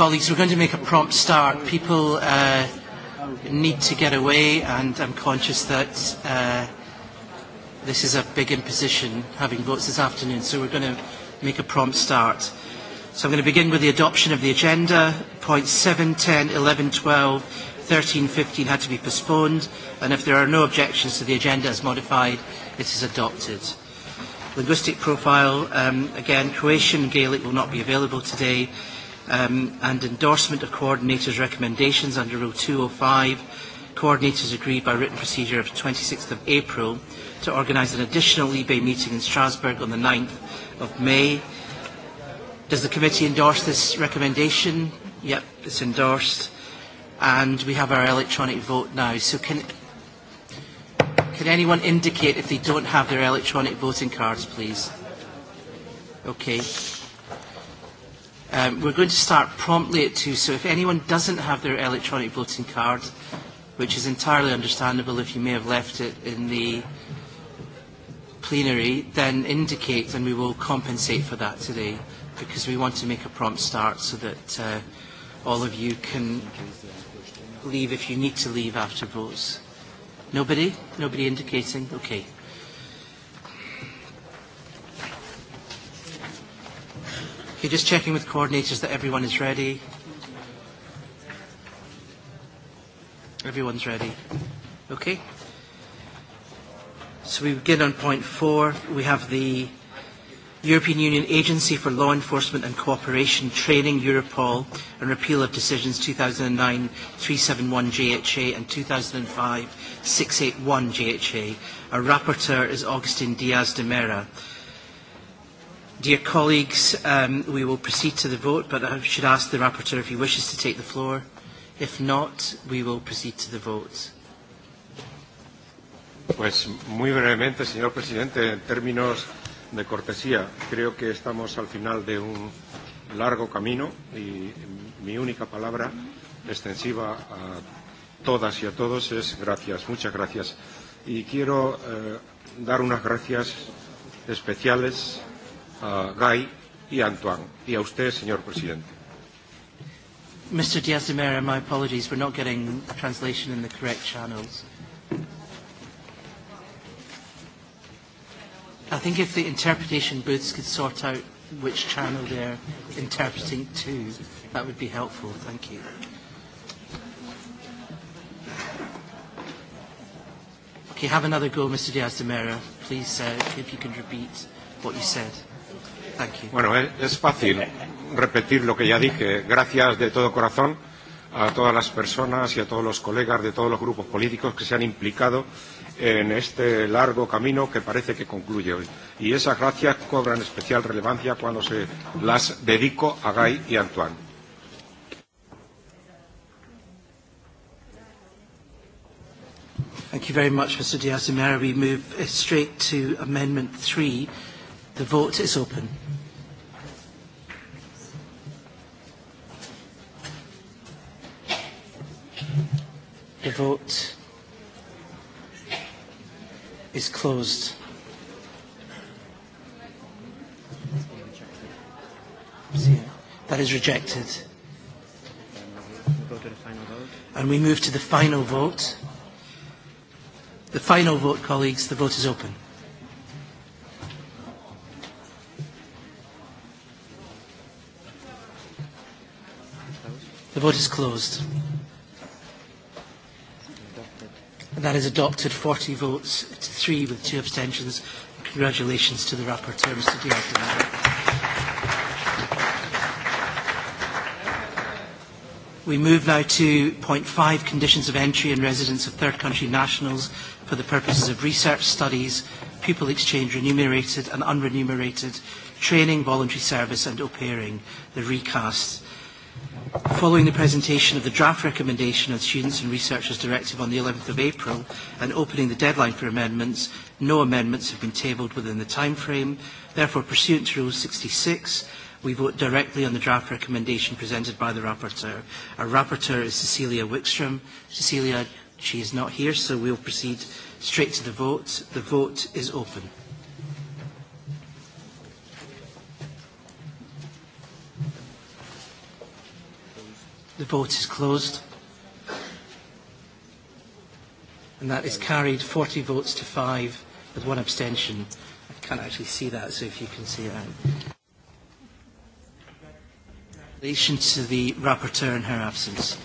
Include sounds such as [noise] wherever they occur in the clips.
Colleagues, we're going to make a prompt start. People uh, need to get away, and I'm conscious that uh, this is a big imposition, having votes this afternoon, so we're going to make a prompt start. So I'm going to begin with the adoption of the agenda. Points 7, 10, 11, 12, 13, 15 had to be postponed, and if there are no objections to the agenda as modified, it is adopted. Linguistic profile, um, again, Croatian Gaelic will not be available today um, and endorsement of coordinators' recommendations under Rule 205. Coordinators agreed by written procedure of 26th of April to organise an additional eBay meeting in Strasbourg on the 9th of May. Does the committee endorse this recommendation? Yep, it's endorsed. And we have our electronic vote now. So can, can anyone indicate if they don't have their electronic voting cards, please? Okay. Um, we're going to start promptly at two, so if anyone doesn't have their electronic voting card, which is entirely understandable if you may have left it in the plenary, then indicate and we will compensate for that today because we want to make a prompt start so that uh, all of you can leave if you need to leave after votes. Nobody? Nobody indicating? Okay. Okay, just checking with coordinators that everyone is ready. Everyone's ready. Okay. So we begin on point four. We have the European Union Agency for Law Enforcement and Cooperation Training, Europol, and repeal of decisions 2009-371 JHA and 2005-681 JHA. Our rapporteur is Augustin Diaz de Mera. Dear colleagues, um, we will proceed to the vote, but I should ask the rapporteur if he wishes to take the floor. If not, we will proceed to the vote. Pues muy brevemente, señor presidente, en términos de cortesía, creo que estamos al final de un largo camino y mi única palabra extensiva a todas y a todos es gracias, muchas gracias. Y quiero eh, dar unas gracias especiales uh, y Antoine, y a usted, señor presidente. Mr. Diaz de Mera, my apologies, we're not getting translation in the correct channels. I think if the interpretation booths could sort out which channel they're interpreting to, that would be helpful. Thank you. Okay, have another go, Mr. Diaz de Mera. Please, uh, if you can repeat what you said aquí. Bueno, es, eh, es fácil repetir lo que ya dije. Gracias de todo corazón a todas las personas y a todos los colegas de todos los grupos políticos que se han implicado en este largo camino que parece que concluye hoy. Y esas gracias cobran especial relevancia cuando se las dedico a Gay y Antoine. Thank you very much, Mr. Diaz-Imera. We move straight to Amendment 3. The vote is open. The vote is closed. That is rejected. And we move to the final vote. The final vote, colleagues, the vote is open. The vote is closed. And that is adopted 40 votes to three with two abstentions. Congratulations to the rapporteur, Mr. Diaz. We move now to point five conditions of entry and residence of third country nationals for the purposes of research studies, pupil exchange remunerated and unremunerated, training, voluntary service and au pairing, the recast. Following the presentation of the draft recommendation of the Students and Researchers Directive on the 11th of April and opening the deadline for amendments, no amendments have been tabled within the time frame. Therefore, pursuant to Rule 66, we vote directly on the draft recommendation presented by the rapporteur. Our rapporteur is Cecilia Wickstrom. Cecilia, she is not here, so we'll proceed straight to the vote. The vote is open. The vote is closed. And that is carried 40 votes to 5 with one abstention. I can't actually see that, so if you can see that. In relation to the rapporteur in her absence.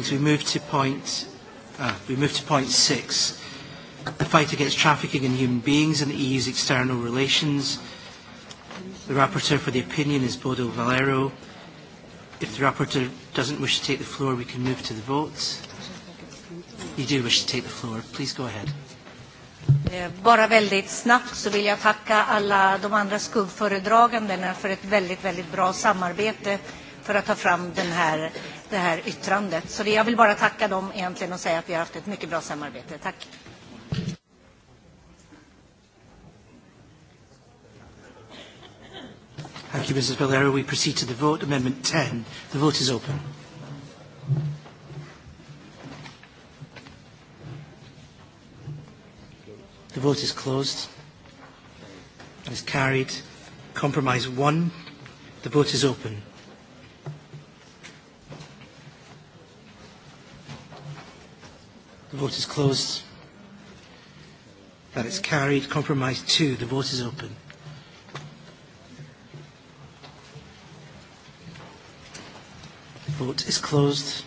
colleagues, we move to point, uh, we move to point six, the fight against trafficking in human beings and the EU's external relations. The rapporteur for the opinion is Bodo Valero. If the rapporteur doesn't wish to take the floor, we can move to the vote. You do wish to take the floor. Please go ahead. Eh, bara väldigt snabbt så vill jag tacka alla de andra skuggföredragandena för ett väldigt, väldigt bra samarbete för att ta fram den här det här yttrandet. Så det, jag vill bara tacka dem egentligen och säga att vi har haft ett mycket bra samarbete. Tack. Thank you, Mrs. Bellero. We proceed to the vote. Amendment 10. The vote is open. The vote is closed. It is carried. Compromise 1. The vote is open. The vote is closed. That is carried. Compromise two. The vote is open. The vote is closed.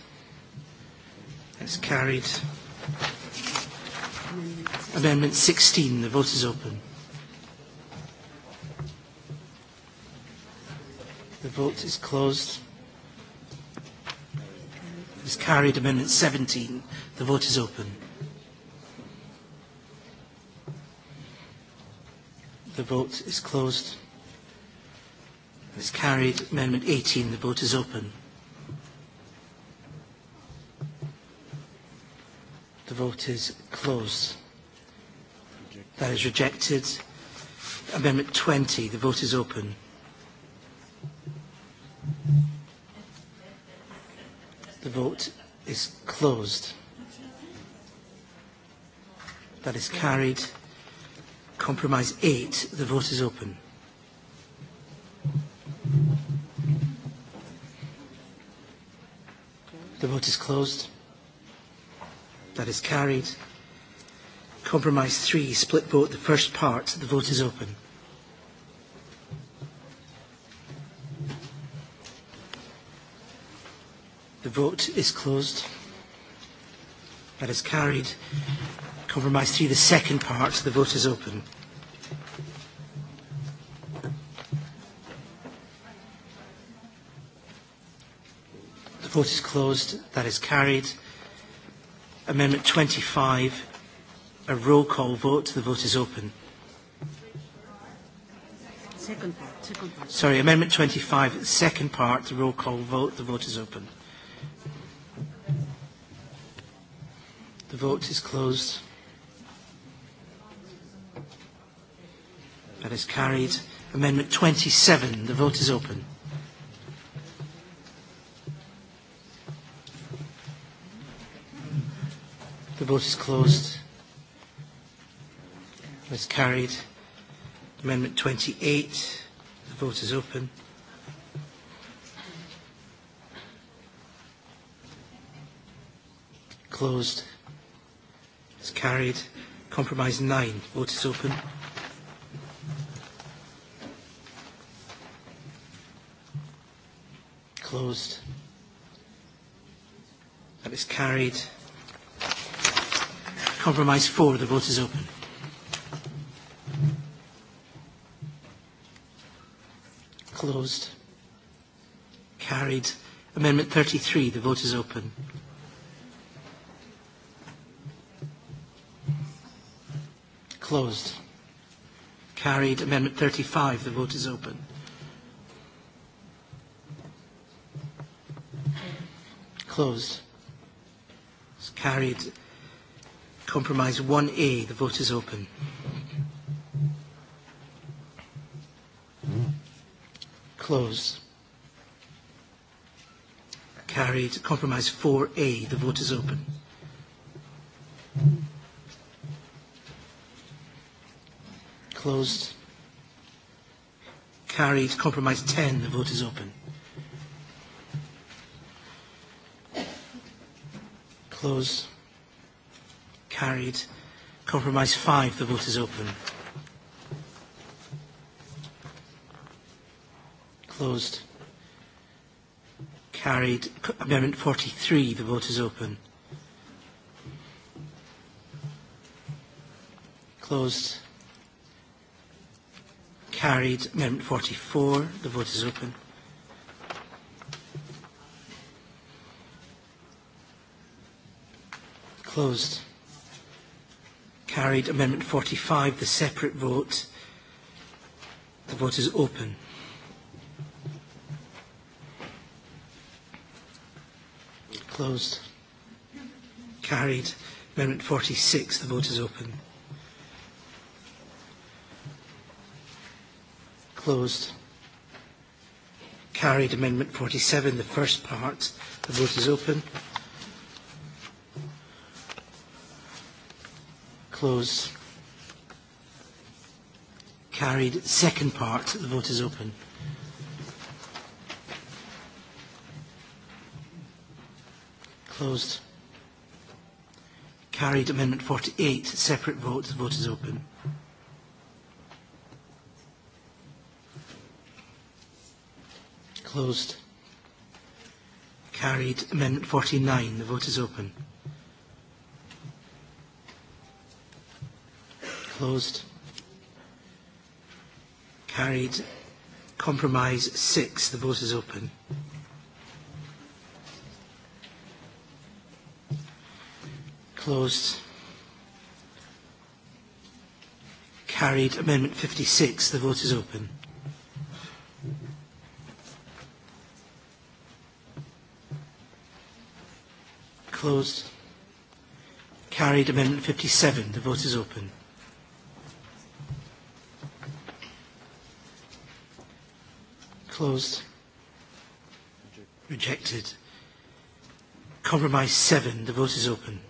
That is carried. Amendment 16. The vote is open. The vote is closed carried amendment 17. The vote is open. The vote is closed. It's carried. Amendment 18. The vote is open. The vote is closed. That is rejected. Amendment 20. The vote is open. The vote is closed. That is carried. Compromise 8. The vote is open. The vote is closed. That is carried. Compromise 3. Split vote. The first part. The vote is open. The vote is closed. That is carried. Compromise three, the second part. The vote is open. The vote is closed. That is carried. Amendment 25, a roll call vote. The vote is open. Second part, second part. Sorry, Amendment 25, second part, the roll call vote. The vote is open. The vote is closed. That is carried. Amendment 27. The vote is open. The vote is closed. That is carried. Amendment 28. The vote is open. Closed. It's carried. Compromise 9. Vote is open. Closed. That is carried. Compromise 4. The vote is open. Closed. Carried. Amendment 33. The vote is open. closed. Carried. Amendment 35. The vote is open. Closed. It's carried. Compromise 1A. The vote is open. Closed. Carried. Compromise 4A. The vote is open. Thank you. closed. Carried. Compromise 10. The vote is open. Closed. Carried. Compromise 5. The vote is open. Closed. Carried. Amendment 43. The vote is open. Closed. Carried. Amendment 44. The vote is open. Closed. Carried. Amendment 45. The separate vote. The vote is open. Closed. Carried. Amendment 46. The vote is open. Closed. Carried Amendment 47, the first part. The vote is open. Closed. Carried. Second part. The vote is open. Closed. Carried. Amendment 48. Separate vote. The vote is open. closed. Carried. Amendment 49. The vote is open. Closed. Carried. Compromise 6. The vote is open. Closed. Carried. Amendment 56. The vote is open. closed. Carried Amendment 57. The vote is open. Closed. Rejected. Compromise 7. The vote is open.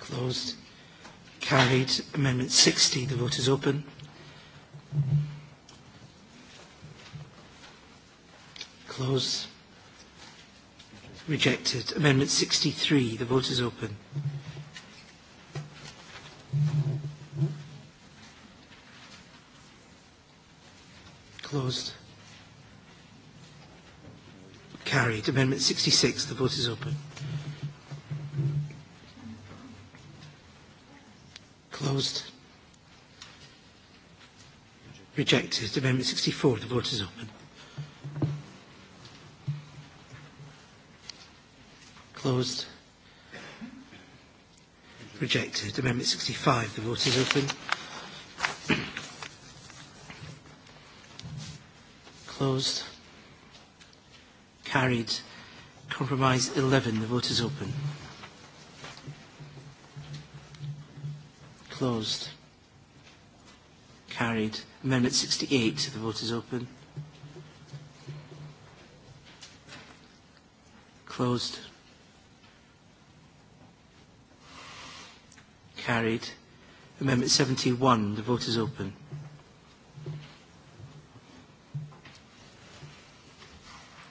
Closed. Carried. Amendment 60. The vote is open. clause Rejected. Amendment 63. The vote is open. Closed. Carried. Amendment 66. The vote is open. Closed. Rejected. Amendment 64. The vote is open. closed. Rejected. Amendment 65. The vote is open. closed. Carried. Compromise 11. The vote is open. Closed. Carried. Amendment 68. The vote is open. Closed. carried. Amendment 71, the vote is open.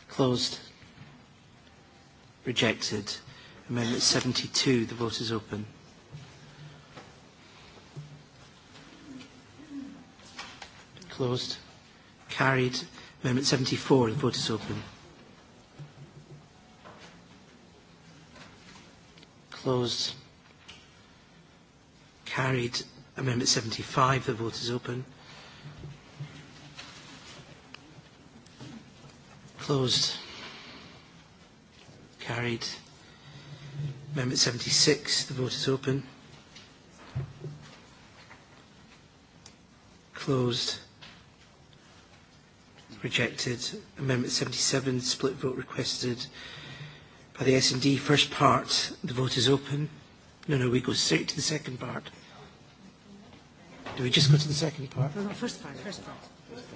Closed. Rejected. Amendment 72, the vote is open. Closed. Carried. Amendment 74, the vote is open. Closed Carried. Amendment 75. The vote is open. Closed. Carried. Amendment 76. The vote is open. Closed. Rejected. Amendment 77. Split vote requested by the S&D. First part. The vote is open. No, no, we go straight to the second part. Do we just go to the second part? No, no, first part. First part.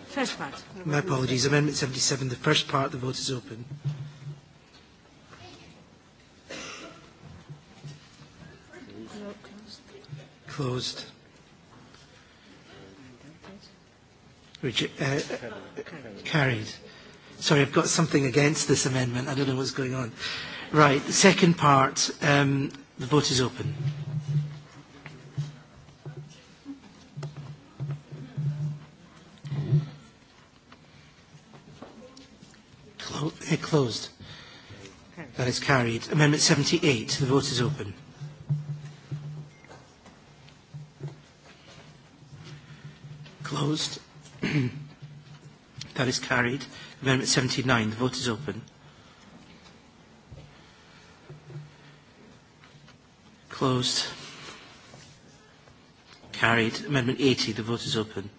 First part. My apologies. Amendment 77, the first part, the vote is open. Closed. Regi uh, uh, carried. Sorry, I've got something against this amendment. I don't know what's going on. Right, the second part, um, the vote is open. Mm -hmm. closed. That is carried. Amendment 78. The vote is open. Closed. [clears throat] that is carried. Amendment 79. The vote is open. Closed. Carried. Amendment 80. The vote is open.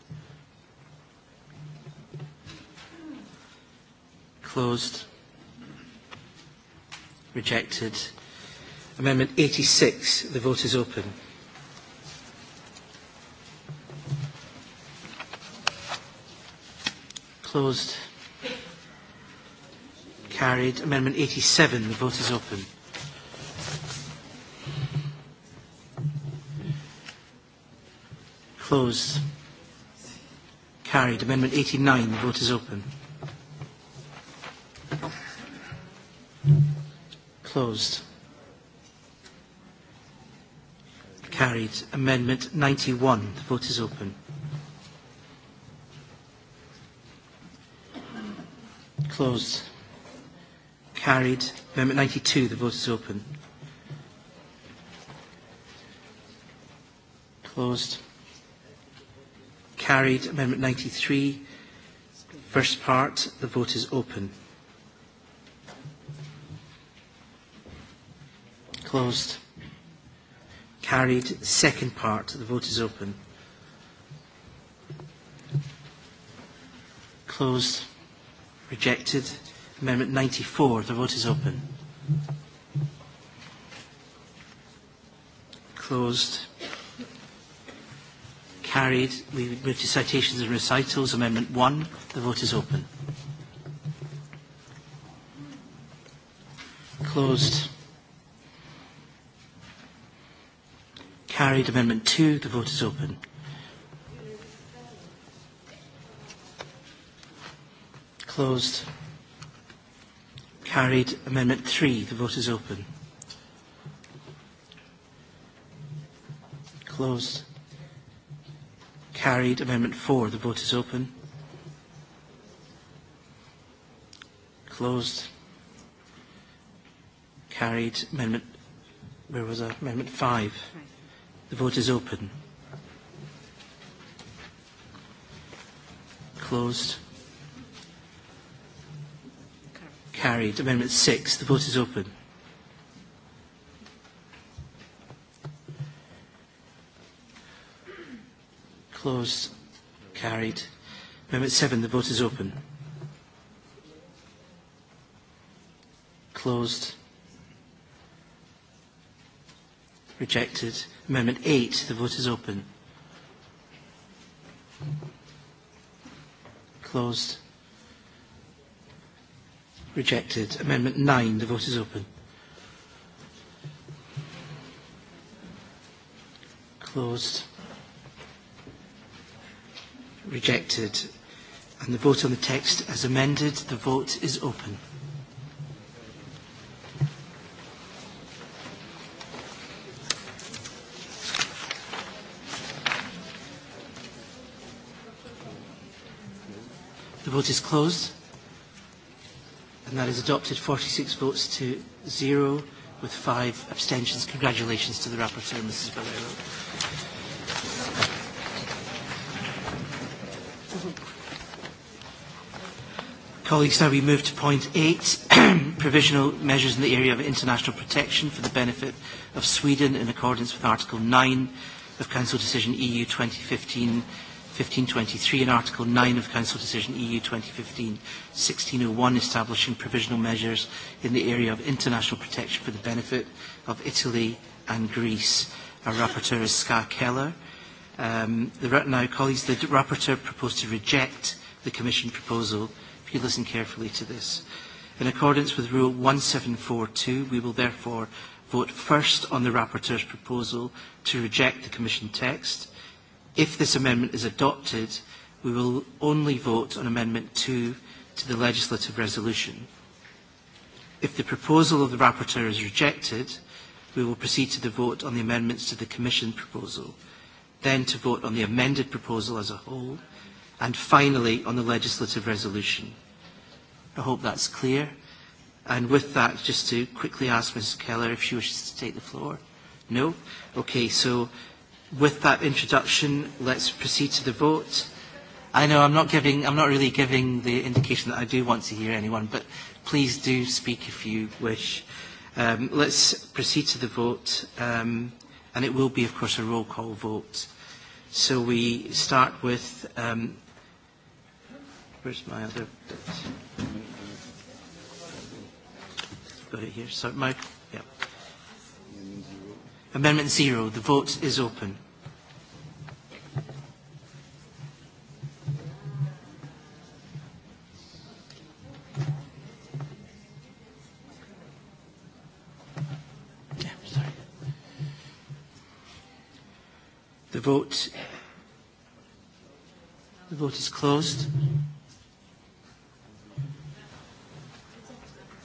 Closed rejected. Amendment 86, the vote is open. Closed. Carried. Amendment 87, the vote is open. Closed. Carried. Amendment 89, the vote is open. closed. Carried. Amendment 91. The vote is open. Closed. Carried. Amendment 92. The vote is open. Closed. Carried. Amendment 93. First part. The vote is open. closed. Carried. Second part. The vote is open. Closed. Rejected. Amendment 94. The vote is open. Closed. Carried. We move to citations and recitals. Amendment 1. The vote is open. Closed. carried. Amendment 2, the vote is open. Closed. Carried. Amendment 3, the vote is open. Closed. Carried. Amendment 4, the vote is open. Closed. Carried. Amendment, where was that? Amendment 5. Right. The vote is open. Closed. Carried. Amendment 6. The vote is open. Closed. Carried. Amendment 7. The vote is open. Closed. rejected. Amendment 8, the vote is open. Closed. Rejected. Amendment 9, the vote is open. Closed. Rejected. And the vote on the text as amended, the vote is open. vote is closed. And that is adopted 46 votes to zero with five abstentions. Congratulations to the rapporteur, Mrs. Valero. Colleagues, now we move to point eight, [clears throat] provisional measures in the area of international protection for the benefit of Sweden in accordance with Article 9 of Council Decision EU 2015 1523 and Article 9 of Council Decision EU 2015-1601 establishing provisional measures in the area of international protection for the benefit of Italy and Greece. Our rapporteur is Ska Keller. Um, the, now, colleagues, the rapporteur proposed to reject the Commission proposal. If you listen carefully to this. In accordance with Rule 1742, we will therefore vote first on the rapporteur's proposal to reject the Commission text. If this amendment is adopted, we will only vote on Amendment 2 to the legislative resolution. If the proposal of the rapporteur is rejected, we will proceed to the vote on the amendments to the Commission proposal, then to vote on the amended proposal as a whole, and finally on the legislative resolution. I hope that's clear. And with that, just to quickly ask Ms. Keller if she wishes to take the floor. No? Okay, so with that introduction, let's proceed to the vote. I know I'm not giving, I'm not really giving the indication that I do want to hear anyone, but please do speak if you wish. Um, let's proceed to the vote, um, and it will be, of course, a roll call vote. So we start with, um, where's my other bit? Got it here. So, Mike. Amendment zero. The vote is open. Yeah, sorry. The vote, the vote is closed.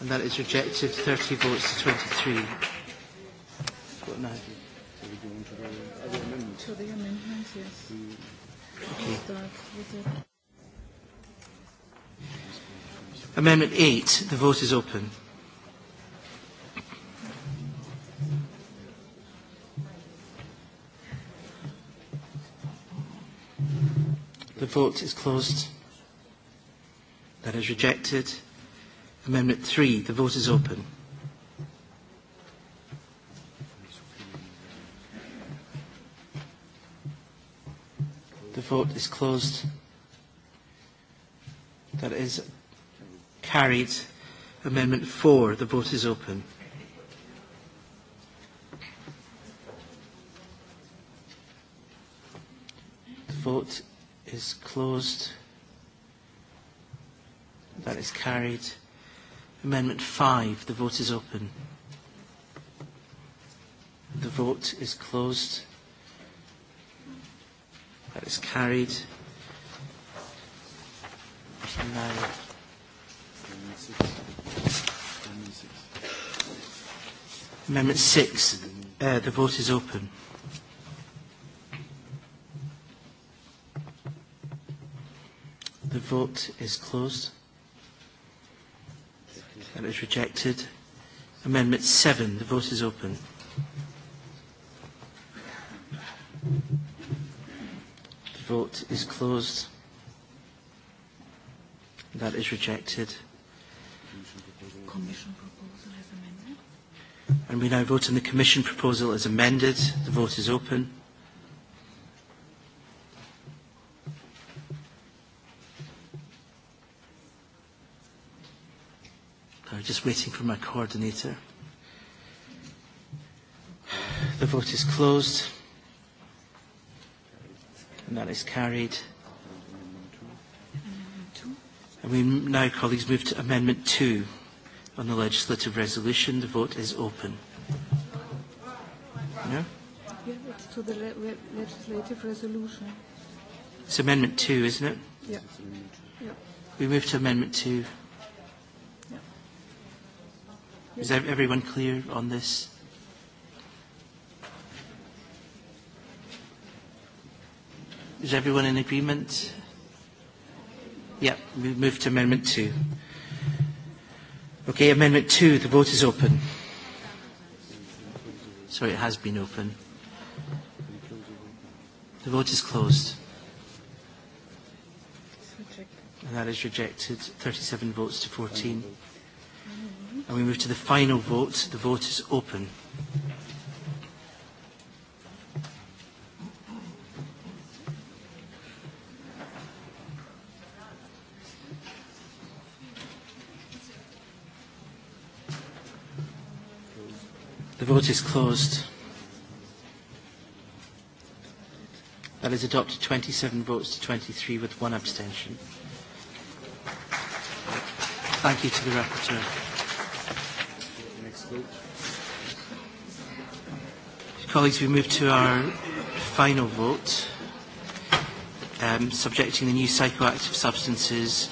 And that is rejected, 30 votes to 23 got Nadia. Amendment 8, the vote is open. The vote is closed. That is rejected. Amendment 3, the vote is open. The vote is closed. That is carried. Amendment 4. The vote is open. The vote is closed. That is carried. Amendment 5. The vote is open. The vote is closed. That is carried. Amendment 6. Uh, the vote is open. The vote is closed. That is rejected. Amendment 7. The vote is open. Thank you vote is closed. That is rejected. And we now vote on the Commission proposal as amended. The vote is open. I'm just waiting for my coordinator. The vote is closed. And that is carried. And we now, colleagues, move to Amendment 2 on the legislative resolution. The vote is open. No? Yeah, it's to the le re legislative resolution. It's Amendment 2, isn't it? Yeah. yeah. We move to Amendment 2. Yeah. Is everyone clear on this? Yeah. Is everyone in agreement? Yep, we move to Amendment 2. Okay, Amendment 2, the vote is open. Sorry, it has been open. The vote is closed. And that is rejected, 37 votes to 14. And we move to the final vote. The vote is open. The vote is closed. That is adopted 27 votes to 23 with one abstention. Thank you to the rapporteur. Colleagues, we move to our final vote, um, subjecting the new psychoactive substances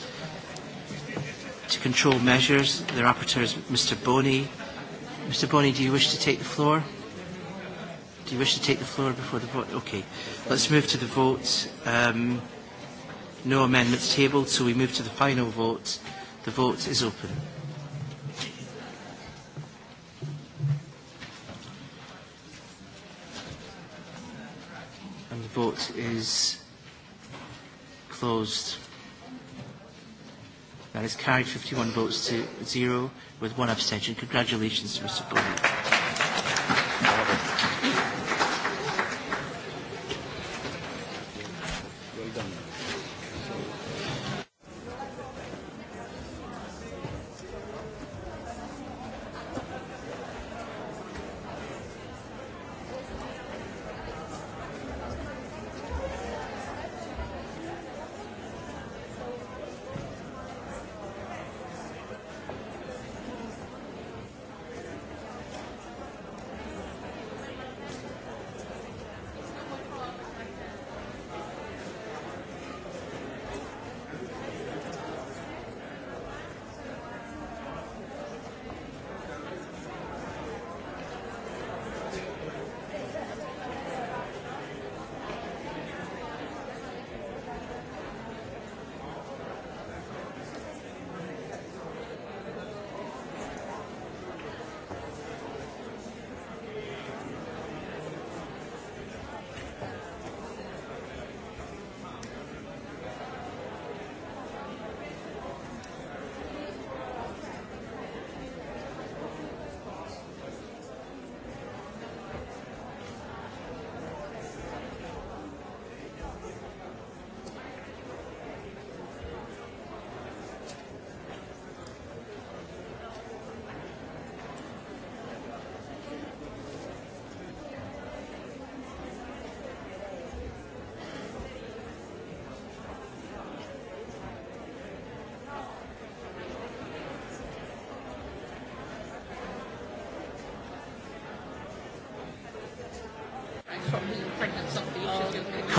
to control measures. The rapporteur is Mr. Boney. Mr. Bonney, do you wish to take the floor? Do you wish to take the floor before the vote? Okay. Let's move to the vote. Um, no amendments tabled, so we move to the final vote. The vote is open. And the vote is closed. That is carried 51 votes to zero with one abstention. Congratulations, Mr. Bowman.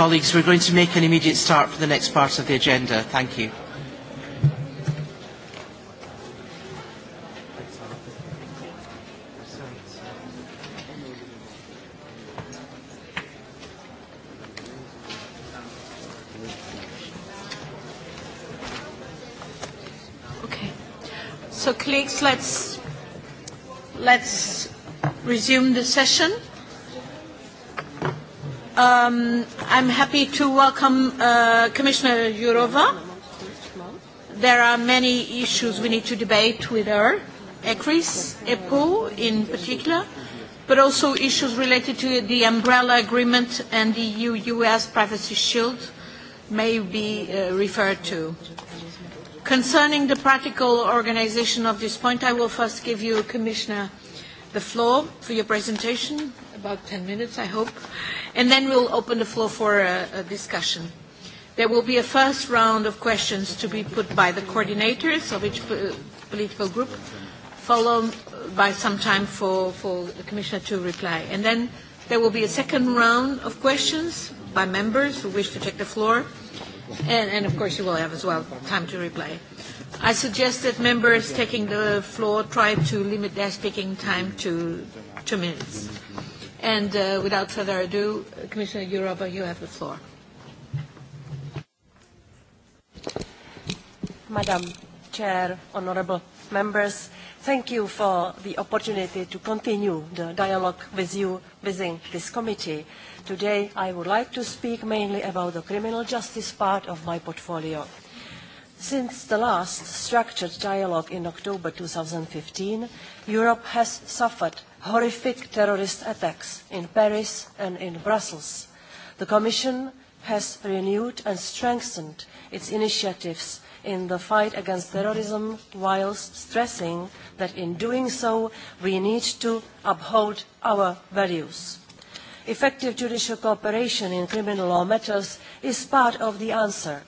colleagues, we're going to make an immediate start for the next part of the agenda. Thank you. Okay. So colleagues, let's, let's resume the session. Um, I'm happy to welcome uh, Commissioner Jourova. There are many issues we need to debate with her, ECRIS, EPO in particular, but also issues related to the umbrella agreement and the EU-US privacy shield may be uh, referred to. Concerning the practical organization of this point, I will first give you, Commissioner, the floor for your presentation, about 10 minutes, I hope. Uh, and then we'll open the floor for a, a discussion. There will be a first round of questions to be put by the coordinators of each political group, followed by some time for, for the Commissioner to reply. And then there will be a second round of questions by members who wish to take the floor, and, and of course you will have as well time to reply. I suggest that members taking the floor try to limit their speaking time to two minutes. And uh, without further ado, uh, Commissioner Europa, you have the floor. Madam Chair, Honorable Members, thank you for the opportunity to continue the dialogue with you within this committee. Today I would like to speak mainly about the criminal justice part of my portfolio. Since the last structured dialogue in October 2015, Europe has suffered horrific terrorist attacks in Paris and in Brussels, the Commission has renewed and strengthened its initiatives in the fight against terrorism whilst stressing that in doing so we need to uphold our values. Effective judicial cooperation in criminal law matters is part of the answer.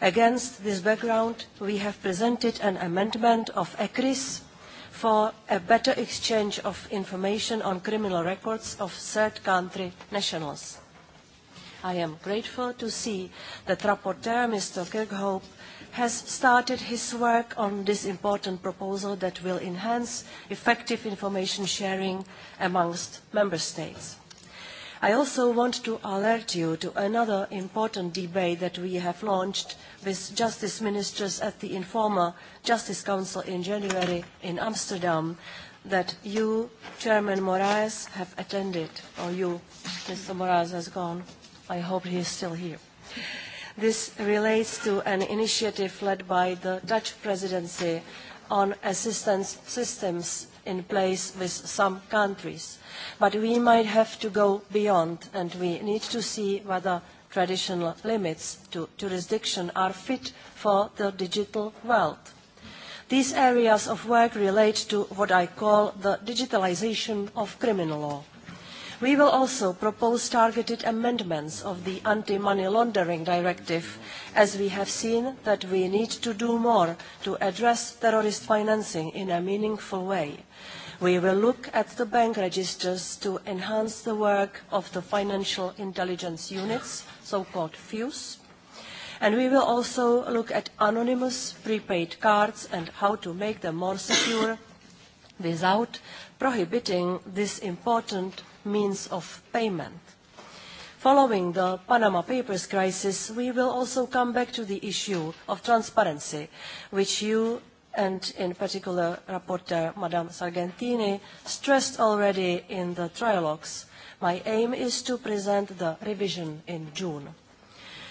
Against this background, we have presented an amendment of ECRIS for a better exchange of information on criminal records of third country nationals. I am grateful to see that Rapporteur Mr. Kirkhope has started his work on this important proposal that will enhance effective information sharing amongst member states. I also want to alert you to another important debate that we have launched with justice ministers at the Informal Justice Council in January in Amsterdam that you, Chairman Moraes, have attended, or you, Mr. Moraes, has gone. I hope he is still here. This relates to an initiative led by the Dutch presidency on assistance systems in place with some countries. But we might have to go beyond, and we need to see whether traditional limits to jurisdiction are fit for the digital world. These areas of work relate to what I call the digitalization of criminal law We will also propose targeted amendments of the anti-money laundering directive, as we have seen that we need to do more to address terrorist financing in a meaningful way. We will look at the bank registers to enhance the work of the financial intelligence units, so-called FUSE, and we will also look at anonymous prepaid cards and how to make them more secure without prohibiting this important means of payment. Following the Panama Papers crisis, we will also come back to the issue of transparency, which you and in particular Rapporteur Madame Sargentini stressed already in the trilogues. My aim is to present the revision in June.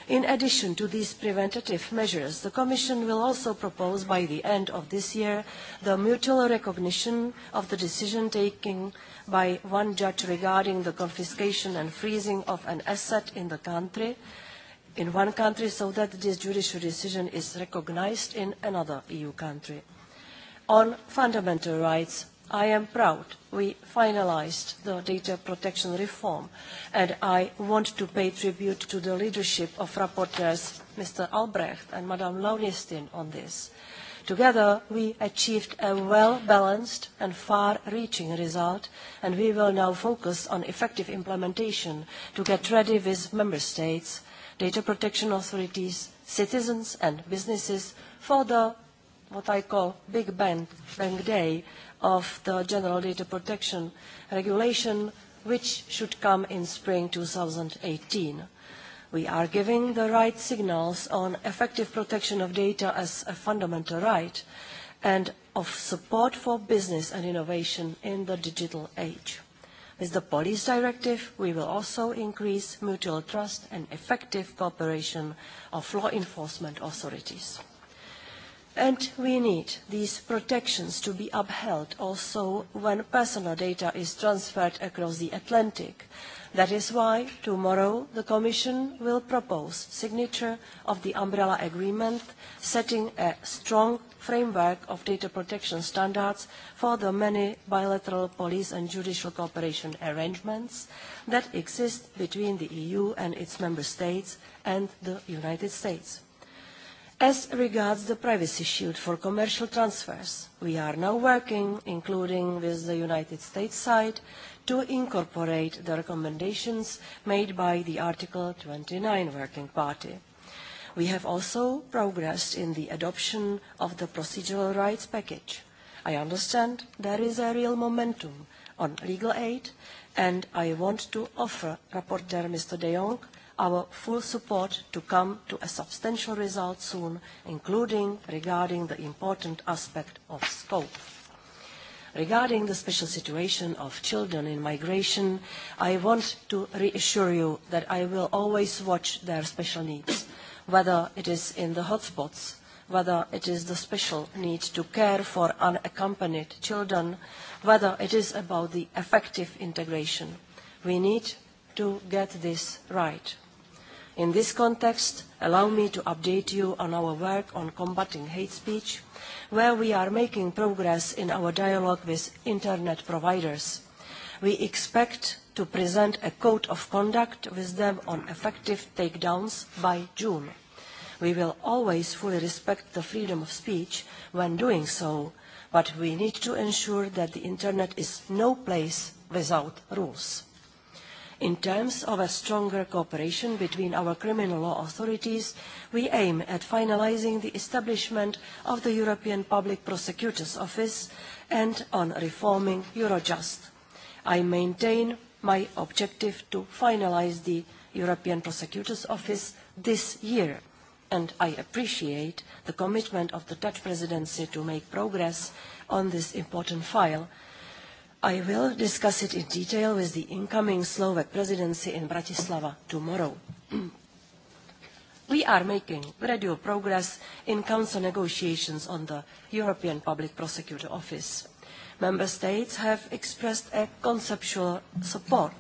In addition to these preventative measures, the Commission will also propose by the end of this year the mutual recognition of the decision taking by one judge regarding the confiscation and freezing of an asset in the country, in one country so that this judicial decision is recognized in another EU country. On fundamental rights, I am proud we finalized the data protection reform and I want to pay tribute to the leadership of rapporteurs Mr. Albrecht and Madame Launistin on this. Together, we achieved a well-balanced and far-reaching result, and we will now focus on effective implementation to get ready with Member States, data protection authorities, citizens and businesses for the, what I call, Big Bang, Bang Day of the General Data Protection Regulation, which should come in spring 2018. We are giving the right signals on effective protection of data as a fundamental right and of support for business and innovation in the digital age. With the Police Directive, we will also increase mutual trust and effective cooperation of law enforcement authorities. And we need these protections to be upheld also when personal data is transferred across the Atlantic That is why tomorrow the Commission will propose signature of the umbrella agreement setting a strong framework of data protection standards for the many bilateral police and judicial cooperation arrangements that exist between the EU and its member states and the United States. As regards the privacy shield for commercial transfers, we are now working, including with the United States side, to incorporate the recommendations made by the Article 29 Working Party. We have also progressed in the adoption of the procedural rights package. I understand there is a real momentum on legal aid, and I want to offer Rapporteur Mr. de Jong our full support to come to a substantial result soon, including regarding the important aspect of scope. Regarding the special situation of children in migration, I want to reassure you that I will always watch their special needs, whether it is in the hotspots, whether it is the special need to care for unaccompanied children, whether it is about the effective integration. We need to get this right. In this context, allow me to update you on our work on combating hate speech, where we are making progress in our dialogue with Internet providers. We expect to present a code of conduct with them on effective takedowns by June. We will always fully respect the freedom of speech when doing so, but we need to ensure that the Internet is no place without rules. In terms of a stronger cooperation between our criminal law authorities, we aim at finalising the establishment of the European Public Prosecutor's Office and on reforming Eurojust. I maintain my objective to finalise the European Prosecutor's Office this year, and I appreciate the commitment of the Dutch presidency to make progress on this important file I will discuss it in detail with the incoming Slovak presidency in Bratislava tomorrow. [clears throat] we are making gradual progress in Council negotiations on the European Public Prosecutor Office. Member States have expressed a conceptual support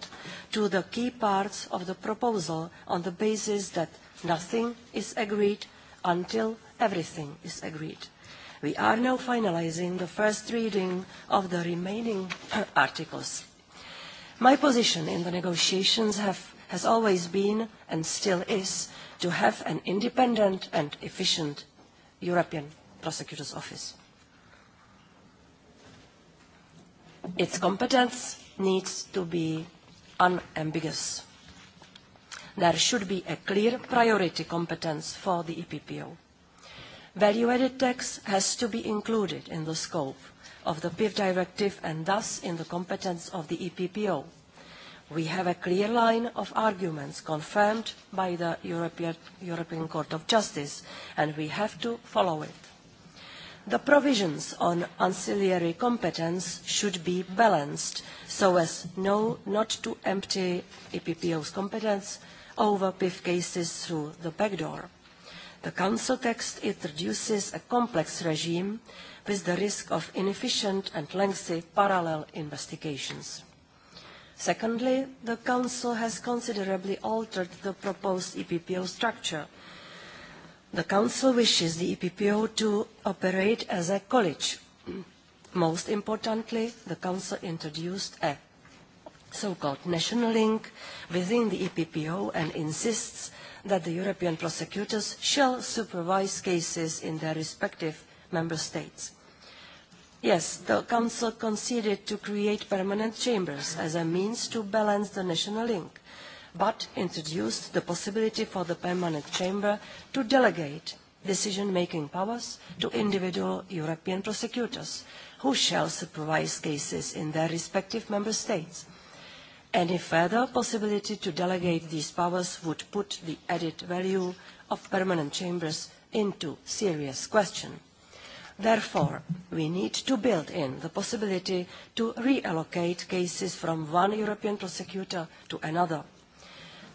to the key parts of the proposal on the basis that nothing is agreed until everything is agreed. We are now finalising the first reading of the remaining [coughs] articles. My position in the negotiations have, has always been and still is to have an independent and efficient European Prosecutor's Office. Its competence needs to be unambiguous. There should be a clear priority competence for the EPPO. Value-added tax has to be included in the scope of the PIF directive and thus in the competence of the EPPO. We have a clear line of arguments confirmed by the European, European Court of Justice, and we have to follow it. The provisions on ancillary competence should be balanced so as no, not to empty EPPO's competence over PIF cases through the back door. The Council text introduces a complex regime with the risk of inefficient and lengthy parallel investigations. Secondly, the Council has considerably altered the proposed EPPO structure. The Council wishes the EPPO to operate as a college. Most importantly, the Council introduced a so-called national link within the EPPO and insists that the European prosecutors shall supervise cases in their respective member states. Yes, the Council conceded to create permanent chambers as a means to balance the national link, but introduced the possibility for the permanent chamber to delegate decision-making powers to individual European prosecutors, who shall supervise cases in their respective member states Any further possibility to delegate these powers would put the added value of permanent chambers into serious question. Therefore, we need to build in the possibility to reallocate cases from one European prosecutor to another.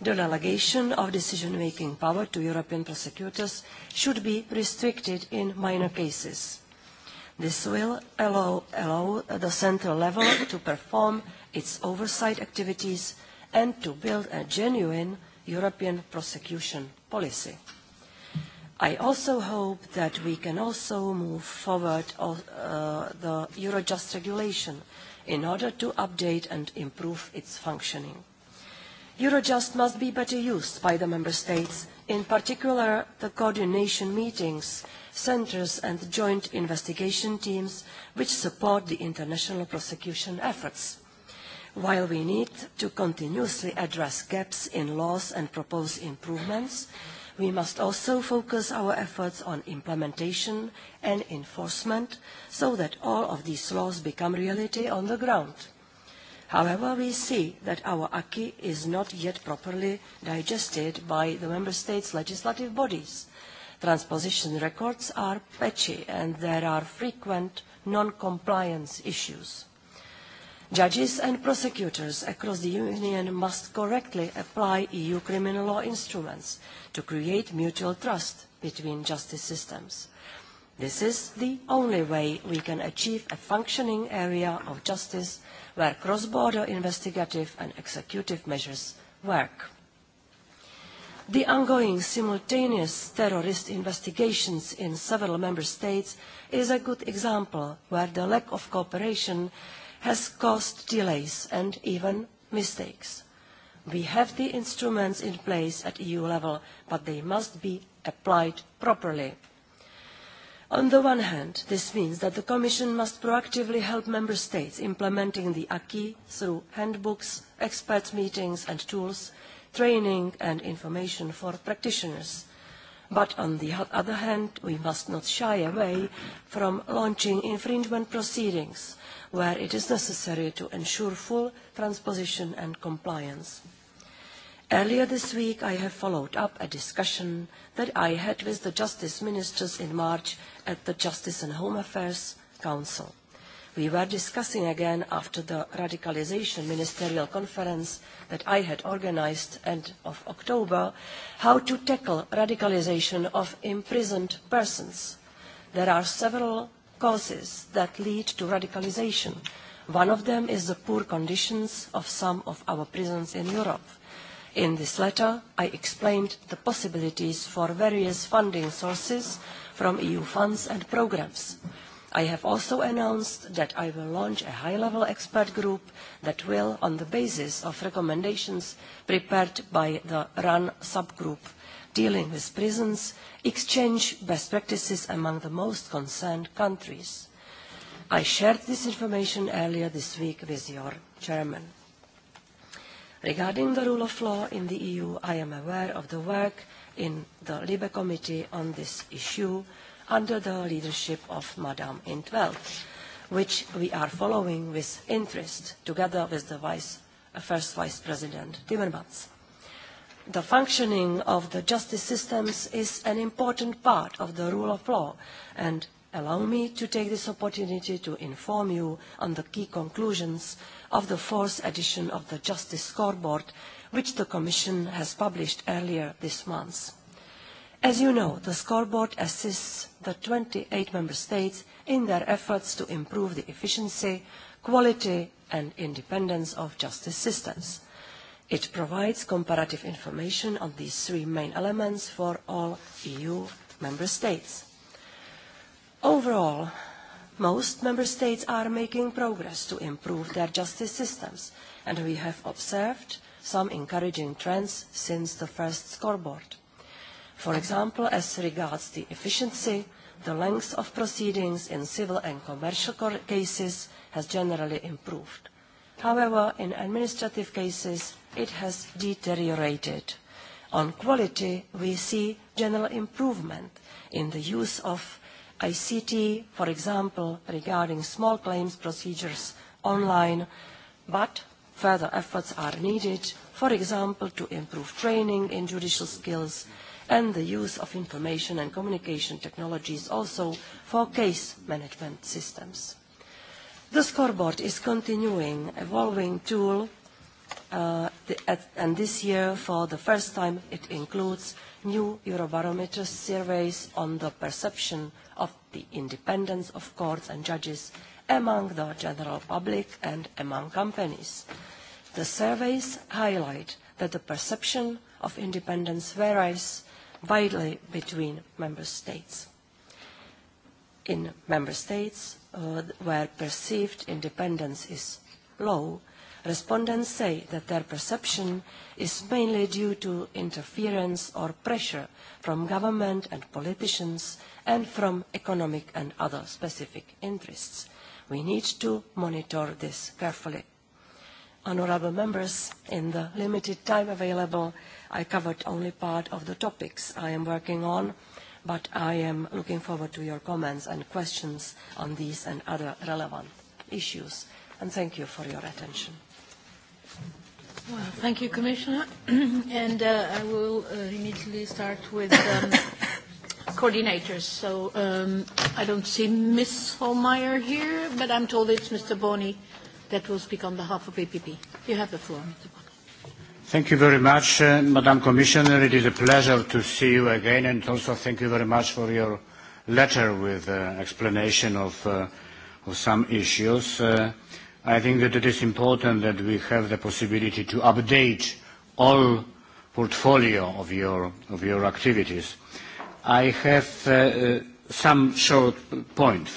The delegation of decision-making power to European prosecutors should be restricted in minor cases. This will allow, allow the central level to perform its oversight activities and to build a genuine European prosecution policy. I also hope that we can also move forward uh, the Eurojust regulation in order to update and improve its functioning. Eurojust must be better used by the Member States, in particular the coordination meetings, centres and joint investigation teams which support the international prosecution efforts. While we need to continuously address gaps in laws and propose improvements, we must also focus our efforts on implementation and enforcement so that all of these laws become reality on the ground. However, we see that our acquis is not yet properly digested by the Member States' legislative bodies. Transposition records are patchy and there are frequent non-compliance issues. Judges and prosecutors across the Union must correctly apply EU criminal law instruments to create mutual trust between justice systems. This is the only way we can achieve a functioning area of justice where cross-border investigative and executive measures work. The ongoing simultaneous terrorist investigations in several member states is a good example where the lack of cooperation has caused delays and even mistakes. We have the instruments in place at EU level, but they must be applied properly. On the one hand, this means that the Commission must proactively help Member States implementing the acquis through handbooks, expert meetings and tools, training and information for practitioners. But on the other hand, we must not shy away from launching infringement proceedings where it is necessary to ensure full transposition and compliance. Earlier this week, I have followed up a discussion that I had with the Justice Ministers in March at the Justice and Home Affairs Council. We were discussing again after the radicalisation ministerial conference that I had organised end of October how to tackle radicalisation of imprisoned persons. There are several causes that lead to radicalization. One of them is the poor conditions of some of our prisons in Europe. In this letter, I explained the possibilities for various funding sources from EU funds and programs. I have also announced that I will launch a high-level expert group that will, on the basis of recommendations prepared by the RAN subgroup dealing with prisons, exchange best practices among the most concerned countries. I shared this information earlier this week with your chairman. Regarding the rule of law in the EU, I am aware of the work in the Libe Committee on this issue under the leadership of Madame Intveld, which we are following with interest together with the Vice, uh, First Vice President Timmermans the functioning of the justice systems is an important part of the rule of law, and allow me to take this opportunity to inform you on the key conclusions of the fourth edition of the Justice Scoreboard, which the Commission has published earlier this month. As you know, the scoreboard assists the 28 member states in their efforts to improve the efficiency, quality and independence of justice systems. It provides comparative information on these three main elements for all EU member states. Overall, most member states are making progress to improve their justice systems, and we have observed some encouraging trends since the first scoreboard. For example, as regards the efficiency, the length of proceedings in civil and commercial cases has generally improved. However, in administrative cases, it has deteriorated. On quality, we see general improvement in the use of ICT, for example, regarding small claims procedures online, but further efforts are needed, for example, to improve training in judicial skills and the use of information and communication technologies also for case management systems. The scoreboard is continuing, evolving tool, uh, the, at, and this year, for the first time, it includes new Eurobarometer surveys on the perception of the independence of courts and judges among the general public and among companies. The surveys highlight that the perception of independence varies widely between member states. In member states, uh, where perceived independence is low, respondents say that their perception is mainly due to interference or pressure from government and politicians and from economic and other specific interests. We need to monitor this carefully. Honourable members, in the limited time available, I covered only part of the topics I am working on but I am looking forward to your comments and questions on these and other relevant issues. And thank you for your attention. Well, thank you, Commissioner. [clears throat] and uh, I will uh, immediately start with um, [coughs] coordinators. So um, I don't see Ms. Holmeyer here, but I'm told it's Mr. Boni that will speak on behalf of APP. You have the floor, Mr. Boni. Thank you very much, uh, Madam Commissioner. It is a pleasure to see you again, and also thank you very much for your letter with uh, explanation of, uh, of some issues. Uh, I think that it is important that we have the possibility to update all portfolio of your, of your activities. I have uh, uh, some short point,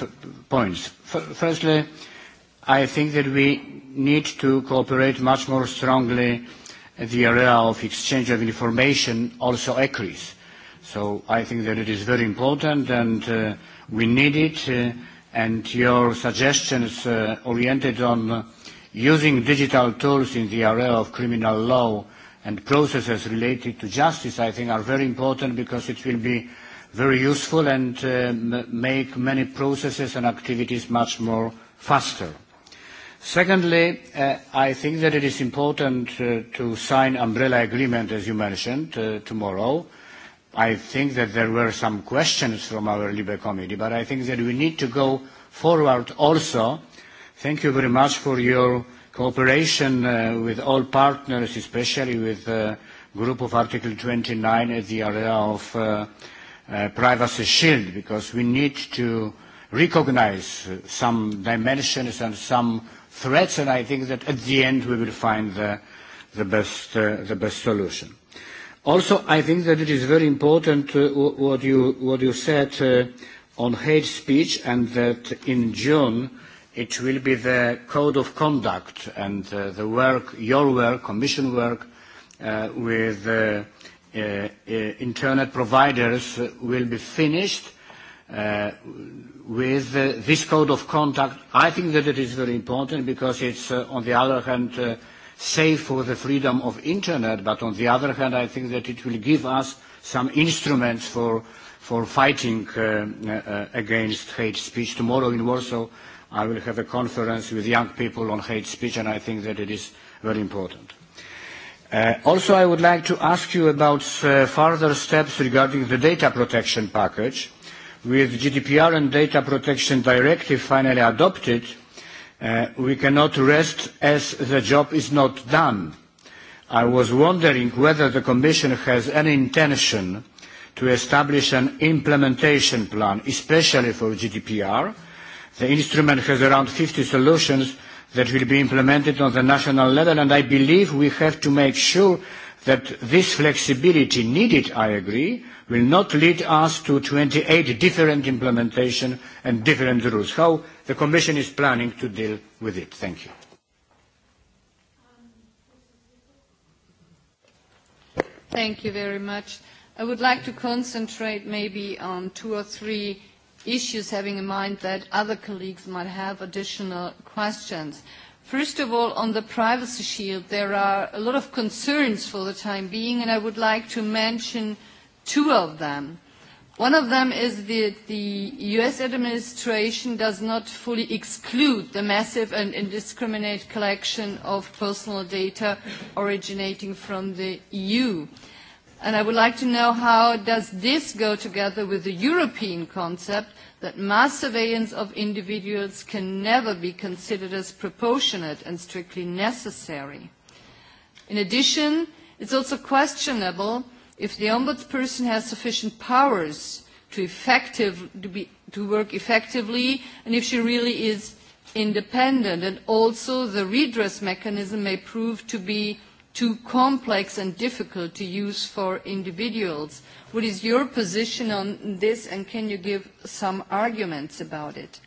points. F firstly, I think that we need to cooperate much more strongly the area of exchange of information also accurate. So I think that it is very important and uh, we need it uh, and your suggestions uh, oriented on using digital tools in the area of criminal law and processes related to justice I think are very important because it will be very useful and uh, make many processes and activities much more faster. Secondly, uh, I think that it is important uh, to sign umbrella agreement, as you mentioned, uh, tomorrow. I think that there were some questions from our Libre Committee, but I think that we need to go forward also. Thank you very much for your cooperation uh, with all partners, especially with the uh, group of Article 29 at the area of uh, uh, privacy shield, because we need to recognize uh, some dimensions and some threats, and I think that at the end we will find the, the, best, uh, the best solution. Also, I think that it is very important uh, what, you, what you said uh, on hate speech and that in June it will be the code of conduct and uh, the work, your work, commission work uh, with uh, uh, uh internet providers will be finished uh, with uh, this code of conduct, I think that it is very important because it's, uh, on the other hand, uh, safe for the freedom of internet, but on the other hand, I think that it will give us some instruments for, for fighting uh, uh, against hate speech. Tomorrow in Warsaw, I will have a conference with young people on hate speech, and I think that it is very important. Uh, also, I would like to ask you about uh, further steps regarding the data protection package. With GDPR and Data Protection Directive finally adopted, uh, we cannot rest as the job is not done. I was wondering whether the Commission has any intention to establish an implementation plan, especially for GDPR. The instrument has around 50 solutions that will be implemented on the national level, and I believe we have to make sure that this flexibility needed, I agree, will not lead us to 28 different implementation and different rules. How the Commission is planning to deal with it. Thank you. Thank you very much. I would like to concentrate maybe on two or three issues having in mind that other colleagues might have additional questions. First of all, on the privacy shield, there are a lot of concerns for the time being, and I would like to mention two of them. One of them is that the U.S. administration does not fully exclude the massive and indiscriminate collection of personal data originating from the EU. And I would like to know how does this go together with the European concept that mass surveillance of individuals can never be considered as proportionate and strictly necessary. In addition, it's also questionable if the ombudsperson has sufficient powers to, effective, to, be, to work effectively and if she really is independent. And also the redress mechanism may prove to be too complex and difficult to use for individuals. What is your position on this and can you give some arguments about it?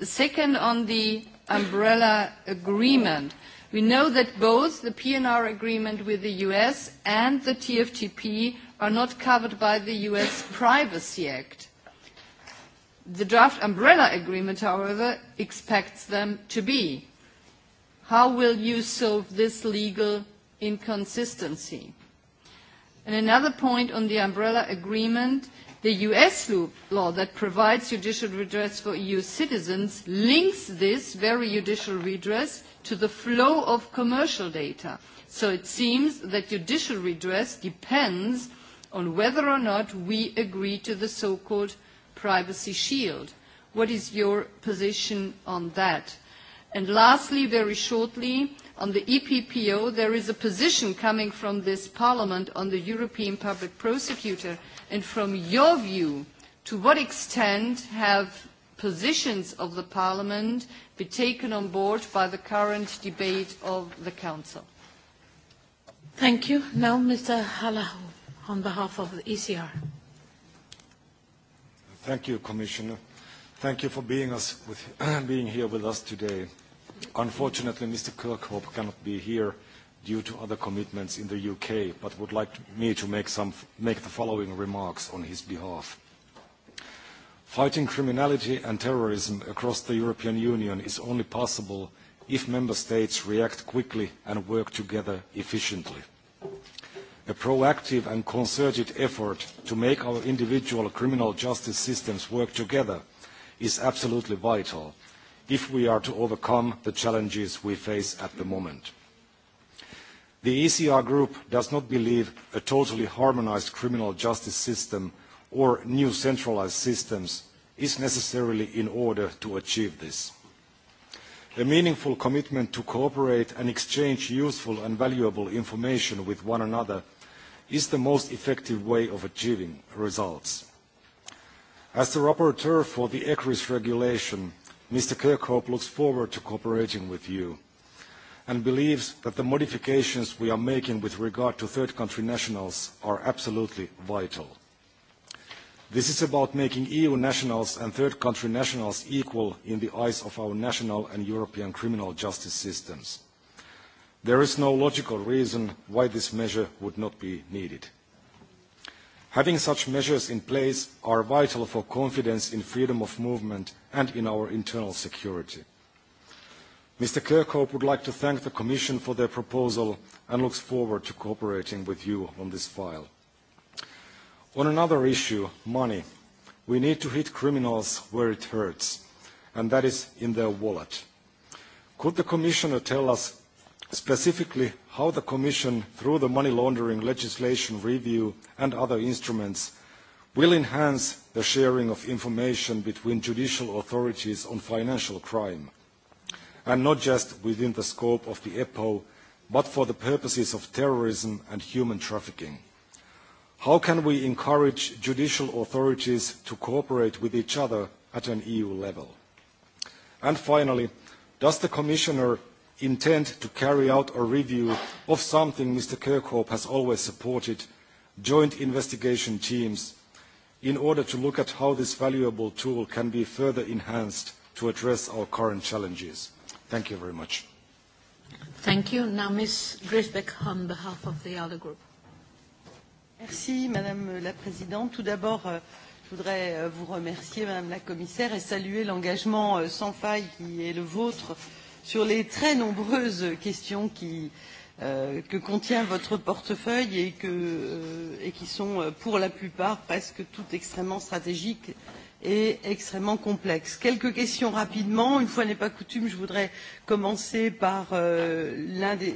Second, on the umbrella agreement, we know that both the PNR agreement with the US and the TFTP are not covered by the US Privacy Act. The draft umbrella agreement, however, expects them to be. How will you solve this legal inconsistency. And another point on the umbrella agreement, the US law that provides judicial redress for EU citizens links this very judicial redress to the flow of commercial data. So it seems that judicial redress depends on whether or not we agree to the so-called privacy shield. What is your position on that? And lastly, very shortly, On the EPPO, there is a position coming from this Parliament on the European Public Prosecutor. And from your view, to what extent have positions of the Parliament be taken on board by the current debate of the Council? Thank you. Now, Mr. Halahu, on behalf of the ECR. Thank you, Commissioner. Thank you for being, us with, [clears throat] being here with us today. Unfortunately, Mr. Kirkhope cannot be here due to other commitments in the UK, but would like me to make, some, make the following remarks on his behalf. Fighting criminality and terrorism across the European Union is only possible if member states react quickly and work together efficiently. A proactive and concerted effort to make our individual criminal justice systems work together is absolutely vital if we are to overcome the challenges we face at the moment. The ECR Group does not believe a totally harmonized criminal justice system or new centralized systems is necessarily in order to achieve this. A meaningful commitment to cooperate and exchange useful and valuable information with one another is the most effective way of achieving results. As the rapporteur for the ECRIS regulation, Mr. Kirkhope looks forward to cooperating with you and believes that the modifications we are making with regard to third country nationals are absolutely vital. This is about making EU nationals and third country nationals equal in the eyes of our national and European criminal justice systems. There is no logical reason why this measure would not be needed. Having such measures in place are vital for confidence in freedom of movement and in our internal security. Mr. Kirkhope would like to thank the Commission for their proposal and looks forward to cooperating with you on this file. On another issue, money, we need to hit criminals where it hurts, and that is in their wallet. Could the Commissioner tell us specifically how the Commission, through the money laundering legislation review and other instruments, will enhance the sharing of information between judicial authorities on financial crime, and not just within the scope of the EPO, but for the purposes of terrorism and human trafficking. How can we encourage judicial authorities to cooperate with each other at an EU level? And finally, does the Commissioner intend to carry out a review of something Mr. Kirkhope has always supported, joint investigation teams, in order to look at how this valuable tool can be further enhanced to address our current challenges. Thank you very much. Thank you. Now Ms. Grisbeck on behalf of the other group. Merci Madame la Présidente. Tout d'abord, euh, je voudrais euh, vous remercier Madame la Commissaire et saluer l'engagement euh, sans faille qui est le vôtre euh, sur les très nombreuses questions qui, euh, que contient votre portefeuille et, que, euh, et qui sont euh, pour la plupart presque toutes extrêmement stratégiques et extrêmement complexes. Quelques questions rapidement. Une fois n'est pas coutume, je voudrais commencer par euh, l'un des,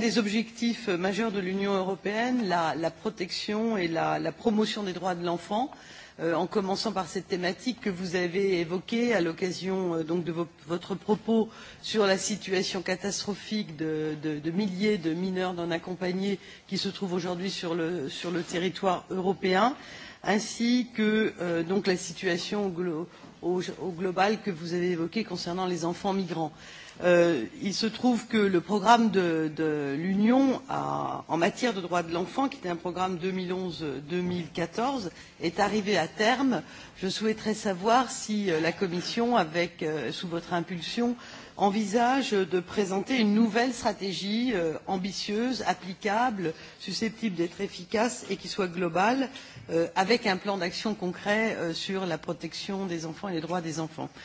des objectifs majeurs de l'Union européenne, la, la protection et la, la promotion des droits de l'enfant. Euh, euh, en commençant par cette thématique que vous avez évoquée à l'occasion euh, donc de vo votre propos sur la situation catastrophique de, de, de milliers de mineurs non accompagnés qui se trouvent aujourd'hui sur le, sur le territoire européen, ainsi que euh, donc la situation au, glo au, au global que vous avez évoquée concernant les enfants migrants. Euh, Euh, il se trouve que le programme de, de l'Union en matière de droits de l'enfant, qui était un programme 2011-2014, est arrivé à terme. Je souhaiterais savoir si euh, la Commission, avec, euh, sous votre impulsion, envisage de présenter une nouvelle stratégie euh, ambitieuse, applicable, susceptible d'être efficace et qui soit globale, euh, avec un plan d'action concret euh, sur la protection des enfants et les droits des enfants. Euh,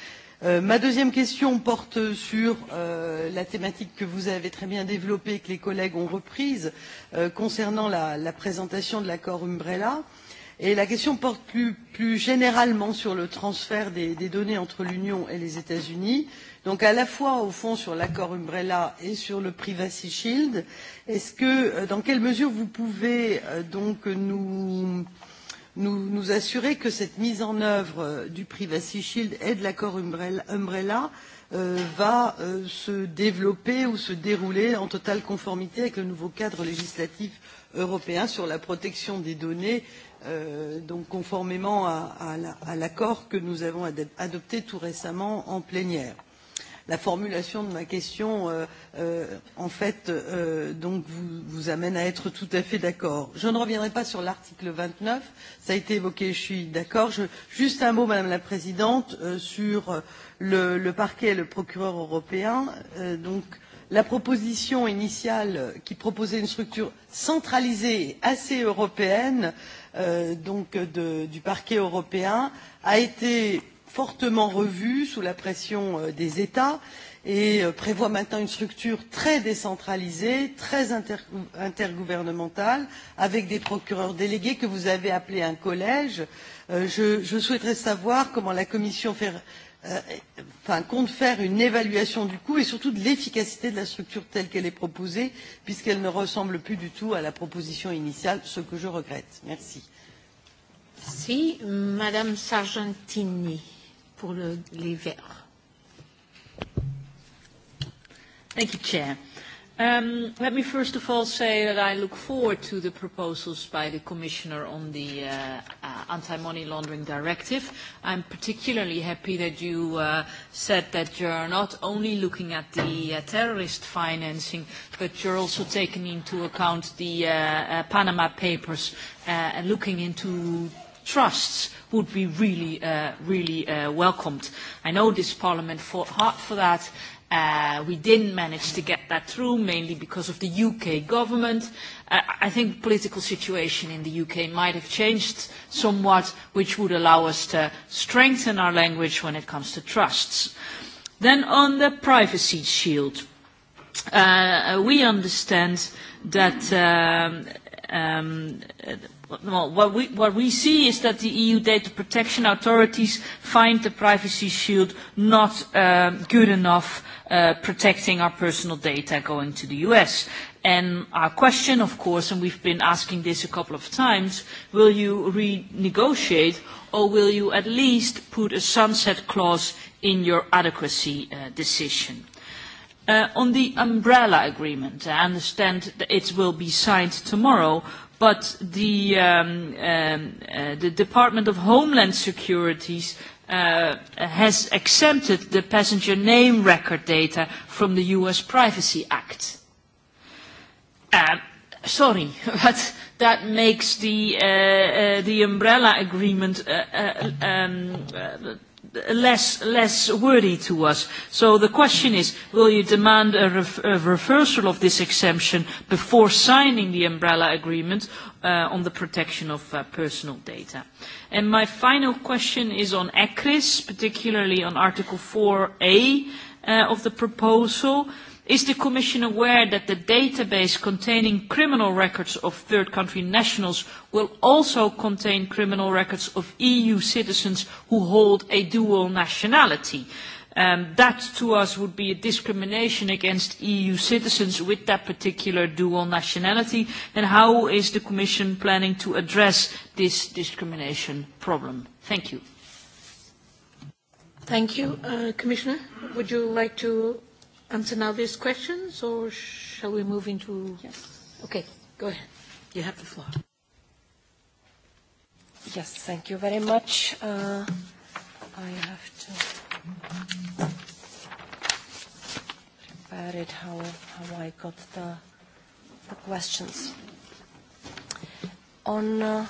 Euh, ma deuxième question porte sur euh, la thématique que vous avez très bien développée, que les collègues ont reprise, euh, concernant la, la présentation de l'accord Umbrella. Et la question porte plus, plus généralement sur le transfert des, des données entre l'Union et les États-Unis. Donc à la fois au fond sur l'accord Umbrella et sur le Privacy Shield, est-ce que euh, dans quelle mesure vous pouvez euh, donc nous nous, nous assurer que cette mise en œuvre euh, du Privacy Shield et de l'accord Umbrella euh, va euh, se développer ou se dérouler en totale conformité avec le nouveau cadre législatif européen sur la protection des données, euh, donc conformément à, à l'accord la, que nous avons adopté tout récemment en plénière la formulation de ma question, euh, euh, en fait, euh, donc vous, vous amène à être tout à fait d'accord. Je ne reviendrai pas sur l'article 29, ça a été évoqué, je suis d'accord. Juste un mot, Madame la Présidente, euh, sur le, le parquet et le procureur européen. Euh, donc, la proposition initiale qui proposait une structure centralisée et assez européenne euh, donc de, du parquet européen a été fortement revue sous la pression euh, des États et euh, prévoit maintenant une structure très décentralisée, très intergouvernementale, avec des procureurs délégués que vous avez appelés un collège. Euh, je, je souhaiterais savoir comment la Commission faire, euh, enfin, compte faire une évaluation du coût et surtout de l'efficacité de la structure telle qu'elle est proposée, puisqu'elle ne ressemble plus du tout à la proposition initiale, ce que je regrette. Merci. Merci, Madame Sargentini pour le, les Verts. Thank you, Chair. Um, let me first of all say that I look forward to the proposals by the Commissioner on the uh, uh, anti-money laundering directive. I'm particularly happy that you uh, said that you're not only looking at the uh, terrorist financing, but you're also taking into account the uh, uh, Panama Papers uh, and looking into trusts would be really, uh, really uh, welcomed. I know this Parliament fought hard for that. Uh, we didn't manage to get that through, mainly because of the UK government. Uh, I think the political situation in the UK might have changed somewhat, which would allow us to strengthen our language when it comes to trusts. Then on the privacy shield, uh, we understand that um, um, well, what, we, what we see is that the EU data protection authorities find the privacy shield not uh, good enough uh, protecting our personal data going to the US. And our question, of course, and we've been asking this a couple of times, will you renegotiate or will you at least put a sunset clause in your adequacy uh, decision? Uh, on the umbrella agreement, I understand that it will be signed tomorrow, but the, um, um, uh, the Department of Homeland Securities uh, has exempted the passenger name record data from the US Privacy Act. Uh, sorry, [laughs] but that makes the, uh, uh, the umbrella agreement uh, uh, um, uh, less, less wordy to us. So the question is, will you demand a, ref a reversal of this exemption before signing the umbrella agreement uh, on the protection of uh, personal data? And my final question is on ECRIS, particularly on Article 4A uh, of the proposal. Is the Commission aware that the database containing criminal records of third country nationals will also contain criminal records of EU citizens who hold a dual nationality? Um, that to us would be a discrimination against EU citizens with that particular dual nationality and how is the Commission planning to address this discrimination problem? Thank you. Thank you. Uh, Commissioner, would you like to answer now these questions, or shall we move into... Yes. Okay, go ahead. You have the floor. Yes, thank you very much. Uh, I have to prepare it how, how I got the, the questions. On, uh,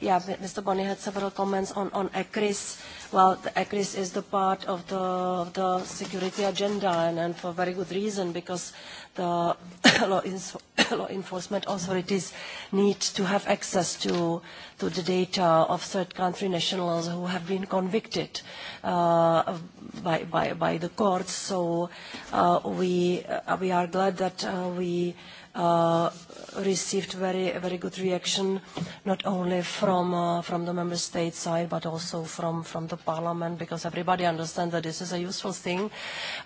yeah, Mr. Bonney had several comments on, on ECRIS. Well, the ECRIS is the part of the, of the security agenda, and, and for very good reason, because the [coughs] law, [coughs] law enforcement authorities need to have access to, to the data of third country nationals who have been convicted uh, by, by, by the courts. So uh, we, uh, we are glad that uh, we uh, received very, very good reaction, not only from, uh, from the member state side, but also from, from the parliament, because everybody understands that this is a useful thing.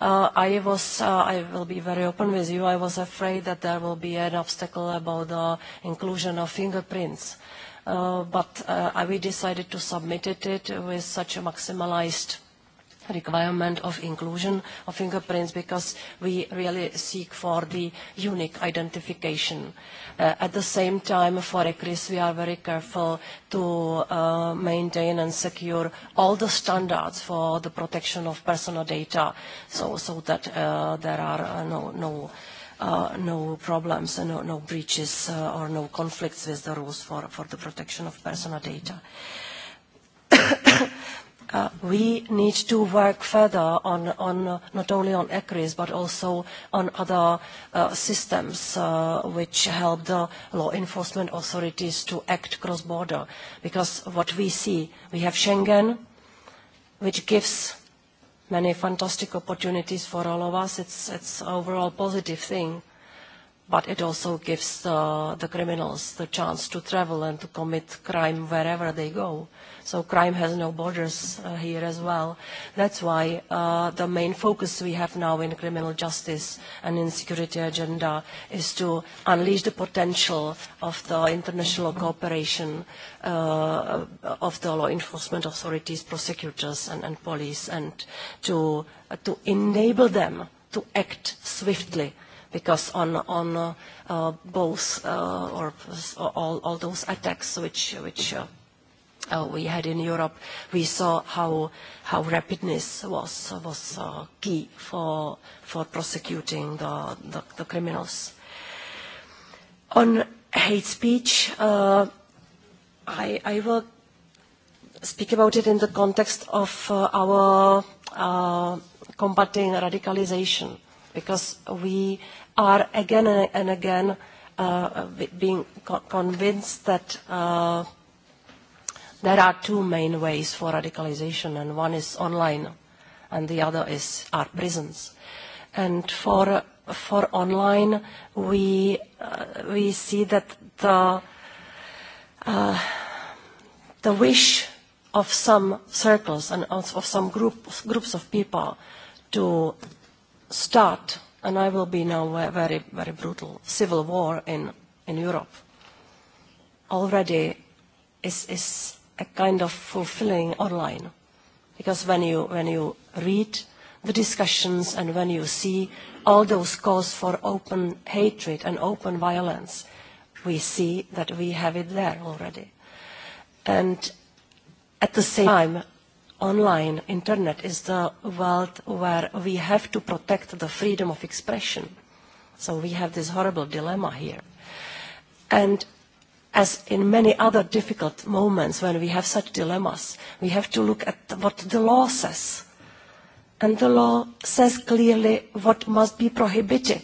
Uh, I was, uh, I will be very open with you, I was afraid that there will be an obstacle about the inclusion of fingerprints. Uh, but uh, we decided to submit it with such a maximalized requirement of inclusion of fingerprints because we really seek for the unique identification. Uh, at the same time, for ECRIS, we are very careful to uh, maintain and secure all the standards for the protection of personal data so, so that uh, there are uh, no, no uh, no problems, uh, no, no breaches uh, or no conflicts with the rules for, for the protection of personal data. [coughs] Uh, we need to work further on, on uh, not only on ECRIS but also on other uh, systems uh, which help the law enforcement authorities to act cross-border because what we see, we have Schengen which gives many fantastic opportunities for all of us. It's, it's overall positive thing but it also gives uh, the criminals the chance to travel and to commit crime wherever they go. So crime has no borders uh, here as well. That's why uh, the main focus we have now in criminal justice and in security agenda is to unleash the potential of the international cooperation uh, uh of the law enforcement authorities, prosecutors and, and police and to, uh, to enable them to act swiftly because on, on uh, uh, both uh, or all, all those attacks which, which uh, uh, we had in Europe, we saw how, how rapidness was, was uh, key for, for prosecuting the, the, the criminals. On hate speech, uh, I, I will speak about it in the context of uh, our uh, combating radicalization because we are again and again uh, being co convinced that uh, there are two main ways for radicalization, and one is online, and the other is our prisons. And for, for online, we, uh, we see that the, uh, the wish of some circles and of some group, groups of people to start and I will be now a very, very brutal civil war in, in Europe. Already is, is a kind of fulfilling online because when you, when you read the discussions and when you see all those calls for open hatred and open violence, we see that we have it there already. And at the same time, online internet is the world where we have to protect the freedom of expression. So we have this horrible dilemma here. And as in many other difficult moments when we have such dilemmas, we have to look at what the law says. And the law says clearly what must be prohibited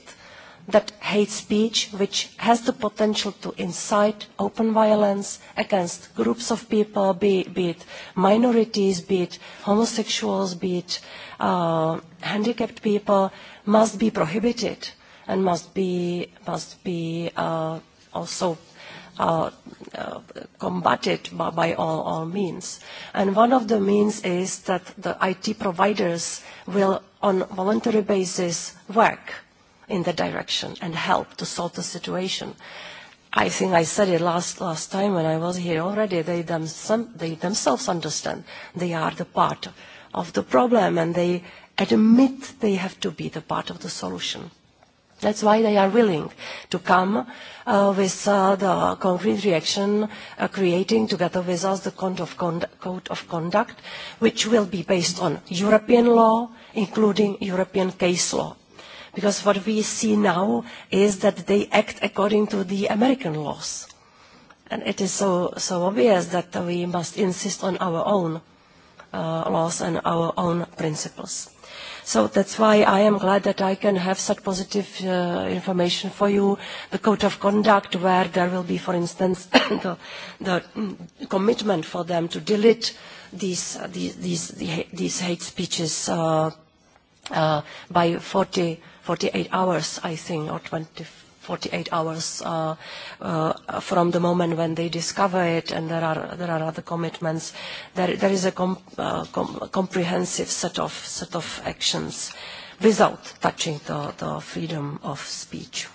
that hate speech, which has the potential to incite open violence against groups of people, be, be it minorities, be it homosexuals, be it uh, handicapped people, must be prohibited and must be, must be uh, also uh, uh, combated by, by all, all means. And one of the means is that the IT providers will on voluntary basis work in that direction and help to solve the situation. I think I said it last, last time when I was here already, they, them, some, they themselves understand they are the part of the problem and they admit they have to be the part of the solution. That's why they are willing to come uh, with uh, the concrete reaction, uh, creating together with us the code of, con code of conduct, which will be based on European law, including European case law because what we see now is that they act according to the American laws. And it is so, so obvious that we must insist on our own uh, laws and our own principles. So that's why I am glad that I can have such positive uh, information for you, the code of conduct where there will be, for instance, [coughs] the, the mm, commitment for them to delete these, uh, these, these, these hate speeches uh, uh, by 40 48 hours, I think, or 20, 48 hours uh, uh, from the moment when they discover it, and there are there are other commitments. There there is a com uh, com comprehensive set of set of actions without touching the, the freedom of speech.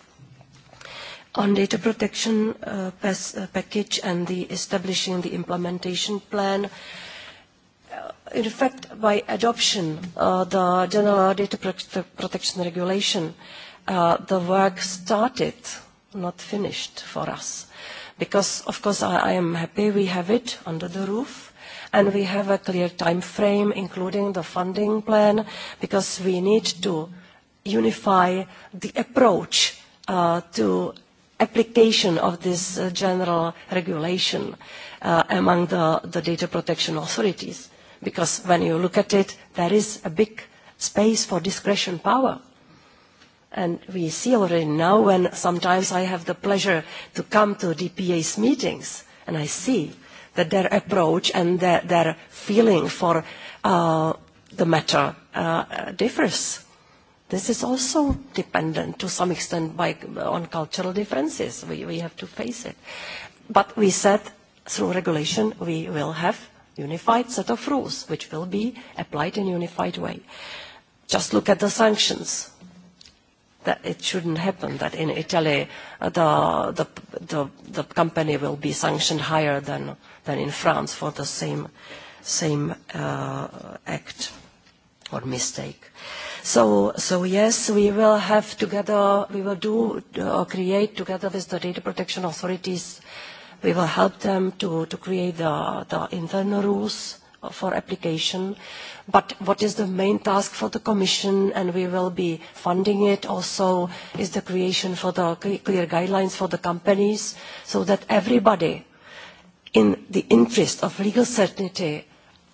On data protection uh, pass, uh, package and the establishing the implementation plan. Uh, Uh, in effect, by adoption, uh, the General Data Protection Regulation, uh, the work started, not finished for us. Because, of course, I, I am happy we have it under the roof, and we have a clear time frame, including the funding plan, because we need to unify the approach uh, to application of this uh, general regulation uh, among the, the data protection authorities because when you look at it, there is a big space for discretion power. And we see already now when sometimes I have the pleasure to come to DPA's meetings and I see that their approach and their, their feeling for uh, the matter uh, differs. This is also dependent to some extent by, on cultural differences. We, we have to face it. But we said through regulation we will have unified set of rules which will be applied in a unified way. Just look at the sanctions. That it shouldn't happen that in Italy uh, the, the, the, the company will be sanctioned higher than, than in France for the same, same uh, act or mistake. So, so yes, we will have together, we will do, uh, create together with the data protection authorities We will help them to, to create the, the internal rules for application. But what is the main task for the Commission, and we will be funding it also, is the creation for the clear guidelines for the companies so that everybody in the interest of legal certainty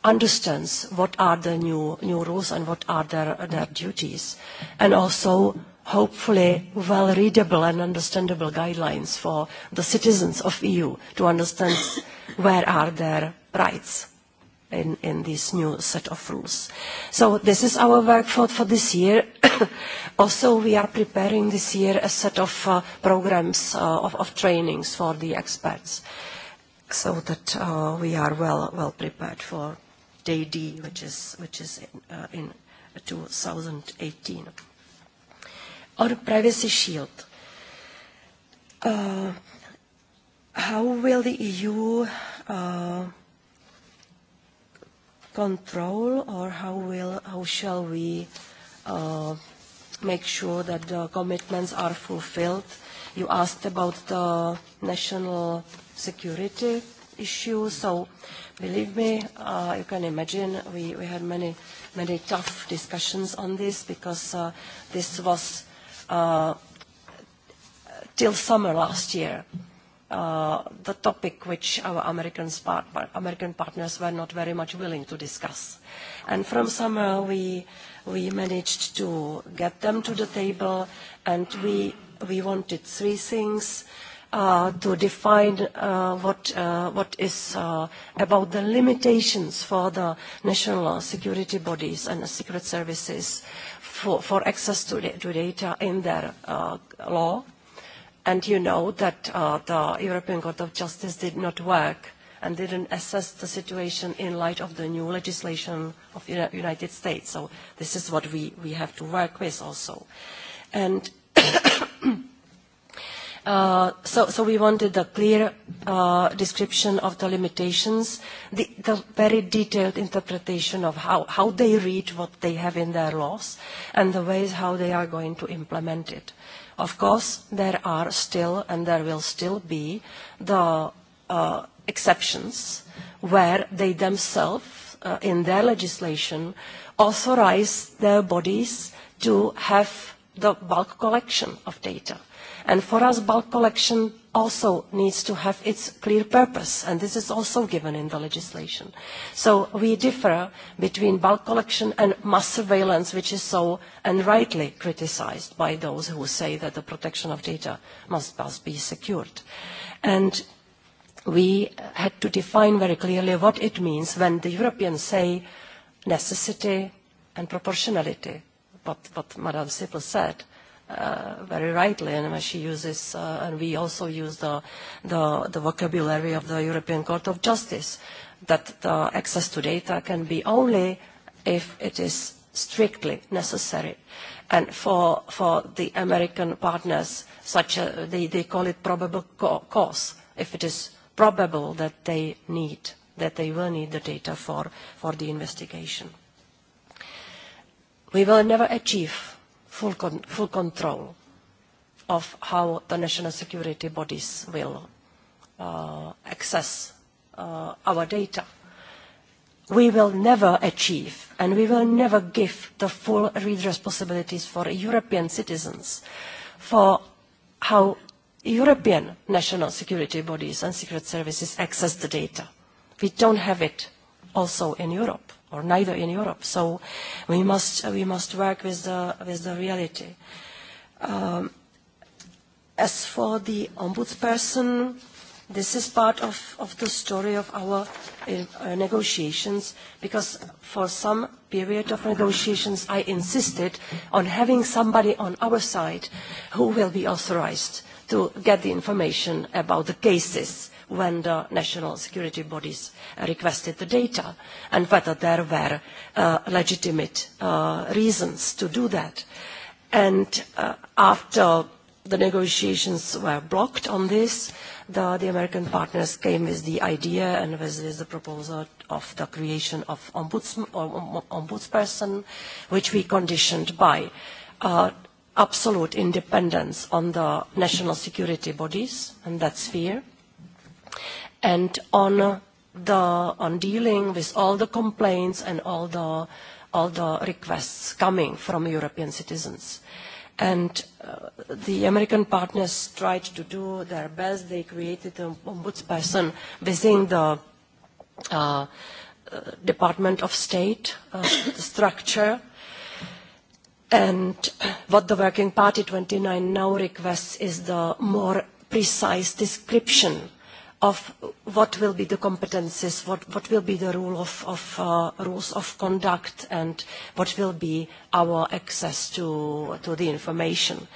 understands what are the new, new rules and what are their, their duties. And also hopefully well readable and understandable guidelines for the citizens of EU to understand [coughs] where are their rights in, in this new set of rules. So this is our work for, for this year. [coughs] also, we are preparing this year a set of uh, programs uh, of, of trainings for the experts so that uh, we are well, well prepared for day D, which is, which is in, uh, in 2018 or privacy shield. Uh, how will the EU uh, control or how, will, how shall we uh, make sure that the commitments are fulfilled? You asked about the national security issue, so believe me, uh, you can imagine we, we had many, many tough discussions on this because uh, this was uh, till summer last year, uh, the topic which our American, part American partners were not very much willing to discuss. And from summer we, we managed to get them to the table and we, we wanted three things. Uh, to define uh, what, uh, what is uh, about the limitations for the national security bodies and the secret services for, for access to, to data in their uh, law. And you know that uh, the European Court of Justice did not work and didn't assess the situation in light of the new legislation of the United States. So this is what we, we have to work with also. And [coughs] [coughs] Uh, so, so we wanted a clear uh, description of the limitations, the, the very detailed interpretation of how, how they read what they have in their laws and the ways how they are going to implement it. Of course, there are still and there will still be the uh, exceptions where they themselves, uh, in their legislation, authorize their bodies to have the bulk collection of data And for us, bulk collection also needs to have its clear purpose, and this is also given in the legislation. So we differ between bulk collection and mass surveillance, which is so and rightly criticized by those who say that the protection of data must, must be secured. And we had to define very clearly what it means when the Europeans say necessity and proportionality, what, what Madame Sippel said uh, very rightly, and uh, she uses, uh, and we also use the, the, the vocabulary of the European Court of Justice, that the access to data can be only if it is strictly necessary. And for, for the American partners, such a, uh, they, they call it probable cause, if it is probable that they need, that they will need the data for, for the investigation. We will never achieve full, con full control of how the national security bodies will uh, access uh, our data. We will never achieve and we will never give the full redress possibilities for European citizens for how European national security bodies and secret services access the data. We don't have it also in Europe or neither in Europe. So we must, we must work with the, with the reality. Um, as for the ombudsperson, this is part of, of the story of our uh, negotiations because for some period of negotiations I insisted on having somebody on our side who will be authorized to get the information about the cases when the national security bodies requested the data and whether there were uh, legitimate uh, reasons to do that. And uh, after the negotiations were blocked on this, the, the American partners came with the idea and with, with the proposal of the creation of ombudsman, um, ombudsperson, which we conditioned by uh, absolute independence on the national security bodies and that sphere, and on the on dealing with all the complaints and all the all the requests coming from European citizens. And uh, the American partners tried to do their best. They created an ombudsperson within the uh, uh, Department of State uh, structure. And what the Working Party 29 now requests is the more precise description of what will be the competences, what, what will be the rule of, of uh, rules of conduct and what will be our access to, to the information.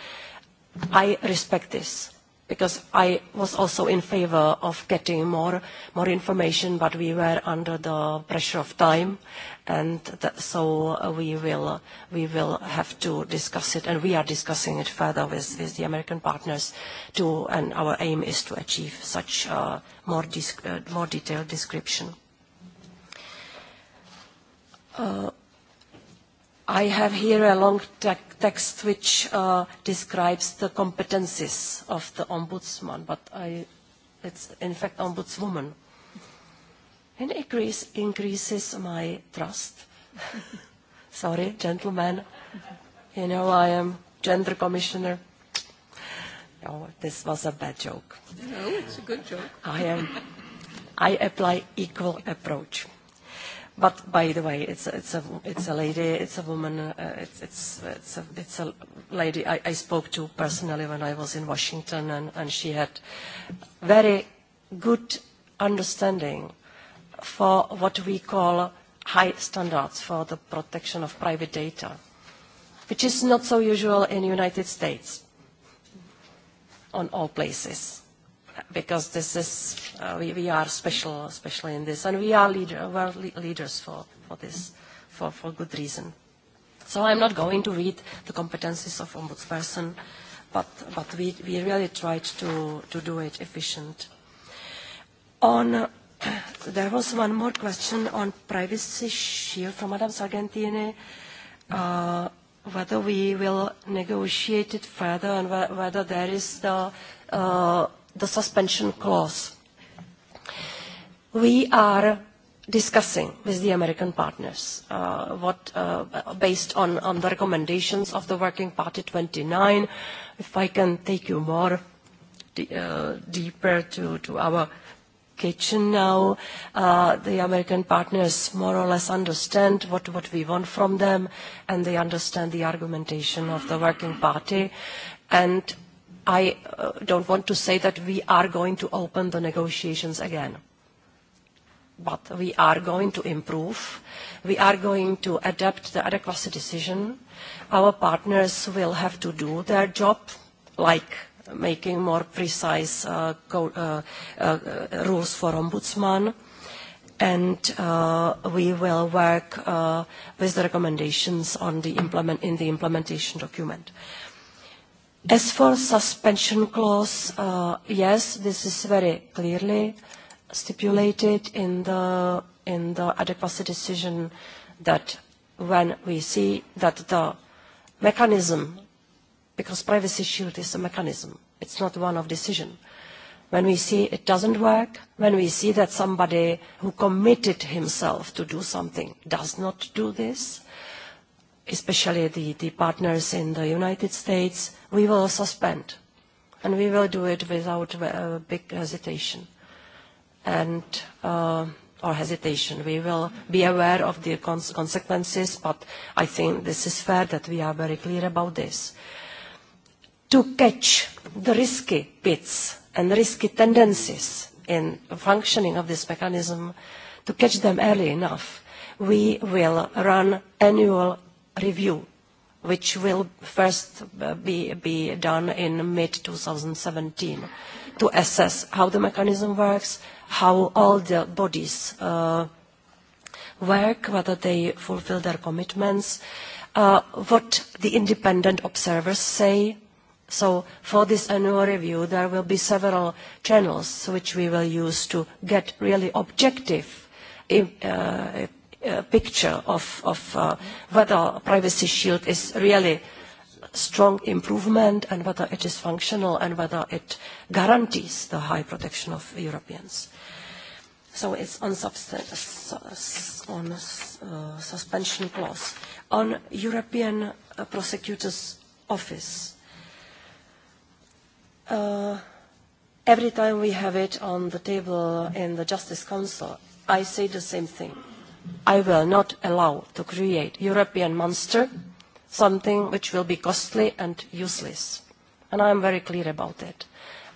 I respect this because I was also in favor of getting more, more information, but we were under the pressure of time, and th so uh, we will, we will have to discuss it, and we are discussing it further with, with the American partners, too, and our aim is to achieve such uh, more, disc uh, more detailed description. Uh, I have here a long te text which uh, describes the competences of the ombudsman, but I, it's in fact ombudswoman. And it increase, increases my trust. [laughs] Sorry, gentlemen. You know, I am gender commissioner. Oh, this was a bad joke. No, it's a good joke. I am. I apply equal approach. But by the way, it's it's a it's a lady, it's a woman, uh, it's it's it's a, it's a lady I, I spoke to personally when I was in Washington, and and she had very good understanding for what we call high standards for the protection of private data, which is not so usual in the United States on all places because this is, uh, we, we are special, especially in this, and we are leader, world le leaders for, for this, for, for good reason. So I'm not going to read the competencies of ombudsperson, but, but we, we really tried to, to do it efficient. On, uh, [coughs] there was one more question on privacy shield from Madame Sargentini, uh, whether we will negotiate it further and wh whether there is the uh, the suspension clause. We are discussing with the American partners uh, what, uh, based on, on the recommendations of the Working Party 29, if I can take you more uh, deeper to, to our kitchen now. Uh, the American partners more or less understand what, what we want from them, and they understand the argumentation of the Working Party. And I uh, don't want to say that we are going to open the negotiations again. But we are going to improve. We are going to adapt the adequacy decision. Our partners will have to do their job, like making more precise uh, co uh, uh, uh rules for ombudsman. And uh, we will work uh, with the recommendations on the implement in the implementation document. Uh, As for suspension clause, uh, yes, this is very clearly stipulated in the, in the adequacy decision that when we see that the mechanism, because privacy shield is a mechanism, it's not one of decision. When we see it doesn't work, when we see that somebody who committed himself to do something does not do this, especially the, the partners in the United States, we will suspend. And we will do it without uh, big hesitation and uh, or hesitation. We will be aware of the cons consequences, but I think this is fair that we are very clear about this. To catch the risky bits and risky tendencies in functioning of this mechanism, to catch them early enough, we will run annual review, which will first uh, be, be done in mid-2017 to assess how the mechanism works, how all the bodies uh, work, whether they fulfill their commitments, uh, what the independent observers say. So for this annual review, there will be several channels which we will use to get really objective uh, Uh, picture of, of uh, whether Privacy Shield is really strong improvement and whether it is functional and whether it guarantees the high protection of Europeans. So it's on, on uh, suspension clause. On European uh, Prosecutor's Office, uh, every time we have it on the table in the Justice Council, I say the same thing I will not allow to create European monster, something which will be costly and useless. And I am very clear about it.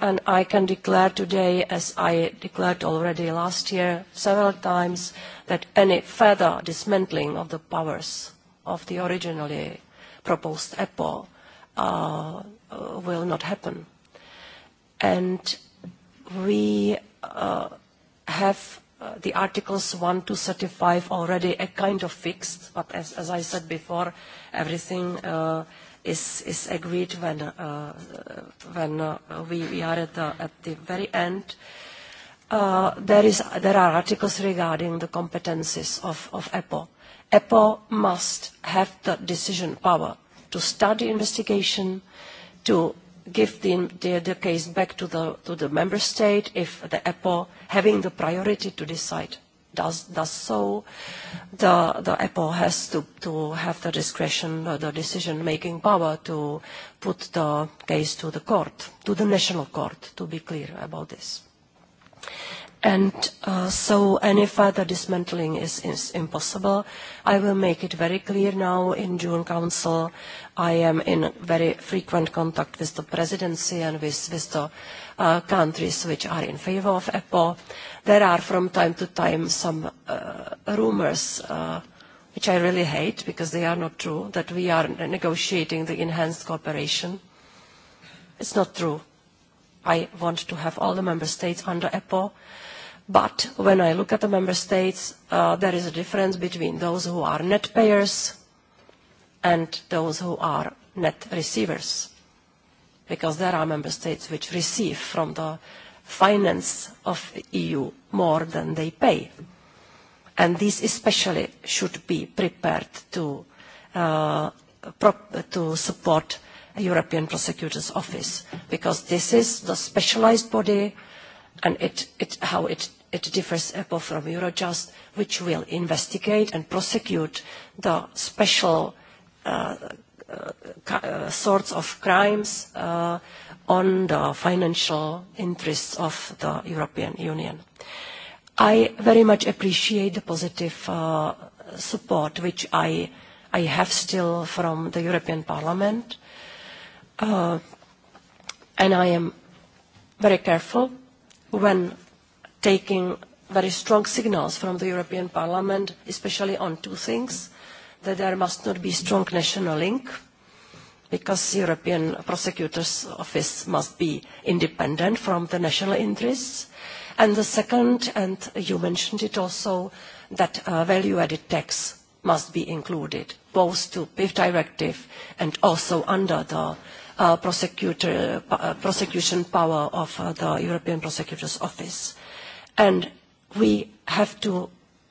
And I can declare today, as I declared already last year several times, that any further dismantling of the powers of the originally proposed EPO uh, uh, will not happen. And we uh, have Uh, the Articles 1 to 35 already a kind of fixed, but as, as I said before, everything uh, is, is agreed when, uh, uh, when uh, we, we are at the, at the very end. Uh, there, is, there are articles regarding the competences of, of EPO. EPO must have the decision power to start the investigation, to give the, the, the case back to the, to the member state if the EPO, having the priority to decide, does, does so. The, the EPO has to, to have the discretion, uh, the decision-making power to put the case to the court, to the national court, to be clear about this. And uh, so any further dismantling is, is impossible. I will make it very clear now in June Council. I am in very frequent contact with the presidency and with, with the uh, countries which are in favor of EPO. There are from time to time some uh, rumors uh, which I really hate because they are not true, that we are negotiating the enhanced cooperation. It's not true. I want to have all the member states under EPO But when I look at the member states, uh, there is a difference between those who are net payers and those who are net receivers. Because there are member states which receive from the finance of the EU more than they pay. And these especially should be prepared to, uh, prop to support a European Prosecutor's Office, because this is the specialized body and it, it, how it it differs EPO from Eurojust, which will investigate and prosecute the special uh uh, uh, uh, sorts of crimes uh, on the financial interests of the European Union. I very much appreciate the positive uh, support which I, I have still from the European Parliament. Uh, and I am very careful when taking very strong signals from the European Parliament, especially on two things, that there must not be strong national link, because European Prosecutor's Office must be independent from the national interests. And the second, and you mentioned it also, that uh, value-added tax must be included, both to PIF directive and also under the uh, prosecutor, uh, prosecution power of uh, the European Prosecutor's Office. And we have to,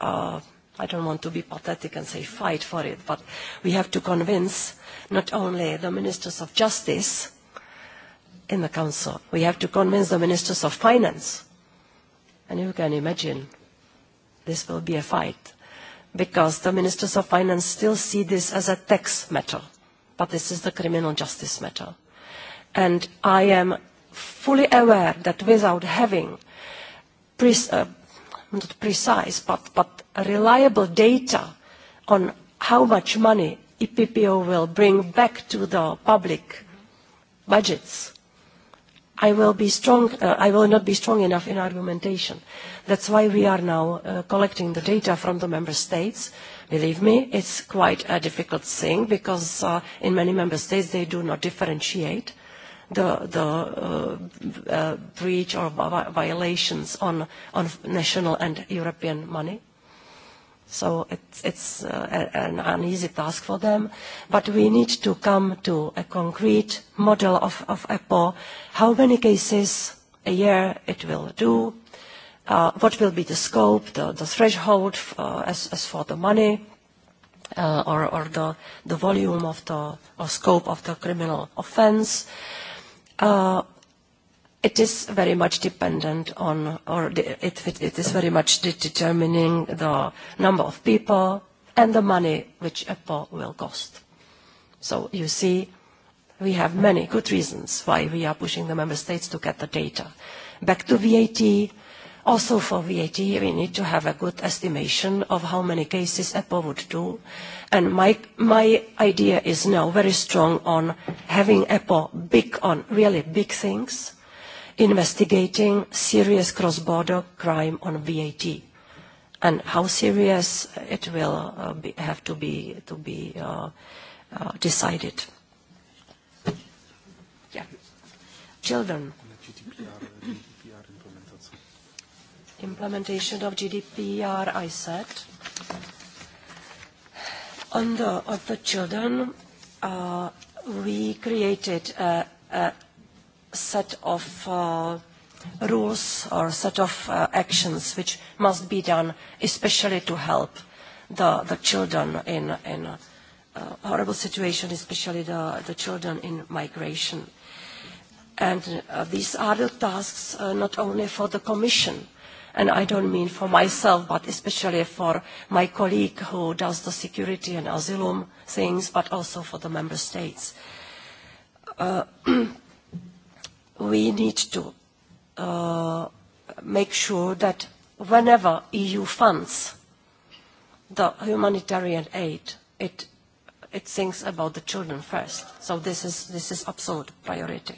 uh, I don't want to be pathetic and say fight for it, but we have to convince not only the ministers of justice in the council, we have to convince the ministers of finance. And you can imagine this will be a fight because the ministers of finance still see this as a tax matter, but this is the criminal justice matter. And I am fully aware that without having pre uh, not precise, but, but reliable data on how much money EPPO will bring back to the public budgets, I will, be strong, uh, I will not be strong enough in argumentation. That's why we are now uh, collecting the data from the member states. Believe me, it's quite a difficult thing because uh, in many member states they do not differentiate the, the uh, uh, breach or violations on, on national and European money. So it's, it's uh, an, an easy task for them. But we need to come to a concrete model of, of EPO, how many cases a year it will do, uh, what will be the scope, the, the threshold uh, as, as for the money, uh, or, or the, the volume of the or scope of the criminal offense, Uh, it is very much dependent on, or it, it, it is very much de determining the number of people and the money which a poll will cost. So you see, we have many good reasons why we are pushing the member states to get the data. Back to VAT, also for VAT, we need to have a good estimation of how many cases EPO would do And my, my idea is now very strong on having EPO big on really big things, investigating serious cross-border crime on VAT and how serious it will uh, be, have to be, to be uh, uh, decided. Yeah. Children. Implementation of GDPR, I said. On the, on the children, uh, we created a, a set of uh, rules or set of uh, actions which must be done, especially to help the, the children in, in a horrible situation, especially the, the children in migration. And uh, these are the tasks uh, not only for the Commission, and I don't mean for myself, but especially for my colleague who does the security and asylum things, but also for the member states. Uh, [clears throat] we need to uh, make sure that whenever EU funds the humanitarian aid, it, it thinks about the children first. So this is, this is absolute priority.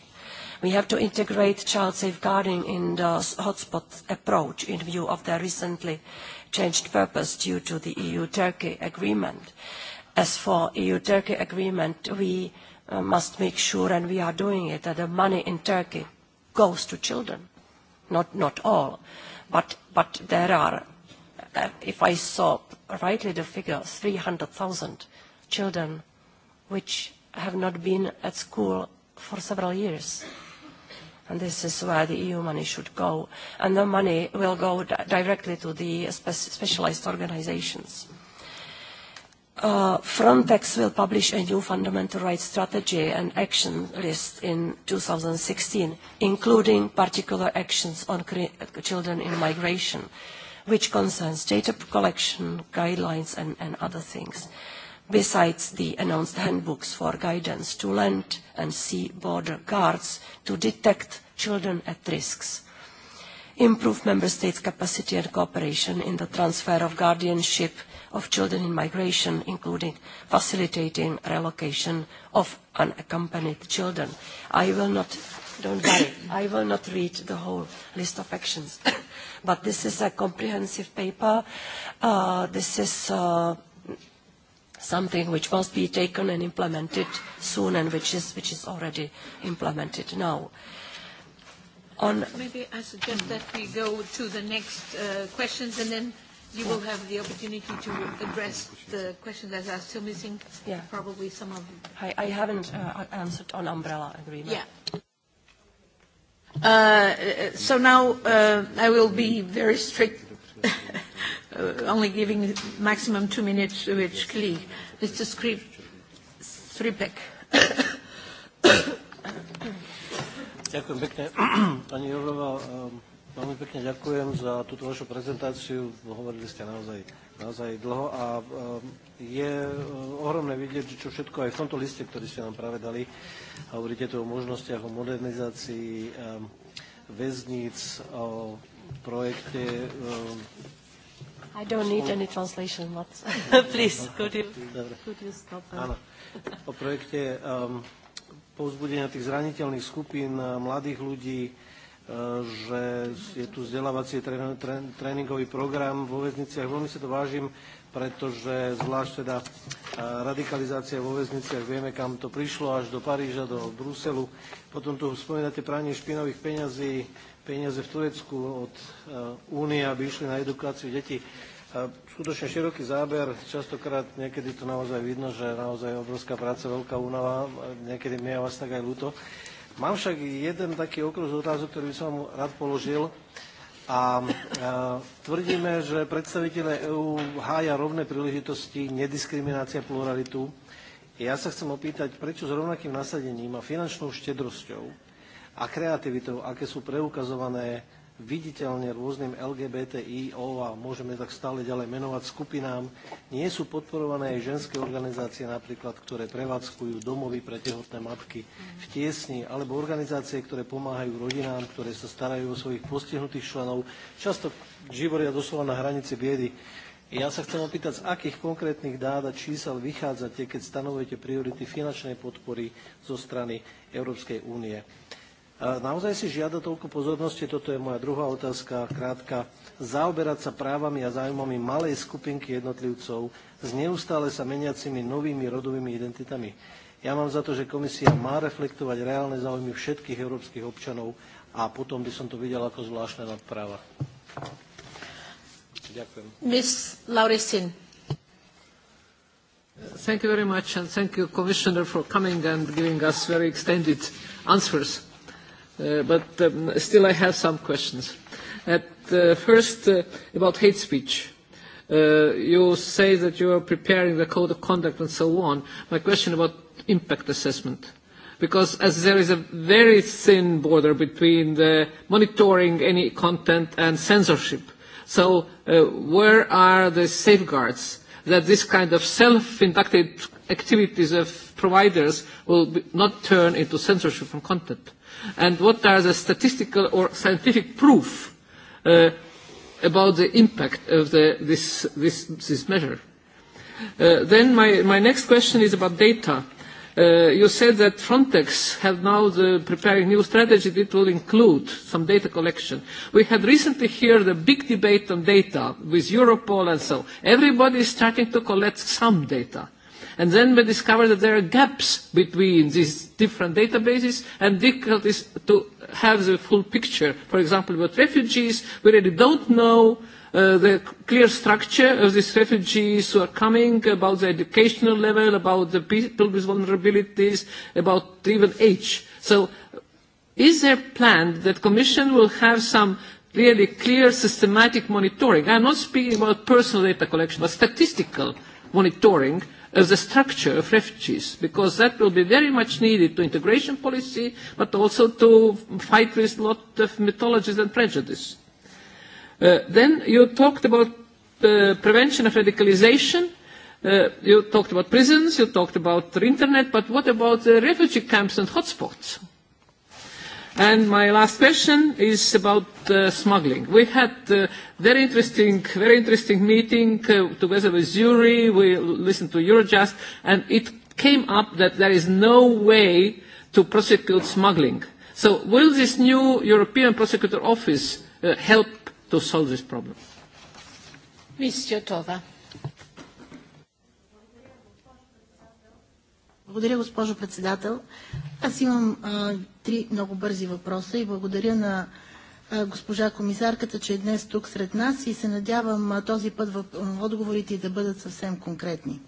We have to integrate child safeguarding in the hotspot approach in view of the recently changed purpose due to the EU-Turkey agreement. As for EU-Turkey agreement, we uh, must make sure, and we are doing it, that the money in Turkey goes to children. Not, not all, but, but there are, uh, if I saw rightly the figure, 300,000 children which have not been at school for several years and this is where the EU money should go. And the money will go directly to the spe specialized organizations. Uh, Frontex will publish a new fundamental rights strategy and action list in 2016, including particular actions on children in migration, which concerns data collection, guidelines, and, and other things besides the announced handbooks for guidance to land and sea border guards to detect children at risks, improve Member States' capacity and cooperation in the transfer of guardianship of children in migration, including facilitating relocation of unaccompanied children. I will not, don't worry, [coughs] I will not read the whole list of actions, [coughs] but this is a comprehensive paper. Uh, this is... Uh, something which must be taken and implemented soon and which is, which is already implemented now. On Maybe I suggest that we go to the next uh, questions and then you will have the opportunity to address the questions that are still missing, yeah. probably some of them. I, I haven't uh, answered on umbrella agreement. Yeah. Uh, so now uh, I will be very strict [laughs] only giving maximum two minutes to each colleague. Mr. Skrip, Ďakujem pekne. [clears throat] Ehm, veľmi pekne ďakujem za túto vašu prezentáciu. Hovorili ste naozaj, naozaj dlho a ehm, je eh, ohromné vidieť, čo všetko aj v tomto liste, ktorý ste nám práve dali, hovoríte tu o možnostiach, o modernizácii ehm, väzníc, o projekty. E, I don't need any translation, but [laughs] [laughs] please, could you, could you stop? Ano. O projekte um, povzbudenia tých zraniteľných skupín e, mladých ľudí, e, že je tu vzdelávací tréningový program vo väzniciach. Veľmi sa to vážim, pretože zvlášť teda radikalizácia vo väzniciach, vieme, kam to prišlo, až do Paríža, do Bruselu. Potom tu spomínate pranie špinových peňazí, Peniaze v Turecku od eh, Únie, aby išli na edukáciu detí. Eh, skutočne široký záber, častokrát niekedy to naozaj vidno, že naozaj obrovská práca, veľká únava, niekedy mi je vás tak aj ľúto. Mám však jeden taký okruh otázok, ktorý by som rád položil. A, a eh, tvrdíme, že predstaviteľe EÚ hája rovné príležitosti, nediskriminácia, pluralitu. Ja sa chcem opýtať, prečo s rovnakým nasadením a finančnou štedrosťou a kreativitou, aké sú preukazované viditeľne rôznym LGBTIO a môžeme tak stále ďalej menovať skupinám, nie sú podporované aj ženské organizácie napríklad, ktoré prevádzkujú domovy pre tehotné matky v tiesni, alebo organizácie, ktoré pomáhajú rodinám, ktoré sa starajú o svojich postihnutých členov. Často živoria doslova na hranici biedy. Ja sa chcem opýtať, z akých konkrétnych dát a čísel vychádzate, keď stanovujete priority finančnej podpory zo strany Európskej únie. Naozaj si žiada toľko pozornosti, toto je moja druhá otázka, krátka. Zaoberať sa právami a zájmami malej skupinky jednotlivcov s neustále sa meniacimi novými rodovými identitami. Ja mám za to, že komisia má reflektovať reálne záujmy všetkých európskych občanov a potom by som to videl ako zvláštne nadpráva. Ďakujem. Ms. Laurisin. Thank you very much and thank you, Commissioner, for coming and giving us very extended answers. Uh, but um, still I have some questions. At uh, first, uh, about hate speech. Uh, you say that you are preparing the code of conduct and so on. My question about impact assessment, because as there is a very thin border between the monitoring any content and censorship. So uh, where are the safeguards that this kind of self-inducted activities of providers will be, not turn into censorship and content? and what are the statistical or scientific proof uh, about the impact of the, this, this, this measure. Uh, then my, my next question is about data. Uh, you said that Frontex have now the preparing new strategy that will include some data collection. We had recently here the big debate on data with Europol and so. Everybody is starting to collect some data. And then we discover that there are gaps between these different databases and difficulties to have the full picture. For example, with refugees, we really don't know Uh, the clear structure of these refugees who are coming, about the educational level, about the people with vulnerabilities, about even age. So is there planned that Commission will have some really clear systematic monitoring? I'm not speaking about personal data collection, but statistical monitoring of the structure of refugees, because that will be very much needed to integration policy, but also to fight with a lot of mythologies and prejudice. Uh, then you talked about uh, prevention of radicalization. Uh, you talked about prisons, you talked about the internet, but what about the refugee camps and hotspots? And my last question is about uh, smuggling. We had a uh, very interesting, very interesting meeting uh, together with Zuri. We listened to Eurojust, and it came up that there is no way to prosecute smuggling. So will this new European Prosecutor Office uh, help to solve this problem? Ms. Jotova. Благодаря, госпожо председател. Аз имам а, три много бързи въпроса и благодаря на госпожа комисарката, че е днес тук сред нас и се надявам този път в отговорите да бъдат съвсем конкретни.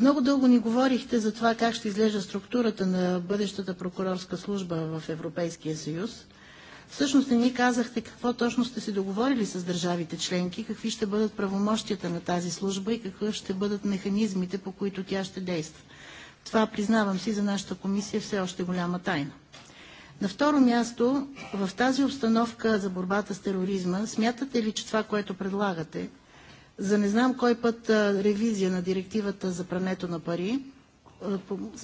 Много дълго ни говорихте за това как ще изглежда структурата на бъдещата прокурорска служба в Европейския съюз. Всъщност не ни казахте какво точно сте се договорили с държавите членки, какви ще бъдат правомощията на тази служба и какви ще бъдат механизмите, по които тя ще действа. Това, признавам си, за нашата комисия все още голяма тайна. На второ място, в тази обстановка за борбата с тероризма, смятате ли, че това, което предлагате, за не знам кой път ревизия на директивата за прането на пари,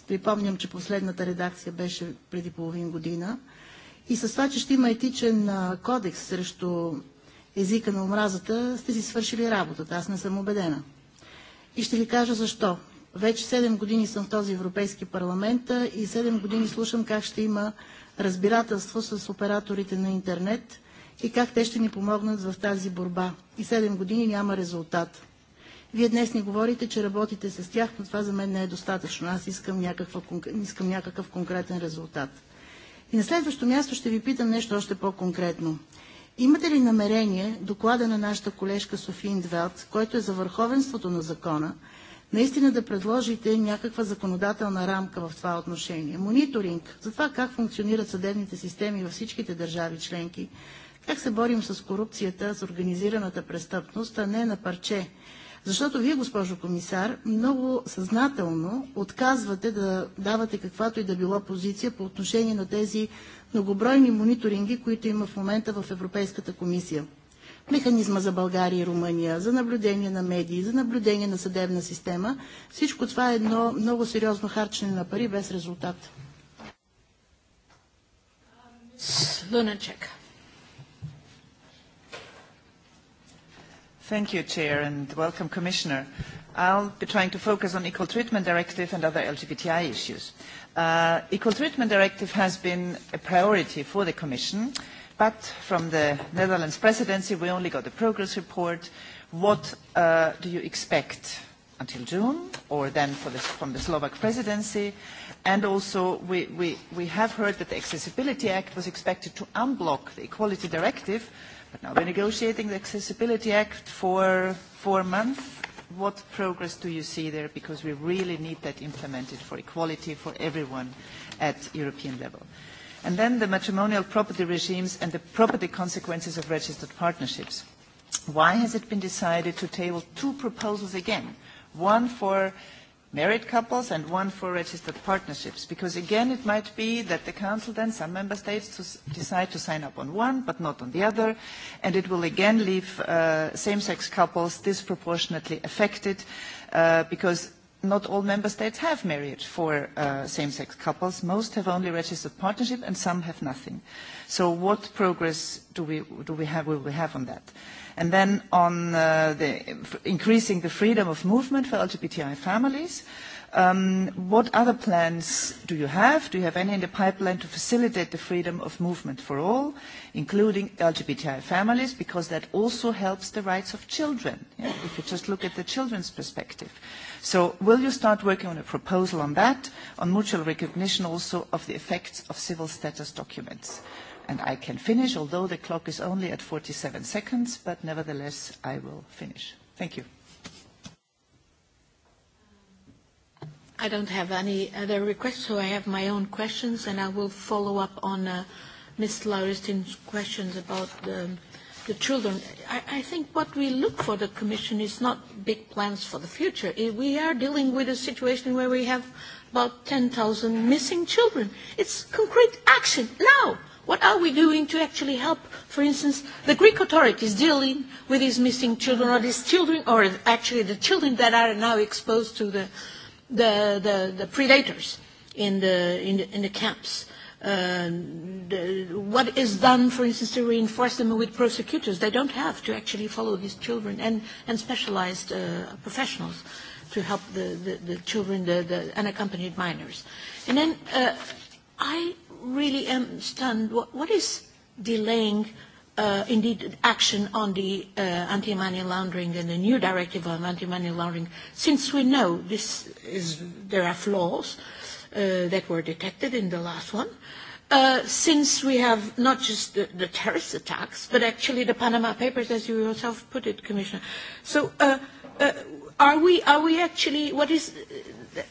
припомням, че последната редакция беше преди половин година, и с това, че ще има етичен кодекс срещу езика на омразата, сте си свършили работата. Аз не съм убедена. И ще ви кажа защо. Вече 7 години съм в този Европейски парламент и 7 години слушам как ще има разбирателство с операторите на интернет и как те ще ни помогнат в тази борба. И 7 години няма резултат. Вие днес ни говорите, че работите с тях, но това за мен не е достатъчно. Аз искам, някаква, искам някакъв конкретен резултат. И на следващо място ще ви питам нещо още по-конкретно. Имате ли намерение доклада на нашата колежка Софин Двелт, който е за върховенството на закона, наистина да предложите някаква законодателна рамка в това отношение. Мониторинг за това как функционират съдебните системи във всичките държави членки, как се борим с корупцията, с организираната престъпност, а не на парче. Защото вие, госпожо комисар, много съзнателно отказвате да давате каквато и да било позиция по отношение на тези многобройни мониторинги, които има в момента в Европейската комисия механизма за България и Румъния, за наблюдение на медии, за наблюдение на съдебна система. Всичко това е едно много сериозно харчене на пари без резултат. Lunacek. Thank you, Chair, and welcome, Commissioner. I'll be trying to focus on Equal Treatment Directive and other LGBTI issues. Uh, Equal Treatment Directive has been a priority for the Commission but from the Netherlands presidency, we only got the progress report. What uh, do you expect until June, or then for the, from the Slovak presidency? And also, we, we, we have heard that the Accessibility Act was expected to unblock the Equality Directive, but now we're negotiating the Accessibility Act for four months. What progress do you see there? Because we really need that implemented for equality for everyone at European level and then the matrimonial property regimes and the property consequences of registered partnerships. Why has it been decided to table two proposals again, one for married couples and one for registered partnerships? Because again, it might be that the Council then, some Member States, to decide to sign up on one but not on the other, and it will again leave uh, same-sex couples disproportionately affected uh, because not all member states have marriage for uh, same-sex couples. Most have only registered partnership and some have nothing. So what progress do we, do we have, will we have on that? And then on uh, the, increasing the freedom of movement for LGBTI families, uh, Um, what other plans do you have? Do you have any in the pipeline to facilitate the freedom of movement for all, including LGBTI families, because that also helps the rights of children, yeah, if you just look at the children's perspective. So will you start working on a proposal on that, on mutual recognition also of the effects of civil status documents? And I can finish, although the clock is only at 47 seconds, but nevertheless I will finish. Thank you. I don't have any other requests, so I have my own questions, and I will follow up on uh, Ms. Lauristin's questions about the, the children. I, I think what we look for the Commission is not big plans for the future. We are dealing with a situation where we have about 10,000 missing children. It's concrete action now. What are we doing to actually help, for instance, the Greek authorities dealing with these missing children or these children, or actually the children that are now exposed to the the, the, the predators in the, in the, in the camps. Uh, the, what is done, for instance, to reinforce them with prosecutors? They don't have to actually follow these children and, and specialized uh, professionals to help the, the, the children, the, the unaccompanied minors. And then uh, I really am stunned. What, what is delaying uh, indeed action on the uh, anti-money laundering and the new directive on anti-money laundering, since we know this is, there are flaws uh, that were detected in the last one, uh, since we have not just the, the terrorist attacks, but actually the Panama Papers, as you yourself put it, Commissioner. So uh, uh, are, we, are we actually, what is,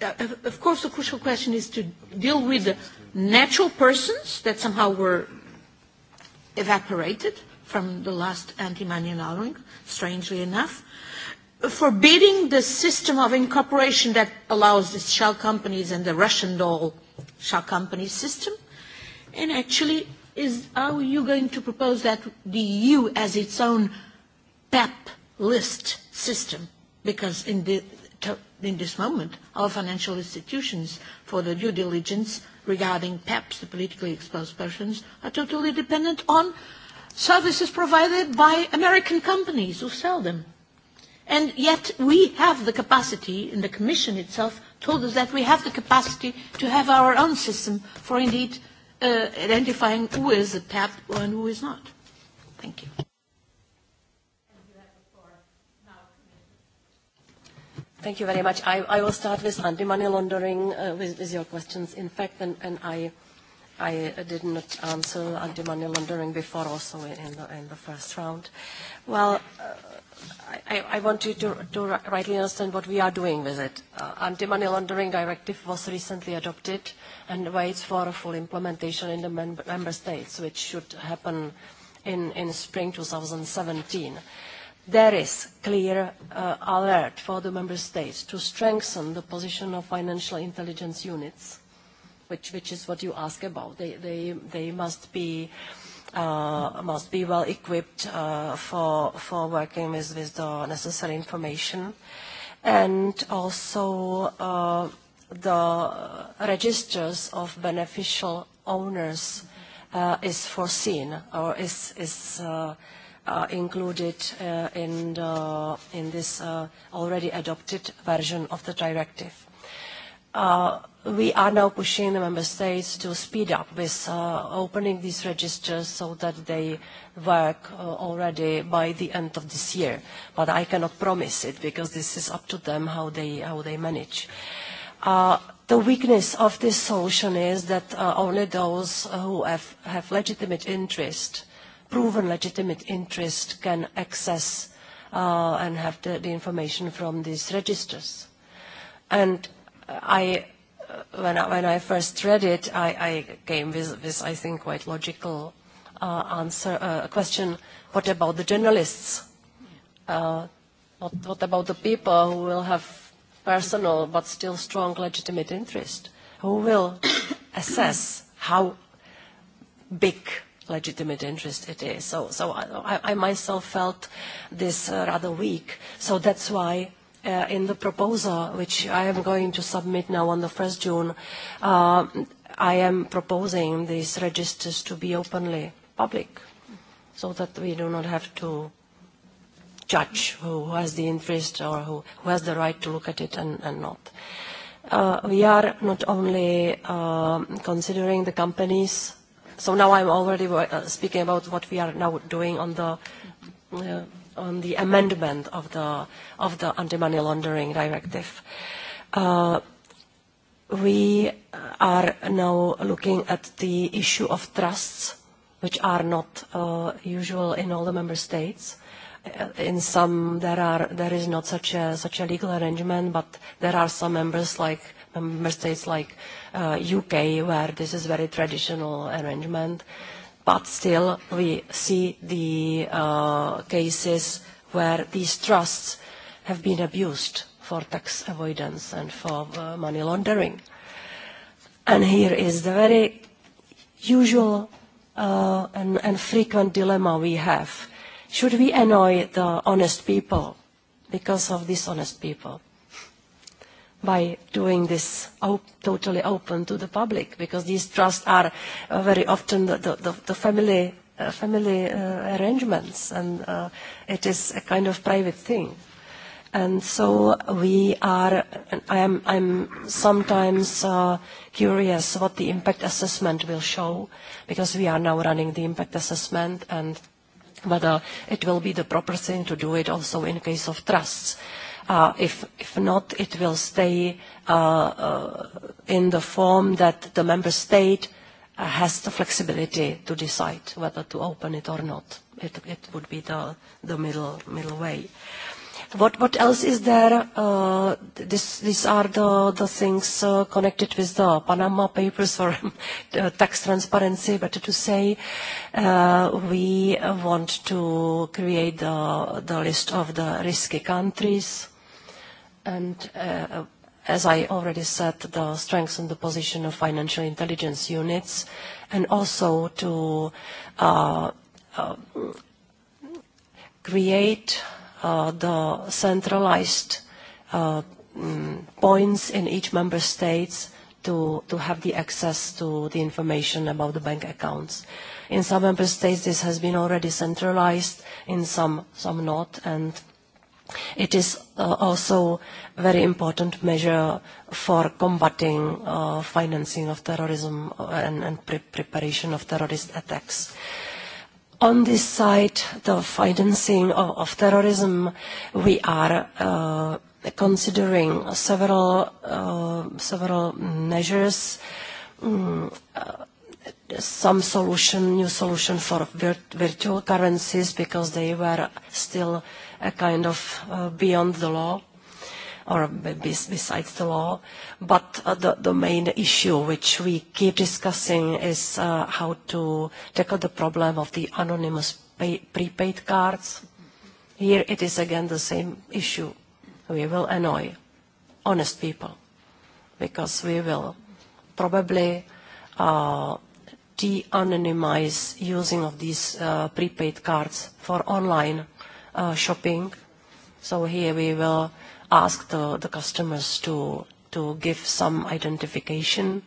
uh, of course the crucial question is to deal with the natural persons that somehow were evaporated from the last anti-money laundering, strangely enough, forbidding the system of incorporation that allows the shell companies and the Russian doll shell company system. And actually, is, are you going to propose that the EU as its own PEP list system? Because in, the, in this moment, our financial institutions, for the due diligence, regarding PEPs, the politically exposed persons, are totally dependent on services provided by American companies who sell them. And yet we have the capacity, and the Commission itself told us that we have the capacity to have our own system for indeed uh, identifying who is a TAP e and who is not. Thank you. Thank you very much. I, I will start with anti-money laundering, uh, with, with your questions. In fact, and, and I, I uh, did not answer anti-money laundering before also in the, in the first round. Well, uh, I, I want you to, to rightly understand what we are doing with it. Uh, Anti-money laundering directive was recently adopted and waits for full implementation in the mem member states, which should happen in, in spring 2017 there is clear uh, alert for the member states to strengthen the position of financial intelligence units, which, which is what you ask about. They, they, they must be uh, must be well equipped uh, for, for working with, with the necessary information. And also uh, the registers of beneficial owners uh, is foreseen or is, is uh, uh, included uh, in, the, in this uh, already adopted version of the directive. Uh, we are now pushing the member states to speed up with uh, opening these registers so that they work uh, already by the end of this year. But I cannot promise it because this is up to them how they, how they manage. Uh, the weakness of this solution is that uh, only those who have, have legitimate interest proven legitimate interest can access uh, and have the, the information from these registers. And I, uh, when I, when I first read it, I, I came with, this I think, quite logical uh, answer, uh, question, what about the journalists? Uh, what, what about the people who will have personal but still strong legitimate interest? Who will [coughs] assess how big legitimate interest it is. So, so I, I myself felt this uh, rather weak. So that's why uh, in the proposal, which I am going to submit now on the 1st June, uh, I am proposing these registers to be openly public so that we do not have to judge who has the interest or who, who has the right to look at it and, and not. Uh, we are not only uh, considering the companies so now I'm already uh, speaking about what we are now doing on the, uh, on the amendment of the, of the anti-money laundering directive. Uh, we are now looking at the issue of trusts, which are not uh, usual in all the member states. Uh, in some, there, are, there is not such a, such a legal arrangement, but there are some members like member states like uh, UK where this is very traditional arrangement. But still we see the uh, cases where these trusts have been abused for tax avoidance and for uh, money laundering. And here is the very usual uh, and, and frequent dilemma we have. Should we annoy the honest people because of dishonest people? by doing this op totally open to the public because these trusts are uh, very often the, the, the, the family, uh, family uh, arrangements and uh, it is a kind of private thing. And so we are, I am, I'm sometimes uh, curious what the impact assessment will show because we are now running the impact assessment and whether it will be the proper thing to do it also in case of trusts Uh, if, if not, it will stay uh, uh, in the form that the member state uh, has the flexibility to decide whether to open it or not. It, it would be the, the middle, middle way. What, what else is there? Uh, this, these are the, the things uh, connected with the Panama Papers or the [laughs] uh, tax transparency, but to say uh, we want to create the, the list of the risky countries And uh, as I already said, the strengthen the position of financial intelligence units and also to uh, uh, create the centralized mm, points in each member states to, have the access to the information about the bank accounts. In some member states this has been already centralized, in some, some not, and It is uh, also a very important measure for combating uh, financing of terrorism uh, and, and pre preparation of terrorist attacks. On this side, the financing of, of terrorism, we are uh, considering several, uh, several measures mm, uh, some solution, new solution for virt virtual currencies because they were still a kind of uh, beyond the law or besides the law. But uh, the, the main issue which we keep discussing is uh, how to tackle the problem of the anonymous pay, prepaid cards. Here it is again the same issue. We will annoy honest people because we will probably uh, de-anonymize using of these uh, prepaid cards for online uh, shopping. So here we will ask the, the customers to, to give some identification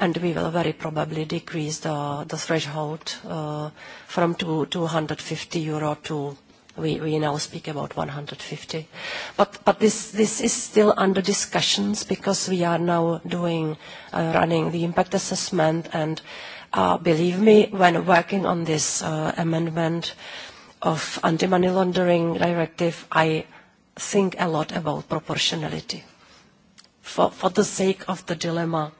and we will very probably decrease the, the threshold uh, from two, 250 euro to we, we now speak about 150. But, but this, this is still under discussions because we are now doing, uh, running the impact assessment and uh, believe me, when working on this uh, amendment, uh, of anti-money laundering directive, I think a lot about proportionality. For, for the sake of the dilemma,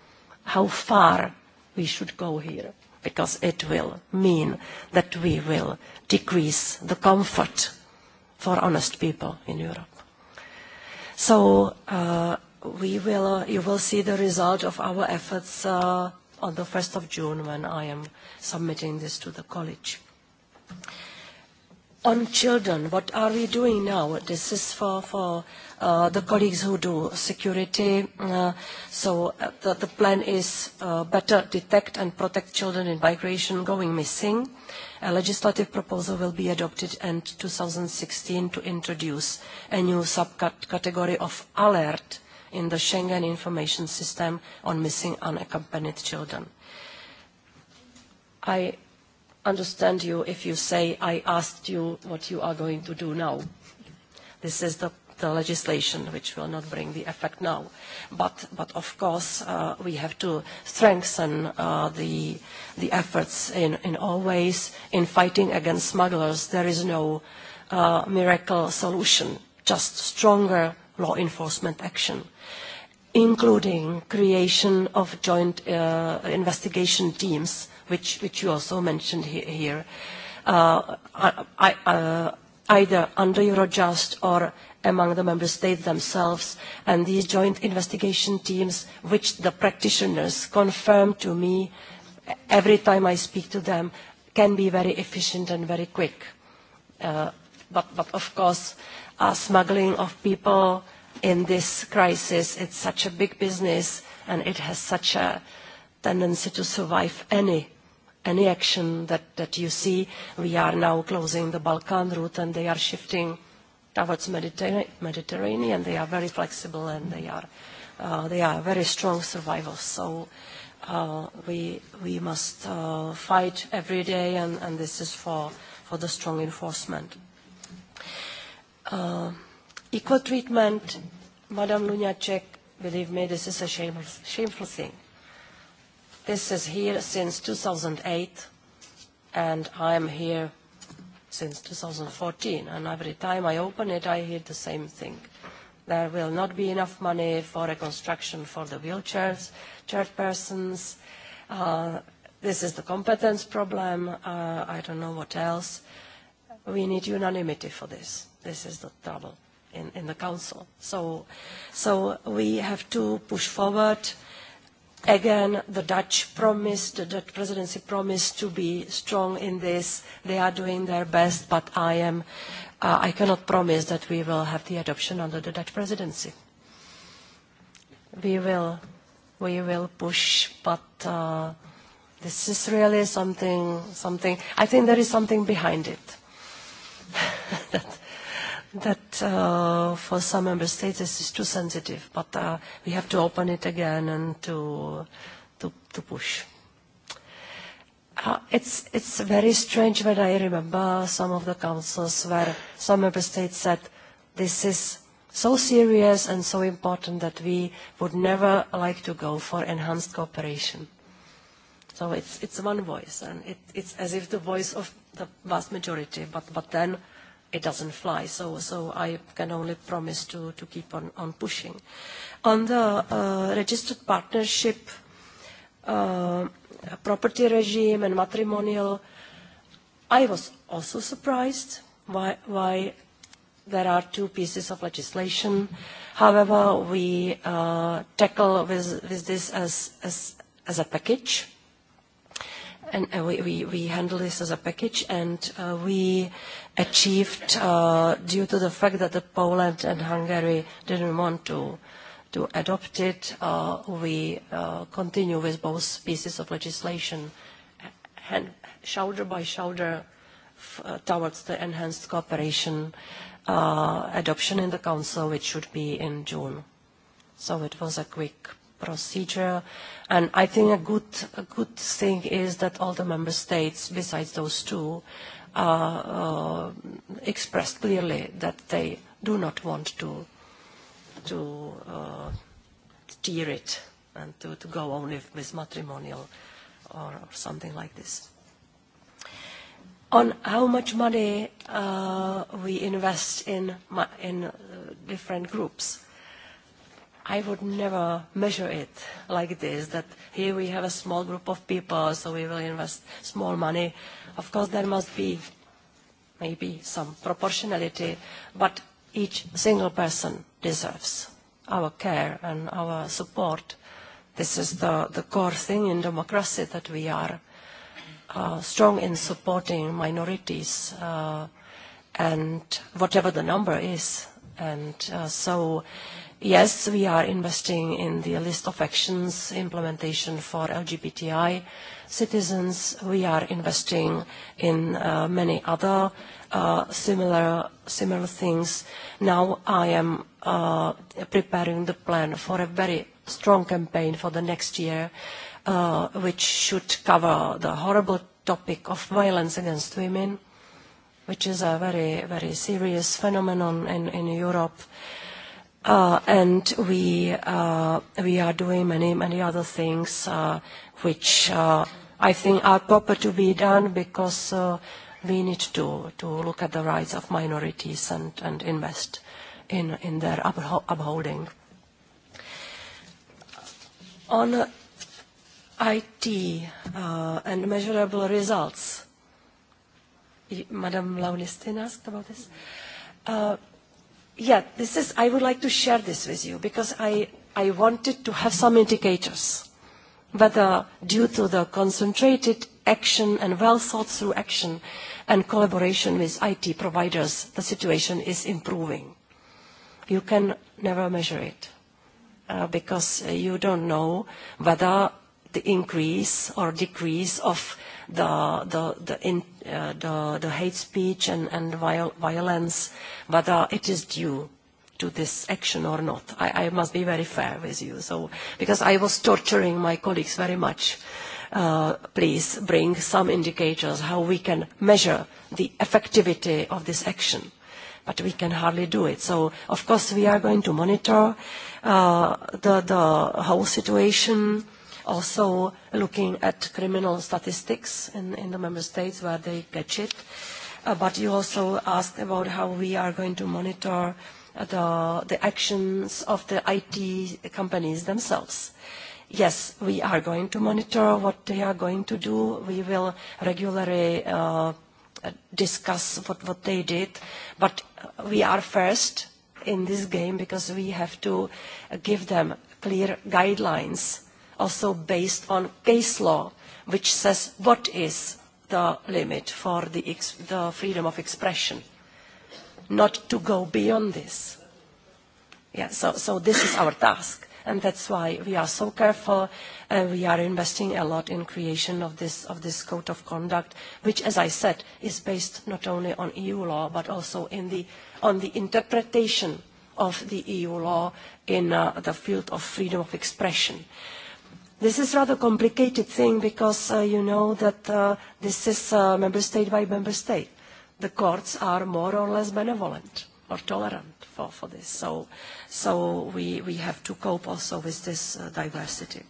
how far we should go here, because it will mean that we will decrease the comfort for honest people in Europe. So uh, we will, uh, you will see the result of our efforts uh, on the 1st of June when I am submitting this to the college. On children, what are we doing now? This is for, for uh, the colleagues who do security. Uh, so uh, the, the plan is uh, better detect and protect children in migration going missing. A legislative proposal will be adopted in 2016 to introduce a new subcategory of alert in the Schengen information system on missing unaccompanied children. I understand you if you say, I asked you what you are going to do now. This is the, the legislation which will not bring the effect now. But, but of course, uh, we have to strengthen uh, the, the efforts in, in all ways in fighting against smugglers. There is no uh, miracle solution, just stronger law enforcement action including creation of joint uh, investigation teams which, which you also mentioned he here, uh, I, uh, either under Eurojust or among the member states themselves and these joint investigation teams which the practitioners confirm to me every time I speak to them can be very efficient and very quick. Uh, but, but of course, uh, smuggling of people in this crisis, it's such a big business and it has such a tendency to survive any any action that, that you see. We are now closing the Balkan route and they are shifting towards Mediterranean, Mediterranean. They are very flexible and they are, uh, they are very strong survivors. So uh, we, we must uh, fight every day and, and this is for, for the strong enforcement. Uh, equal treatment, Madam Lunacek, believe me, this is a shameful, shameful thing This is here since 2008, and I am here since 2014, and every time I open it, I hear the same thing. There will not be enough money for reconstruction for the wheelchairs, chair persons. Uh, this is the competence problem. Uh, I don't know what else. We need unanimity for this. This is the trouble in, in the Council. So, so we have to push forward Again, the Dutch promised, the Dutch presidency promised to be strong in this. They are doing their best, but I, am, uh, I cannot promise that we will have the adoption under the Dutch presidency. We will, we will push, but uh, this is really something, something, I think there is something behind it. [laughs] that, that uh, for some member states this is too sensitive, but uh, we have to open it again and to, to, to push. Uh, it's, it's very strange when I remember some of the councils where some member states said this is so serious and so important that we would never like to go for enhanced cooperation. So it's, it's one voice, and it, it's as if the voice of the vast majority, but, but then it doesn't fly. So, so I can only promise to, to keep on, on pushing. On the uh, registered partnership uh, property regime and matrimonial, I was also surprised why, why there are two pieces of legislation. However, we uh, tackle with, with this as, as, as a package and uh, we, we, we handle this as a package and uh, we achieved uh, due to the fact that the Poland and Hungary didn't want to to adopt it, uh, we uh, continue with both pieces of legislation, hand, shoulder by shoulder, f uh, towards the enhanced cooperation uh, adoption in the Council, which should be in June. So it was a quick procedure. And I think a good, a good thing is that all the member states, besides those two, uh, uh, expressed clearly that they do not want to, to uh, tear it and to, to go only with matrimonial or, or something like this. On how much money uh, we invest in, in uh, different groups. I would never measure it like this, that here we have a small group of people, so we will invest small money. Of course, there must be maybe some proportionality, but each single person deserves our care and our support. This is the, the core thing in democracy that we are uh, strong in supporting minorities uh, and whatever the number is. And uh, so Yes, we are investing in the list of actions implementation for LGBTI citizens. We are investing in uh, many other uh, similar, similar things. Now I am uh, preparing the plan for a very strong campaign for the next year, uh, which should cover the horrible topic of violence against women, which is a very, very serious phenomenon in, in Europe Uh, and we, uh, we are doing many, many other things uh, which uh, I think are proper to be done because uh, we need to, to look at the rights of minorities and, and invest in, in their upholding. On IT uh, and measurable results, Madam Launistin asked about this. Uh, yeah, this is, I would like to share this with you because I, I wanted to have some indicators whether due to the concentrated action and well thought through action and collaboration with IT providers, the situation is improving. You can never measure it uh, because uh, you don't know whether the increase or decrease of the, the, the, in, uh, the, the hate speech and, and viol violence, whether uh, it is due to this action or not. I, I must be very fair with you, so, because I was torturing my colleagues very much. Uh, please bring some indicators how we can measure the effectivity of this action. But we can hardly do it. So, of course, we are going to monitor uh, the, the whole situation also looking at criminal statistics in, in the member states where they catch it. Uh, but you also asked about how we are going to monitor the, the actions of the IT companies themselves. Yes, we are going to monitor what they are going to do. We will regularly uh, discuss what, what they did, but we are first in this game because we have to give them clear guidelines also based on case law, which says what is the limit for the, ex the freedom of expression, not to go beyond this. Yeah, so, so this is our task, and that's why we are so careful, and we are investing a lot in creation of this, of this code of conduct, which, as I said, is based not only on EU law, but also in the, on the interpretation of the EU law in uh, the field of freedom of expression. Uh, This is rather complicated thing because uh, you know that uh, this is uh, member state by member state. The courts are more or less benevolent or tolerant for, for this. So, so we, we have to cope also with this uh, diversity.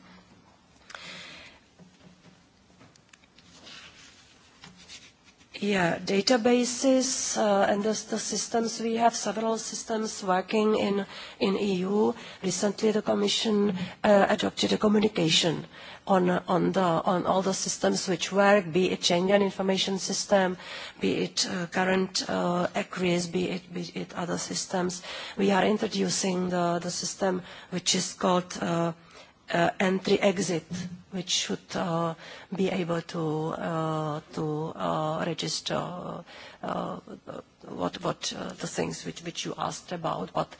Yeah, databases uh, and the, the systems, we have several systems working in, in EU. Recently the Commission uh, adopted a communication on, on, the, on all the systems which work, be it Schengen information system, be it uh, current uh, ECRIS, be it, be it other systems. We are introducing the, the system which is called uh, uh, entry-exit, which should uh, be able to, uh, to uh, register uh, what, what uh, the things which, which you asked about. But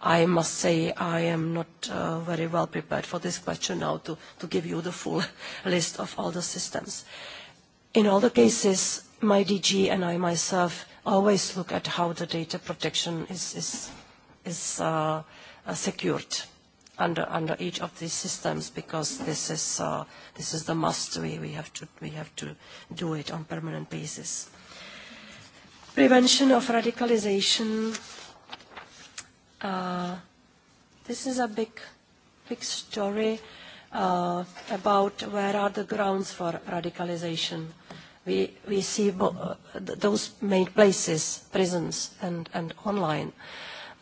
I must say I am not uh, very well prepared for this question now to, to give you the full [laughs] list of all the systems. In all the cases, my DG and I myself always look at how the data protection is, is, is uh, uh secured under, under each of these systems because this is, uh, this is the must. We, we, have to, we have to do it on permanent basis. Prevention of radicalization. Uh, this is a big, big story uh, about where are the grounds for radicalization. We, we see uh, those main places, prisons and, and online. Uh,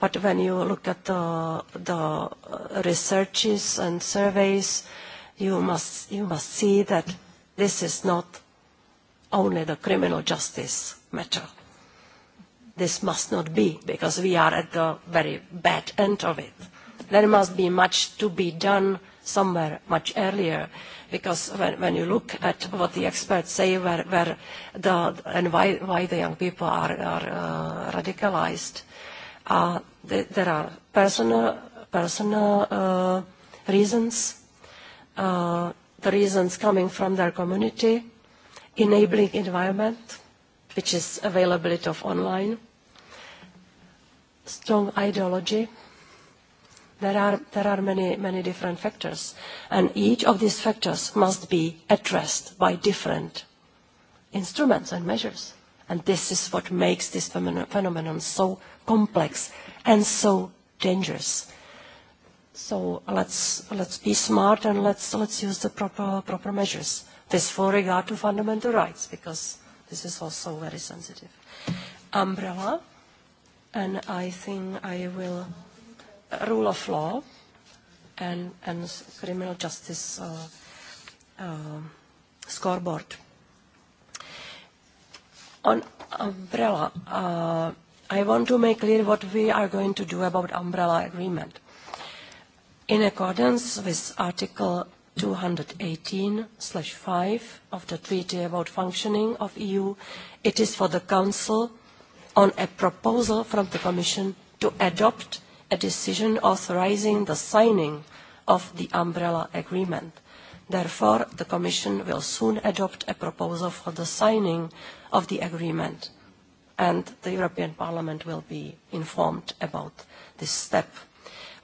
But when you look at the, the researches and surveys, you must, you must see that this is not only the criminal justice matter. This must not be, because we are at the very bad end of it. There must be much to be done somewhere much earlier, because when, when you look at what the experts say, where, where the, and why, why the young people are, are uh, radicalized, Uh, th there are personal, personal uh, reasons, uh, the reasons coming from their community, enabling environment, which is availability of online, strong ideology. There are, there are many, many different factors, and each of these factors must be addressed by different instruments and measures. And this is what makes this phenomenon so complex and so dangerous. So let's, let's be smart and let's, let's use the proper, proper measures. This for regard to fundamental rights, because this is also very sensitive. Umbrella, and I think I will, uh, rule of law and, and criminal justice uh, uh, scoreboard. On umbrella, uh, I want to make clear what we are going to do about umbrella agreement. In accordance with Article 218/5 of the Treaty about Functioning of EU, it is for the Council on a proposal from the Commission to adopt a decision authorizing the signing of the umbrella agreement. Therefore, the Commission will soon adopt a proposal for the signing of the agreement and the European Parliament will be informed about this step.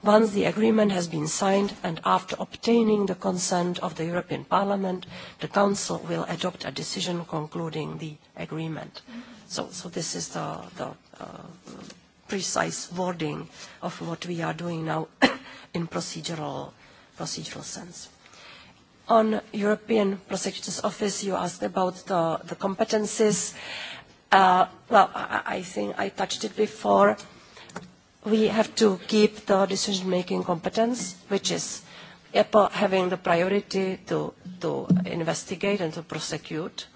Once the agreement has been signed and after obtaining the consent of the European Parliament, the Council will adopt a decision concluding the agreement. Mm-hmm. So, so this is the, the uh, precise wording of what we are doing now [coughs] in procedural, procedural sense. On European Prosecutor's Office, you asked about the, the competences. Uh, Uh, well, I, I think I touched it before. We have to keep the decision-making competence, which is EPA having the priority to, to investigate and to prosecute,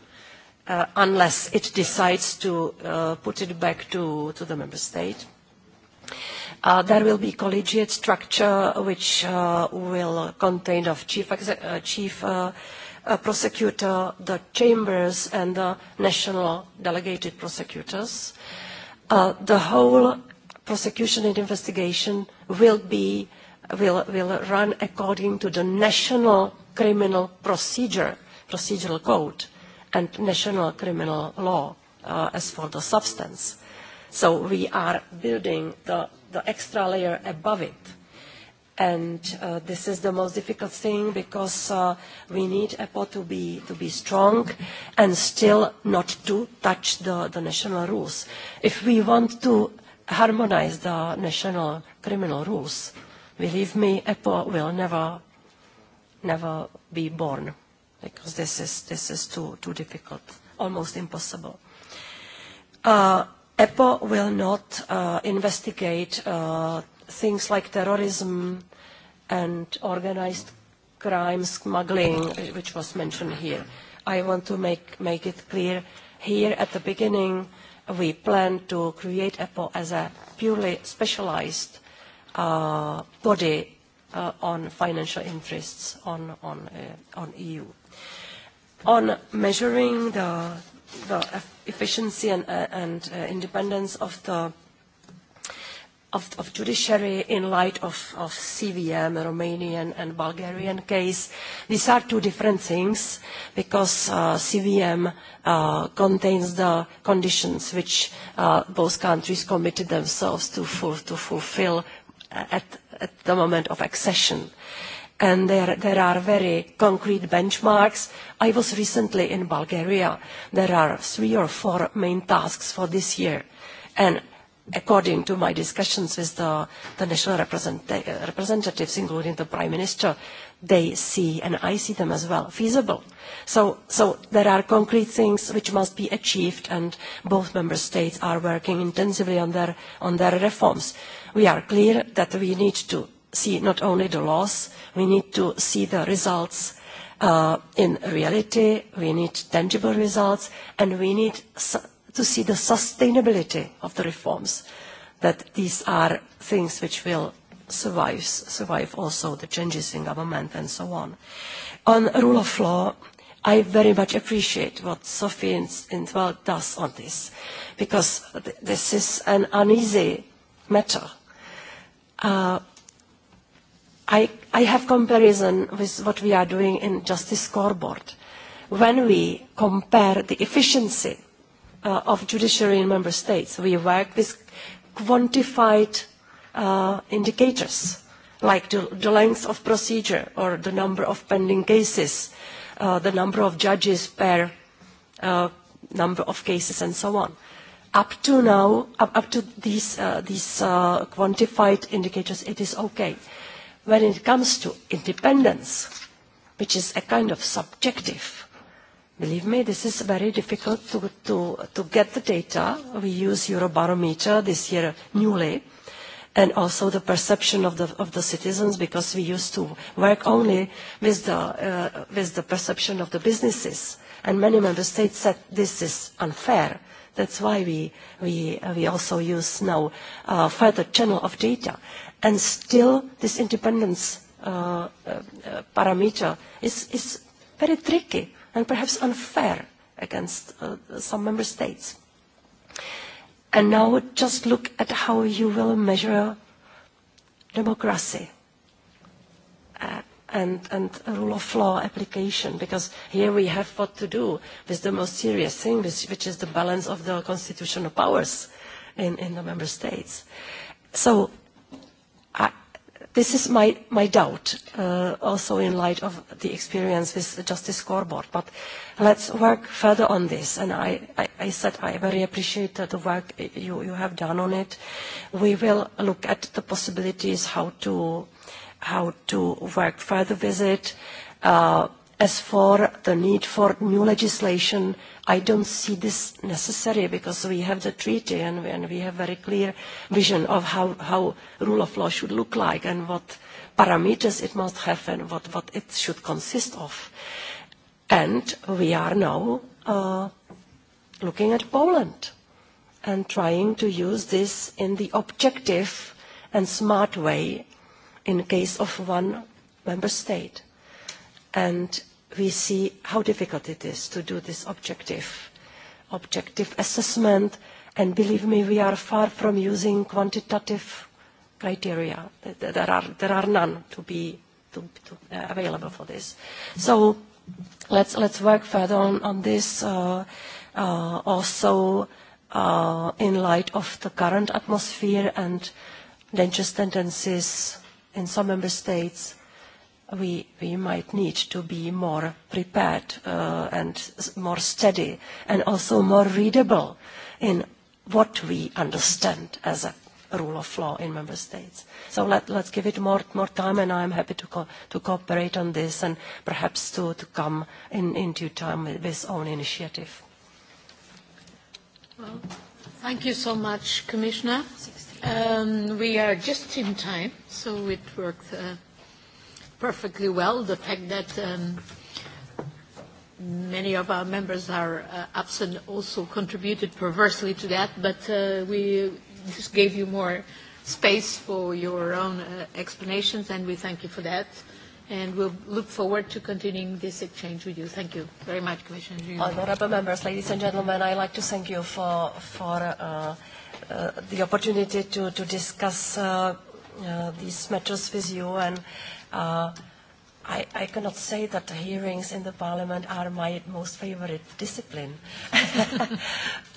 uh, unless it decides to uh, put it back to, to the member state. Uh, there will be collegiate structure which uh, will contain of chief, uh, chief uh, uh, prosecutor, the chambers and the national delegated prosecutors. Uh, the whole prosecution and investigation will be will, will run according to the national criminal procedure, procedural code and national criminal law uh, as for the substance. So we are building the, the extra layer above it and uh, this is the most difficult thing because uh, we need EPO to be, to be strong and still not to touch the, the national rules. If we want to harmonize the national criminal rules, believe me, EPO will never, never be born because this is, this is too, too difficult, almost impossible. Uh, EPO will not uh, investigate uh, things like terrorism and organized crime smuggling, which was mentioned here. I want to make, make it clear here at the beginning we plan to create EPO as a purely specialized uh, body uh, on financial interests on, on, uh, on EU. On measuring the, the efficiency and, uh, and uh, independence of the of, of judiciary in light of, of CVM, Romanian and Bulgarian case. These are two different things because uh, CVM uh, contains the conditions which uh, both countries committed themselves to, full, to fulfill at, at the moment of accession. And there, there are very concrete benchmarks. I was recently in Bulgaria. There are three or four main tasks for this year. And according to my discussions with the, the national represent, representatives, including the Prime Minister, they see, and I see them as well, feasible. So, so there are concrete things which must be achieved, and both member states are working intensively on their, on their reforms. We are clear that we need to see not only the laws, we need to see the results uh, in reality, we need tangible results, and we need to see the sustainability of the reforms, that these are things which will survive, survive also the changes in government and so on. On rule of law, I very much appreciate what Sophie Intwell does on this, because th this is an uneasy matter. Uh, I, I have comparison with what we are doing in Justice Scoreboard. When we compare the efficiency uh, of judiciary in member states. We work with quantified uh, indicators like the, the length of procedure or the number of pending cases, uh, the number of judges per uh, number of cases and so on. Up to now, up, up to these, uh, these uh, quantified indicators, it is okay. When it comes to independence, which is a kind of subjective Believe me, this is very difficult to, to, to get the data. We use Eurobarometer this year newly, and also the perception of the, of the citizens, because we used to work only with the, uh, with the perception of the businesses. And many member states said this is unfair. That's why we, we, uh, we also use now a uh, further channel of data. And still, this independence uh, uh, uh parameter is, is very tricky and perhaps unfair against uh, some member states. And now just look at how you will measure democracy uh, and, and rule of law application, because here we have what to do with the most serious thing, which, which is the balance of the constitutional powers in, in the member states. So This is my, my doubt, uh, also in light of the experience with the Justice Scoreboard. But let's work further on this. And I, I, I said I very appreciate the work you, you have done on it. We will look at the possibilities how to, how to work further with it. Uh, as for the need for new legislation, I don't see this necessary because we have the treaty and, and we have very clear vision of how, how rule of law should look like and what parameters it must have and what, what it should consist of. And we are now uh, looking at Poland and trying to use this in the objective and smart way in case of one member state. And we see how difficult it is to do this objective, objective assessment, and believe me, we are far from using quantitative criteria. There are, there are none to be to, to, uh, available for this. So let's, let's work further on, on this uh, uh, also uh, in light of the current atmosphere and dangerous tendencies in some member states we, we might need to be more prepared uh, and more steady and also more readable in what we understand as a rule of law in member states. So let, let's give it more, more time and I'm happy to, co to cooperate on this and perhaps to, to come in, in due time with this own initiative. Well, thank you so much, Commissioner. Um, we are just in time, so it worked uh, perfectly well the fact that um, many of our members are uh, absent also contributed perversely to that, but uh, we just gave you more space for your own uh, explanations, and we thank you for that. And we'll look forward to continuing this exchange with you. Thank you very much, Commissioner. Honorable members, ladies and gentlemen, I'd like to thank you for, for uh, uh, the opportunity to, to discuss uh, uh, these matters with you. and. Uh, I, I cannot say that the hearings in the parliament are my most favorite discipline, [laughs]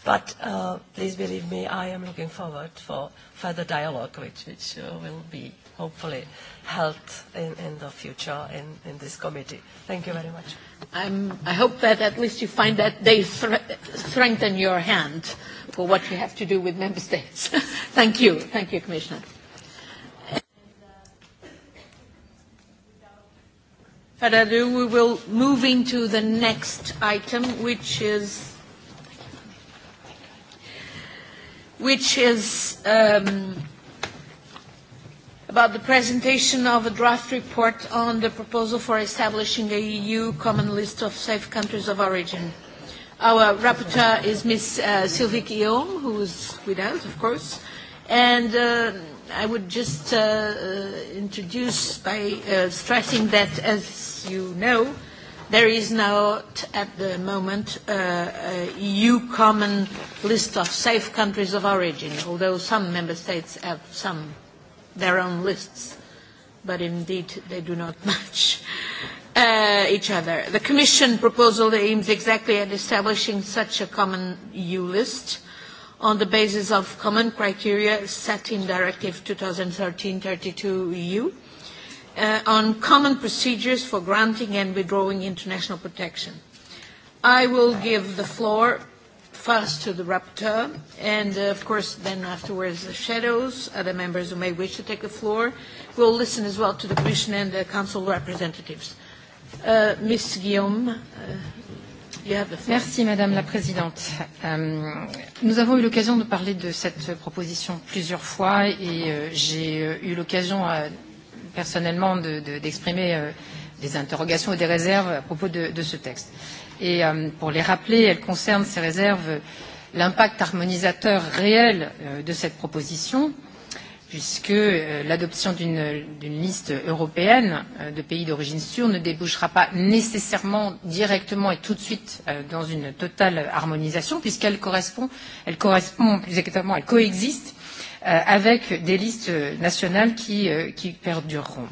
but uh, please believe me, I am looking forward for further dialogue, which, which uh, will be hopefully held in, in the future in, in this committee. Thank you very much. I'm, I hope that at least you find that they strengthen your hand for what you have to do with member states. [laughs] Thank you. Thank you, Commissioner. ado, we will move into the next item, which is which is um, about the presentation of a draft report on the proposal for establishing a EU common list of safe countries of origin. Our rapporteur is Ms. Uh, Sylvie Guillaume, who is with us, of course, and uh, I would just uh, uh introduce by uh, stressing that as as you know, there is not at the moment uh, a EU common list of safe countries of origin, although some member states have some their own lists, but indeed they do not [laughs] match uh, each other. The Commission proposal aims exactly at establishing such a common EU list on the basis of common criteria set in Directive 2013-32 EU uh, on common procedures for granting and withdrawing international protection. I will give the floor first to the rapporteur and, uh, of course, then afterwards the shadows, other members who may wish to take the floor. We'll listen as well to the Commission and the Council representatives. Uh, Ms. Guillaume, uh, Merci Madame la Présidente. Euh, nous avons eu l'occasion de parler de cette proposition plusieurs fois et euh, j'ai euh, eu l'occasion à euh, personnellement d'exprimer de, de, euh, des interrogations et des réserves à propos de, de ce texte. Et euh, pour les rappeler, elles concernent ces réserves l'impact harmonisateur réel euh, de cette proposition, puisque euh, l'adoption d'une liste européenne euh, de pays d'origine sûre ne débouchera pas nécessairement directement et tout de suite euh, dans une totale harmonisation, puisqu'elle correspond, elle correspond plus exactement, elle coexiste euh, avec des listes nationales qui, euh, qui perdureront.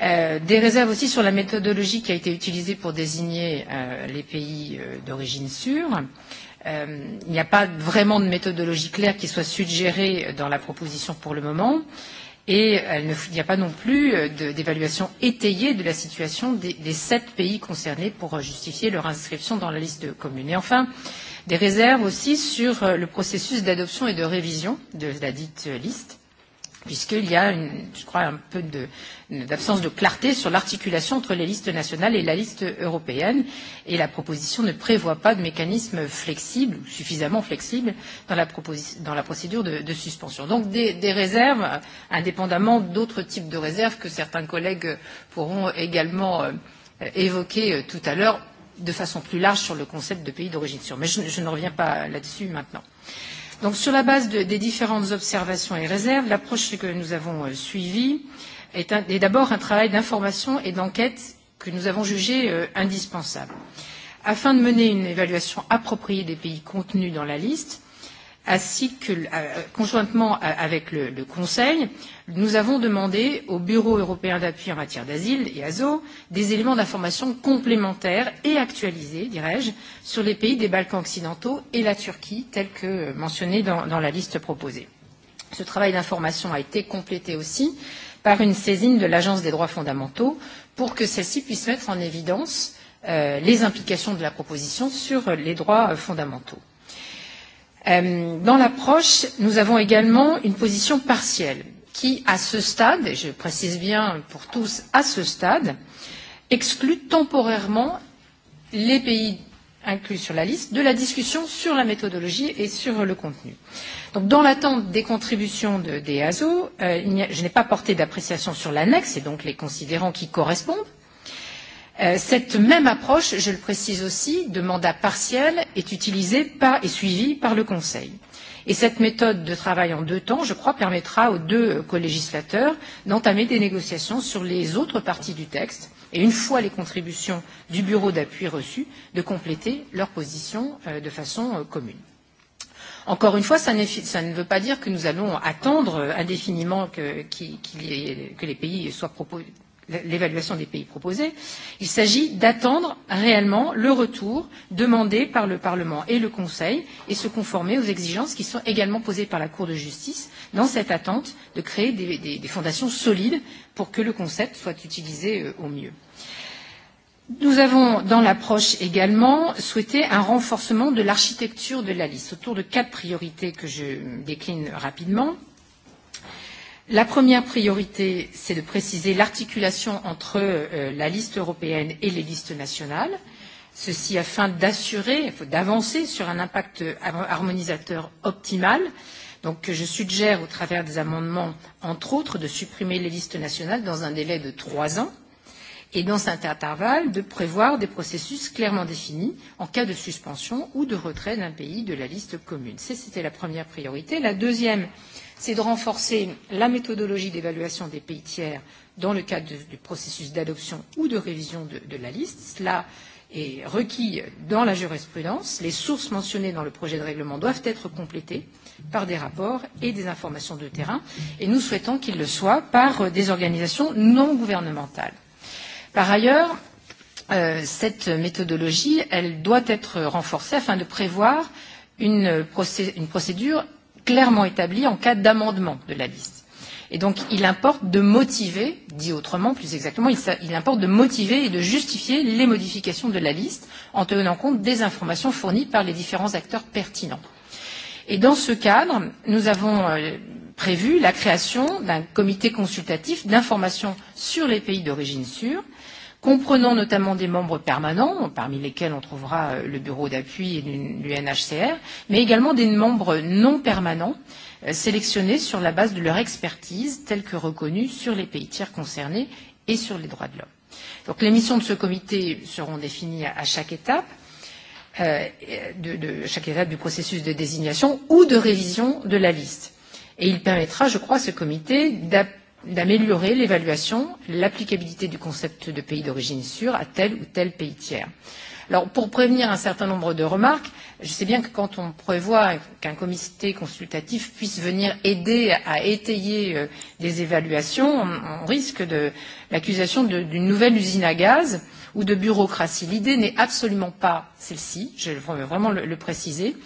Euh, des réserves aussi sur la méthodologie qui a été utilisée pour désigner euh, les pays euh, d'origine sûre. Euh, il n'y a pas vraiment de méthodologie claire qui soit suggérée dans la proposition pour le moment. Et euh, il n'y a pas non plus euh, d'évaluation étayée de la situation des, des sept pays concernés pour justifier leur inscription dans la liste commune. Et enfin, euh, Des réserves aussi sur euh, le processus d'adoption et de révision de la dite liste puisqu'il y a, une, je crois, un peu d'absence de, de clarté sur l'articulation entre les listes nationales et la liste européenne, et la proposition ne prévoit pas de mécanisme flexible, suffisamment flexible, dans la, dans la procédure de, de suspension. Donc des, des réserves, indépendamment d'autres types de réserves que certains collègues pourront également euh, évoquer euh, tout à l'heure, de façon plus large sur le concept de pays d'origine sûre. Mais je, je ne reviens pas là-dessus maintenant. Donc sur la base de, des différentes observations et réserves, l'approche que nous avons euh, suivie est, est d'abord un travail d'information et d'enquête que nous avons jugé euh, indispensable. Afin de mener une évaluation appropriée des pays contenus dans la liste, ainsi que euh, conjointement avec le, le Conseil, nous avons demandé au Bureau européen d'appui en matière d'asile, et ASO des éléments d'information complémentaires et actualisés, dirais-je, sur les pays des Balkans occidentaux et la Turquie, tels que mentionnés dans, dans la liste proposée. Ce travail d'information a été complété aussi par une saisine de l'Agence des droits fondamentaux pour que celle-ci puisse mettre en évidence euh, les implications de la proposition sur les droits fondamentaux. Euh, dans l'approche, nous avons également une position partielle qui, à ce stade, et je précise bien pour tous, à ce stade, exclut temporairement les pays inclus sur la liste de la discussion sur la méthodologie et sur le contenu. Donc, dans l'attente des contributions de, des ASO, euh, il a, je n'ai pas porté d'appréciation sur l'annexe et donc les considérants qui correspondent Euh, cette même approche, je le précise aussi, de mandat partiel est utilisée par, et suivie par le Conseil. Et cette méthode de travail en deux temps, je crois, permettra aux deux colégislateurs d'entamer des négociations sur les autres parties du texte et, une fois les contributions du bureau d'appui reçues, de compléter leur position euh, de façon euh, commune. Encore une fois, ça, ça ne veut pas dire que nous allons attendre indéfiniment que, qu y ait, que les pays soient proposés l'évaluation des pays proposés, il s'agit d'attendre réellement le retour demandé par le Parlement et le Conseil et se conformer aux exigences qui sont également posées par la Cour de justice dans cette attente de créer des, des, des fondations solides pour que le concept soit utilisé euh, au mieux. Nous avons, dans l'approche également, souhaité un renforcement de l'architecture de la liste autour de quatre priorités que je décline rapidement. La première priorité, c'est de préciser l'articulation entre euh, la liste européenne et les listes nationales, ceci afin d'assurer, d'avancer sur un impact euh, harmonisateur optimal. Donc je suggère, au travers des amendements, entre autres, de supprimer les listes nationales dans un délai de trois ans et dans cet intervalle de prévoir des processus clairement définis en cas de suspension ou de retrait d'un pays de la liste commune. C'était la première priorité. La deuxième priorité, c'est de renforcer la méthodologie d'évaluation des pays tiers dans le cadre de, du processus d'adoption ou de révision de, de la liste. Cela est requis dans la jurisprudence. Les sources mentionnées dans le projet de règlement doivent être complétées par des rapports et des informations de terrain, et nous souhaitons qu'ils le soient par euh, des organisations non gouvernementales. Par ailleurs, euh, cette méthodologie, elle doit être renforcée afin de prévoir une, procé une procédure clairement établi en cas d'amendement de la liste. Et donc, il importe de motiver, dit autrement, plus exactement, il, importe de motiver et de justifier les modifications de la liste en tenant compte des informations fournies par les différents acteurs pertinents. Et dans ce cadre, nous avons euh, prévu la création d'un comité consultatif d'information sur les pays d'origine sûre, comprenant notamment des membres permanents, parmi lesquels on trouvera euh, le bureau d'appui et l'UNHCR, mais également des membres non permanents euh, sélectionnés sur la base de leur expertise telle que reconnue sur les pays tiers concernés et sur les droits de l'homme. Donc les missions de ce comité seront définies à chaque étape, euh, de, de chaque étape du processus de désignation ou de révision de la liste. Et il permettra, je crois, à ce comité d'appuyer d'améliorer l'évaluation, l'applicabilité du concept de pays d'origine sûre à tel ou tel pays tiers. Alors, pour prévenir un certain nombre de remarques, je sais bien que quand on prévoit qu'un comité consultatif puisse venir aider à étayer euh, des évaluations, on, on risque de l'accusation d'une nouvelle usine à gaz ou de bureaucratie. L'idée n'est absolument pas celle-ci, je veux vraiment le, le préciser.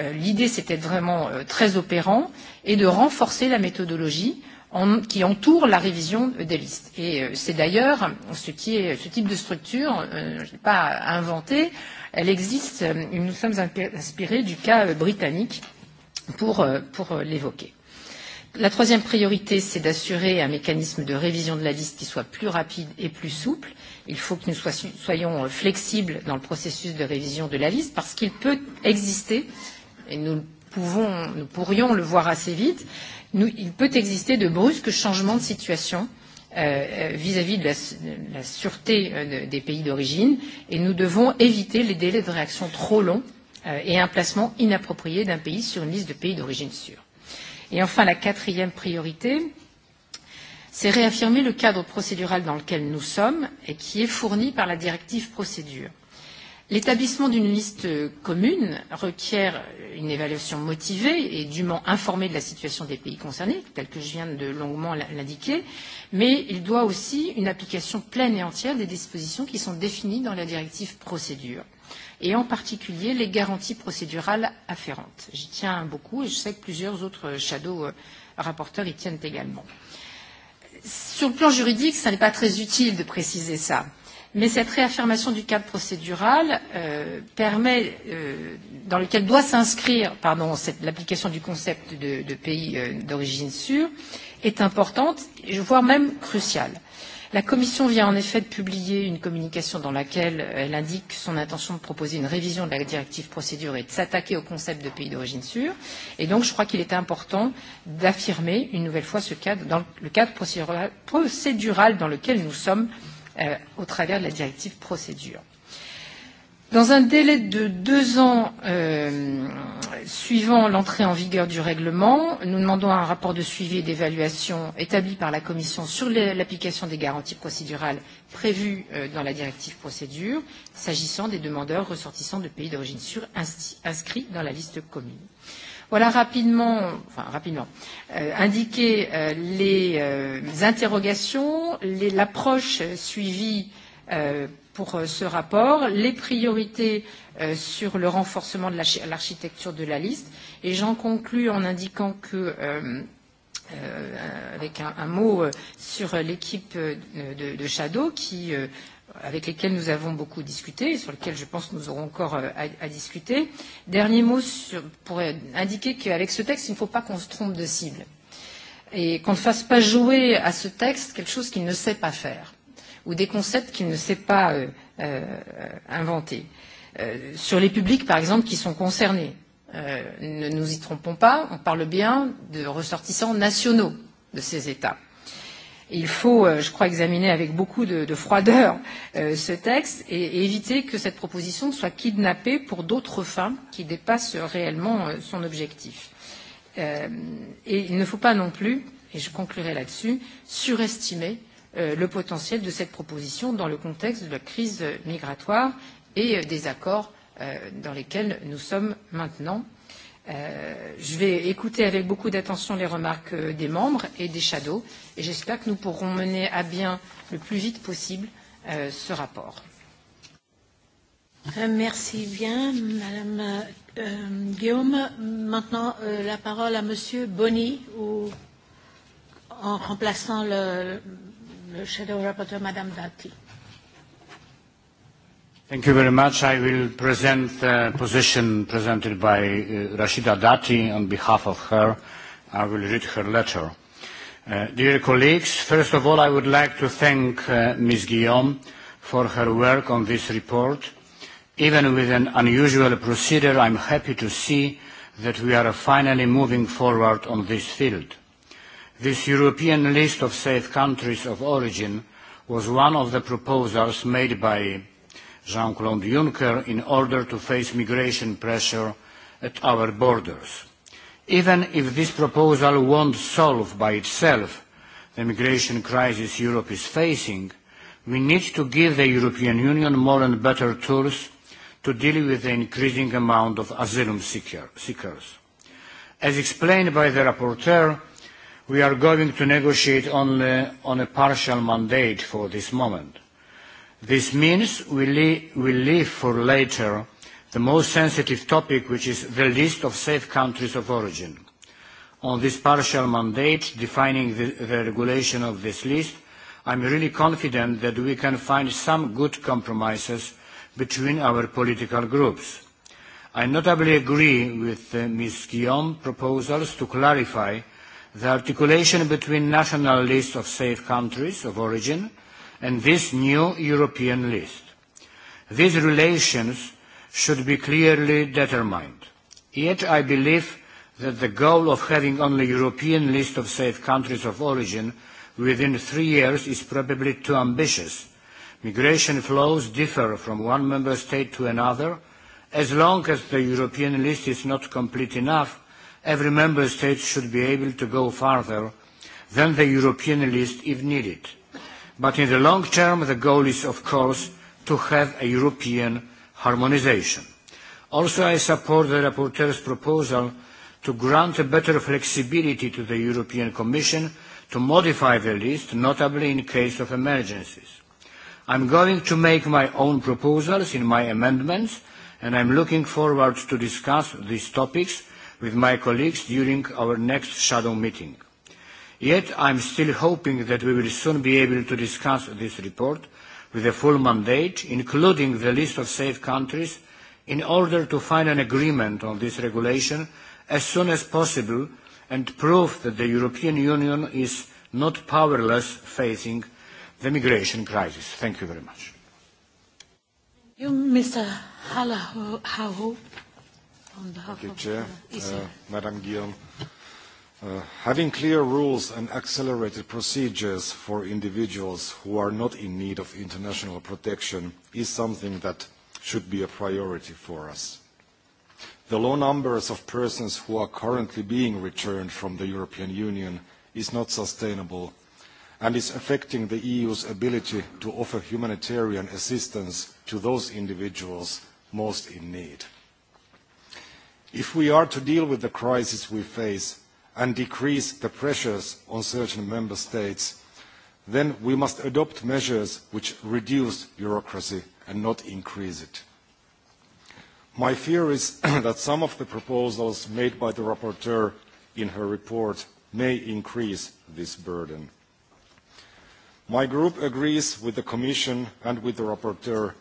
Euh, L'idée, d'être vraiment euh, très opérant et de renforcer la méthodologie euh, en, qui entoure la révision des listes. Et euh, c'est d'ailleurs ce ce type de structure, euh, je ne l'ai pas inventé, elle existe, euh, nous sommes inspirés du cas euh, britannique pour, pour l'évoquer. La troisième priorité, c'est d'assurer un mécanisme de révision de la liste qui soit plus rapide et plus souple. Il faut que nous soyons flexibles dans le processus de révision de la liste parce qu'il peut exister, et nous, pouvons, nous pourrions le voir assez vite, nous, il peut exister de brusques changements de situation euh, euh, vis-à-vis euh, -vis de, de, la sûreté euh, des pays d'origine et nous devons éviter les délais de réaction trop longs euh, et un placement inapproprié d'un pays sur une liste de pays d'origine sûre. Et enfin, la quatrième priorité, c'est réaffirmer le cadre procédural dans lequel nous sommes et qui est fourni par la directive procédure. L'établissement d'une liste commune requiert une évaluation motivée et dûment informée de la situation des pays concernés, telle que je viens de longuement l'indiquer, mais il doit aussi une application pleine et entière des dispositions qui sont définies dans la directive procédure et en particulier les garanties procédurales afférentes. J'y tiens beaucoup et je sais que plusieurs autres shadow euh, rapporteurs y tiennent également. Sur le plan juridique, ce n'est pas très utile de préciser ça mais cette réaffirmation du cadre procédural euh, permet, euh, dans lequel doit s'inscrire l'application du concept de, de pays euh, d'origine sûre, est importante, voire même cruciale. La Commission vient en effet de publier une communication dans laquelle elle indique son intention de proposer une révision de la directive procédure et de s'attaquer au concept de pays d'origine sûre. Et donc, je crois qu'il est important d'affirmer une nouvelle fois ce cadre, dans le cadre procédural, procédural dans lequel nous sommes euh, euh, au travers de la directive procédure. Dans un délai de deux ans euh, suivant l'entrée en vigueur du règlement, nous demandons un rapport de suivi et d'évaluation établi par la Commission sur l'application des garanties procédurales prévues euh, dans la directive procédure, s'agissant des demandeurs ressortissants de pays d'origine sûre inscrits dans la liste commune. Voilà rapidement, enfin rapidement, euh, indiqué euh, les euh, interrogations, l'approche suivie euh, pour euh, ce rapport, les priorités euh, sur le renforcement de l'architecture la, de la liste. Et j'en conclus en indiquant que euh, euh, avec un, un mot euh, sur l'équipe euh, de, de Shadow qui euh, avec lesquels nous avons beaucoup discuté et sur lesquels je pense nous aurons encore euh, à, à discuter. Dernier mot sur, pour indiquer qu'avec ce texte, il ne faut pas qu'on se trompe de cible et qu'on ne fasse pas jouer à ce texte quelque chose qu'il ne sait pas faire ou des concepts qu'il ne sait pas euh, euh, inventer. Euh, sur les publics, par exemple, qui sont concernés, euh, ne nous y trompons pas, on parle bien de ressortissants nationaux de ces États il faut, euh, je crois, examiner avec beaucoup de, de froideur euh, ce texte et, et éviter que cette proposition soit kidnappée pour d'autres fins qui dépassent réellement euh, son objectif. Euh, et il ne faut pas non plus, et je conclurai là-dessus, surestimer euh, le potentiel de cette proposition dans le contexte de la crise migratoire et euh, des accords euh, dans lesquels nous sommes maintenant Euh, je vais écouter avec beaucoup d'attention les remarques euh, des membres et des shadows et j'espère que nous pourrons mener à bien le plus vite possible euh, ce rapport. Euh, merci bien, Madame euh, Guillaume. Maintenant, euh, la parole à Monsieur Bonny, ou, en remplaçant le, le shadow rapporteur, Madame Dati. Thank you very much. I will present the position presented by uh, Rashida Dati on behalf of her. I will read her letter. Uh, dear colleagues, first of all, I would like to thank uh, Ms. Guillaume for her work on this report. Even with an unusual procedure, I'm happy to see that we are finally moving forward on this field. This European list of safe countries of origin was one of the proposals made by Jean-Claude Juncker in order to face migration pressure at our borders. Even if this proposal won't solve by itself the migration crisis Europe is facing, we need to give the European Union more and better tools to deal with the increasing amount of asylum seeker, seekers. As explained by the rapporteur, we are going to negotiate only on a partial mandate for this moment. This means we leave, we leave for later the most sensitive topic, which is the list of safe countries of origin. On this partial mandate, defining the, the regulation of this list, I'm really confident that we can find some good compromises between our political groups. I notably agree with uh, Ms. Guillaume's proposals to clarify the articulation between national lists of safe countries of origin and this new European list. These relations should be clearly determined. Yet I believe that the goal of having only European list of safe countries of origin within three years is probably too ambitious. Migration flows differ from one member state to another. As long as the European list is not complete enough, every member state should be able to go farther than the European list if needed. But in the long term, the goal is, of course, to have a European harmonization. Also, I support the rapporteur's proposal to grant a better flexibility to the European Commission to modify the list, notably in case of emergencies. I'm going to make my own proposals in my amendments, and I'm looking forward to discuss these topics with my colleagues during our next shadow meeting. Yet I am still hoping that we will soon be able to discuss this report with a full mandate, including the list of safe countries, in order to find an agreement on this regulation as soon as possible and prove that the European Union is not powerless facing the migration crisis. Thank you very much. You, Mr. Halahu, on behalf Thank you, Chair. Uh, uh, Madam Guillaume, Uh, having clear rules and accelerated procedures for individuals who are not in need of international protection is something that should be a priority for us. The low numbers of persons who are currently being returned from the European Union is not sustainable and is affecting the EU's ability to offer humanitarian assistance to those individuals most in need. If we are to deal with the crisis we face, and decrease the pressures on certain member states, then we must adopt measures which reduce bureaucracy and not increase it. My fear is [clears throat] that some of the proposals made by the rapporteur in her report may increase this burden. My group agrees with the Commission and with the rapporteur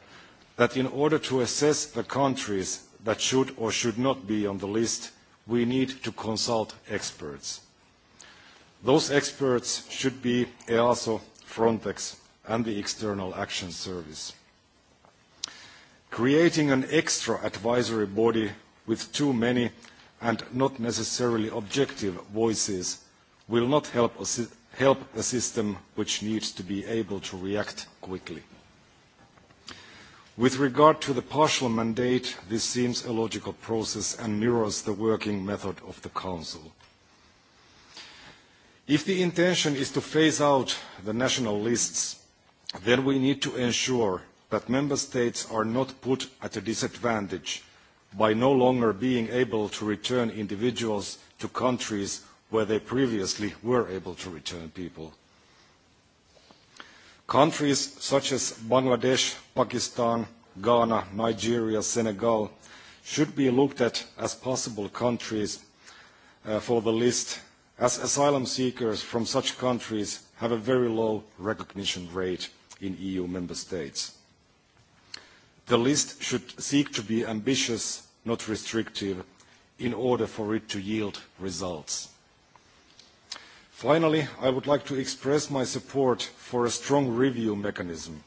that in order to assess the countries that should or should not be on the list, we need to consult experts. Those experts should be EASO, Frontex, and the External Action Service. Creating an extra advisory body with too many and not necessarily objective voices will not help a, help a system which needs to be able to react quickly. With regard to the partial mandate, this seems a logical process and mirrors the working method of the Council. If the intention is to phase out the national lists, then we need to ensure that member states are not put at a disadvantage by no longer being able to return individuals to countries where they previously were able to return people. Countries such as Bangladesh, Pakistan, Ghana, Nigeria, Senegal should be looked at as possible countries uh, for the list, as asylum seekers from such countries have a very low recognition rate in EU member states. The list should seek to be ambitious, not restrictive, in order for it to yield results. Finally, I would like to express my support for a strong review mechanism.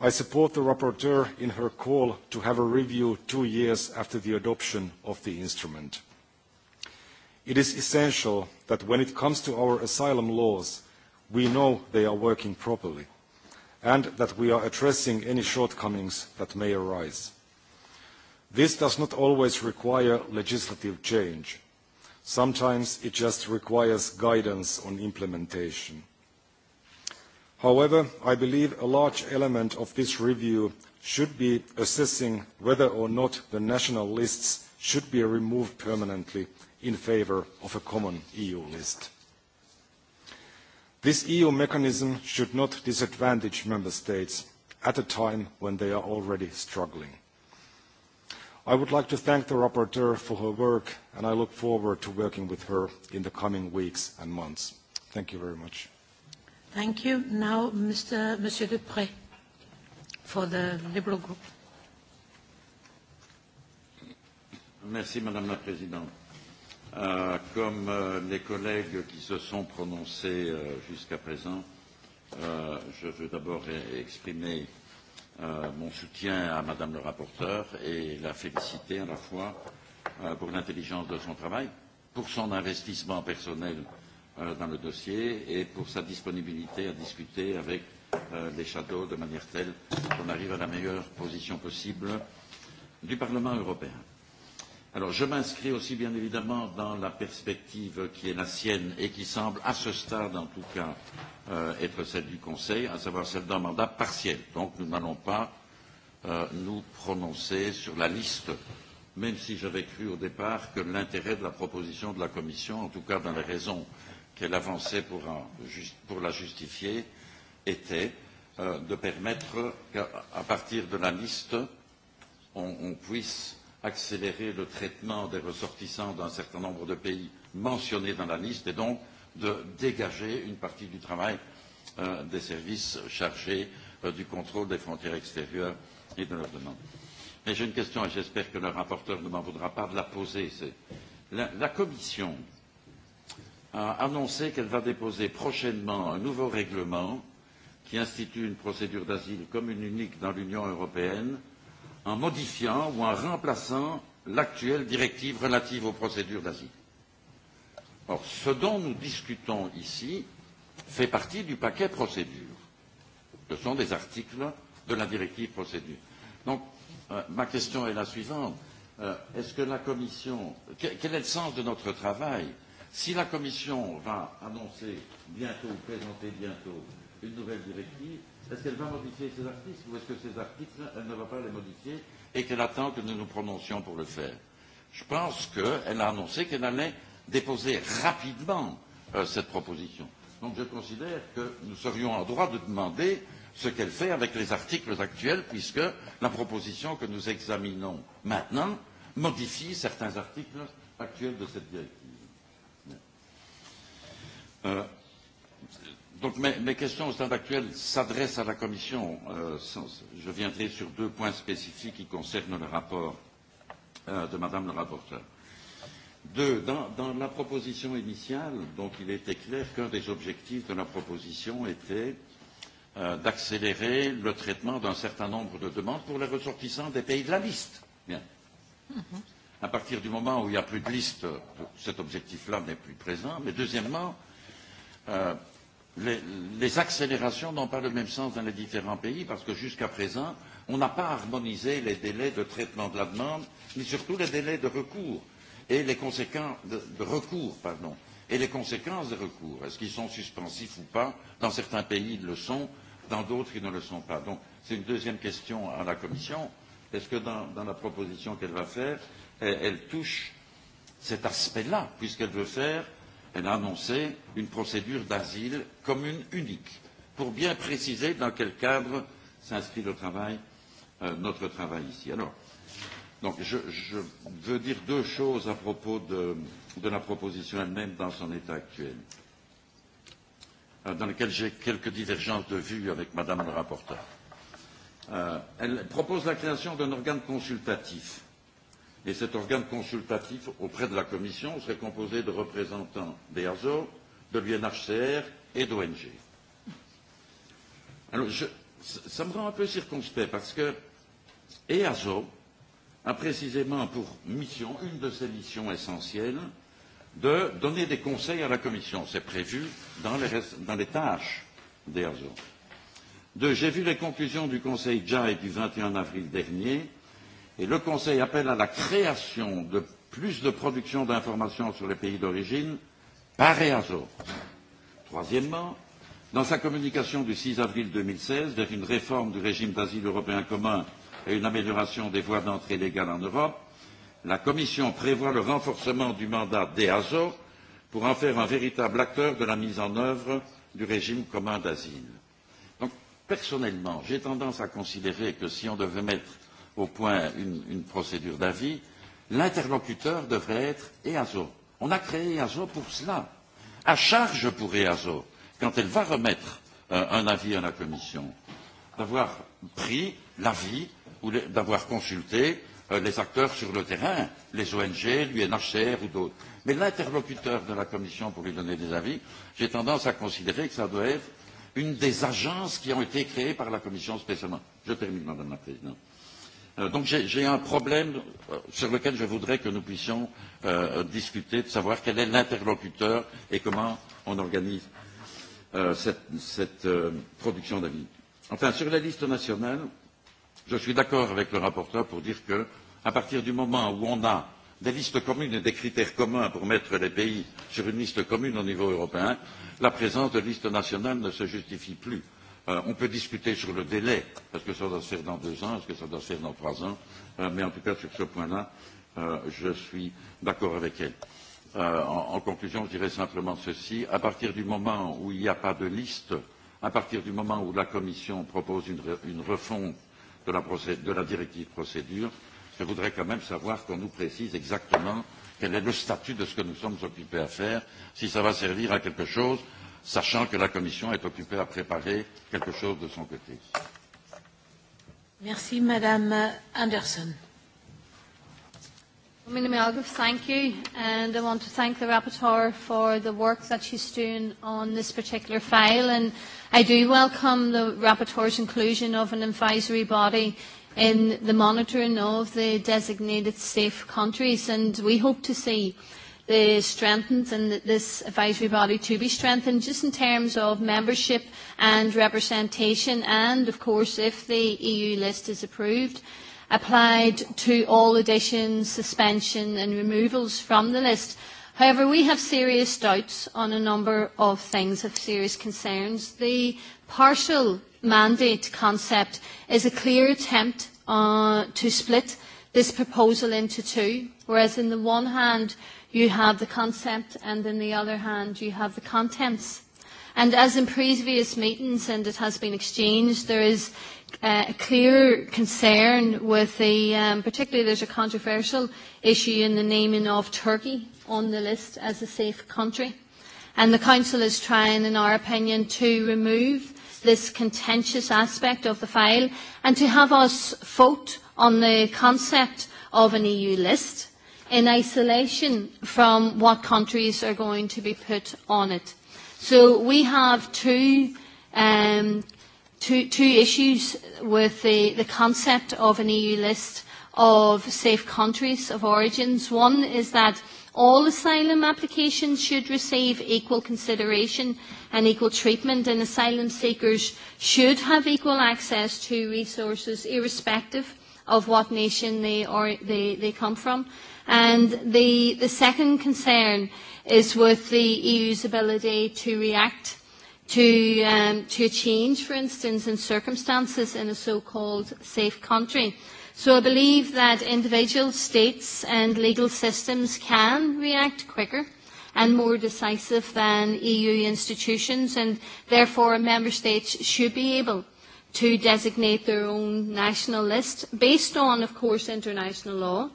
I support the rapporteur in her call to have a review two years after the adoption of the instrument. It is essential that when it comes to our asylum laws, we know they are working properly and that we are addressing any shortcomings that may arise. This does not always require legislative change. Sometimes it just requires guidance on implementation. However, I believe a large element of this review should be assessing whether or not the national lists should be removed permanently in favour of a common EU list. This EU mechanism should not disadvantage member states at a time when they are already struggling. I would like to thank the rapporteur for her work, and I look forward to working with her in the coming weeks and months. Thank you very much. Thank you. Now, Mr. Monsieur Dupré, for the Liberal Group. Merci, Madame la Présidente. Euh, comme euh, les collègues qui se sont prononcés euh, jusqu'à présent, euh, je veux d'abord e-, exprimer euh, Euh, mon soutien à Madame le rapporteur et la féliciter à la fois euh, pour l'intelligence de son travail, pour son investissement personnel euh, dans le dossier et pour sa disponibilité à discuter avec euh, les shadows de manière telle qu'on arrive à la meilleure position possible du Parlement européen. Alors je m'inscris aussi bien évidemment dans la perspective qui est la sienne et qui semble à ce stade en tout cas euh, être celle du Conseil, à savoir celle d'un mandat partiel. Donc nous n'allons pas euh, nous prononcer sur la liste, même si j'avais cru au départ que l'intérêt de la proposition de la Commission, en tout cas dans les raisons qu'elle avançait pour, un, pour la justifier, était euh, de permettre qu'à partir de la liste, on, on puisse accélérer le traitement des ressortissants d'un certain nombre de pays mentionnés dans la liste et donc de dégager une partie du travail euh, des services chargés euh, du contrôle des frontières extérieures et de leurs demande. Mais j'ai une question et j'espère que le rapporteur ne m'en voudra pas de la poser. La, la Commission a annoncé qu'elle va déposer prochainement un nouveau règlement qui institue une procédure d'asile commune unique dans l'Union européenne en modifiant ou en remplaçant l'actuelle directive relative aux procédures d'asile. Or, ce dont nous discutons ici fait partie du paquet procédure. Ce sont des articles de la directive procédure. Donc, euh, ma question est la suivante. Euh, Est-ce que la Commission, quel, quel est le sens de notre travail Si la Commission va annoncer bientôt, ou présenter bientôt une nouvelle directive, Est-ce qu'elle va modifier ces articles ou est-ce que ces articles, elle ne va pas les modifier et qu'elle attend que nous nous prononcions pour le faire Je pense qu'elle a annoncé qu'elle allait déposer rapidement euh, cette proposition. Donc je considère que nous serions en droit de demander ce qu'elle fait avec les articles actuels, puisque la proposition que nous examinons maintenant modifie certains articles actuels de cette directive. Euh, Donc mes, mes questions au stade actuel s'adressent à la Commission. Euh, sans, je viendrai sur deux points spécifiques qui concernent le rapport euh, de Madame le rapporteur. Deux, dans, dans la proposition initiale, donc il était clair qu'un des objectifs de la proposition était euh, d'accélérer le traitement d'un certain nombre de demandes pour les ressortissants des pays de la liste. Bien. Mm-hmm. À partir du moment où il n'y a plus de liste, cet objectif-là n'est plus présent. Mais deuxièmement, euh, les, les accélérations n'ont pas le même sens dans les différents pays parce que jusqu'à présent, on n'a pas harmonisé les délais de traitement de la demande, mais surtout les délais de recours et les conséquences de, de recours, pardon, et les conséquences des recours. Est-ce qu'ils sont suspensifs ou pas Dans certains pays, ils le sont, dans d'autres, ils ne le sont pas. Donc, c'est une deuxième question à la Commission. Est-ce que dans, dans la proposition qu'elle va faire, elle, elle touche cet aspect-là, puisqu'elle veut faire elle a annoncé une procédure d'asile commune unique, pour bien préciser dans quel cadre s'inscrit le travail, euh, notre travail ici. Alors, donc je, je veux dire deux choses à propos de, de la proposition elle-même dans son état actuel, euh, dans lequel j'ai quelques divergences de vue avec Madame le rapporteur. Euh, elle propose la création d'un organe consultatif Et cet organe consultatif auprès de la Commission serait composé de représentants des de l'UNHCR et d'ONG. Alors, je, ça me rend un peu circonspect parce que EASO a précisément pour mission, une de ses missions essentielles, de donner des conseils à la Commission. C'est prévu dans les, dans les tâches d'EASO. j'ai vu les conclusions du Conseil JAI e du 21 avril dernier Et le Conseil appelle à la création de plus de production d'informations sur les pays d'origine par EASO. Troisièmement, dans sa communication du 6 avril 2016 vers une réforme du régime d'asile européen commun et une amélioration des voies d'entrée légales en Europe, la Commission prévoit le renforcement du mandat d'EASO pour en faire un véritable acteur de la mise en œuvre du régime commun d'asile. Donc, personnellement, j'ai tendance à considérer que si on devait mettre au point une, une procédure d'avis, l'interlocuteur devrait être EASO. On a créé EASO pour cela, à charge pour EASO, quand elle va remettre euh, un avis à la Commission, d'avoir pris l'avis ou d'avoir consulté euh, les acteurs sur le terrain, les ONG, l'UNHCR ou d'autres. Mais l'interlocuteur de la Commission pour lui donner des avis, j'ai tendance à considérer que ça doit être une des agences qui ont été créées par la Commission spécialement. Je termine, Madame la Présidente. Euh, donc j'ai un problème euh, sur lequel je voudrais que nous puissions euh, discuter, de savoir quel est l'interlocuteur et comment on organise euh, cette, cette euh, production d'avis. Enfin, sur la liste nationale, je suis d'accord avec le rapporteur pour dire que, à partir du moment où on a des listes communes et des critères communs pour mettre les pays sur une liste commune au niveau européen, la présence de listes nationales ne se justifie plus. Euh, on peut discuter sur le délai, parce que ça doit se faire dans deux ans, est-ce que ça doit se faire dans trois ans, euh, mais en tout cas sur ce point-là, euh, je suis d'accord avec elle. Euh, en, en conclusion, je dirais simplement ceci. À partir du moment où il n'y a pas de liste, à partir du moment où la Commission propose une, une refonte de la, de la directive procédure, je voudrais quand même savoir qu'on nous précise exactement quel est le statut de ce que nous sommes occupés à faire, si ça va servir à quelque chose sachant que la Commission est occupée à préparer quelque chose de son côté. Merci, Madame Anderson. thank you, and I want to thank the Rapporteur for the work that she's doing on this particular file, and I do welcome the Rapporteur's inclusion of an advisory body in the monitoring of the designated safe countries, and we hope to see the strengthened and this advisory body to be strengthened just in terms of membership and representation and of course if the EU list is approved applied to all additions, suspension and removals from the list. However, we have serious doubts on a number of things, have serious concerns. The partial mandate concept is a clear attempt uh, to split this proposal into two, whereas on the one hand you have the concept and on the other hand you have the contents. And as in previous meetings and it has been exchanged, there is uh, a clear concern with the, um, particularly there's a controversial issue in the naming of Turkey on the list as a safe country. And the Council is trying, in our opinion, to remove this contentious aspect of the file and to have us vote on the concept of an EU list in isolation from what countries are going to be put on it. So we have two, um, two, two issues with the, the concept of an EU list of safe countries of origins. One is that all asylum applications should receive equal consideration and equal treatment and asylum seekers should have equal access to resources irrespective of what nation they, or they, they come from. And the, the second concern is with the EU's ability to react to, um, to change, for instance, in circumstances in a so-called safe country. So I believe that individual states and legal systems can react quicker and more decisive than EU institutions, and therefore member states should be able to designate their own national list based on, of course, international law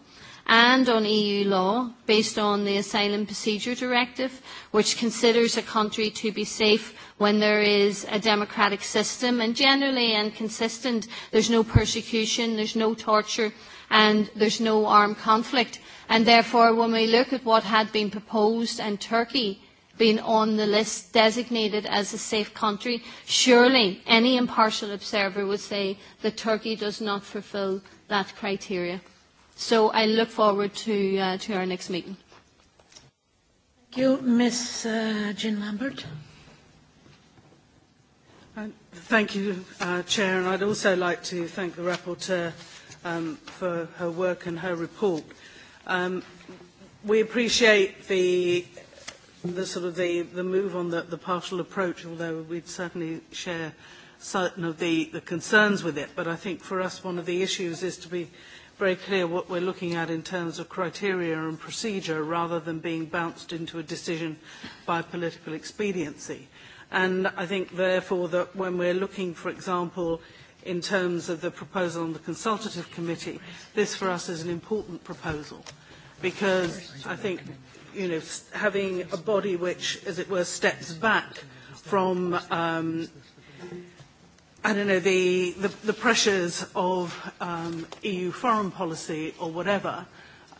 and on EU law based on the Asylum Procedure Directive, which considers a country to be safe when there is a democratic system and generally and consistent. There's no persecution, there's no torture, and there's no armed conflict. And therefore, when we look at what had been proposed and Turkey being on the list designated as a safe country, surely any impartial observer would say that Turkey does not fulfil that criteria. So I look forward to, uh, to our next meeting. Thank you. Ms. Uh, Jean Lambert. Um, thank you, uh, Chair, and I'd also like to thank the Rapporteur um, for her work and her report. Um, we appreciate the, the sort of the, the move on the, the partial approach, although we'd certainly share certain of the, the concerns with it. But I think for us, one of the issues is to be very clear what we're looking at in terms of criteria and procedure rather than being bounced into a decision by political expediency. And I think, therefore, that when we're looking, for example, in terms of the proposal on the consultative committee, this for us is an important proposal because I think, you know, having a body which, as it were, steps back from um, I don't know, the, the, the pressures of um, EU foreign policy or whatever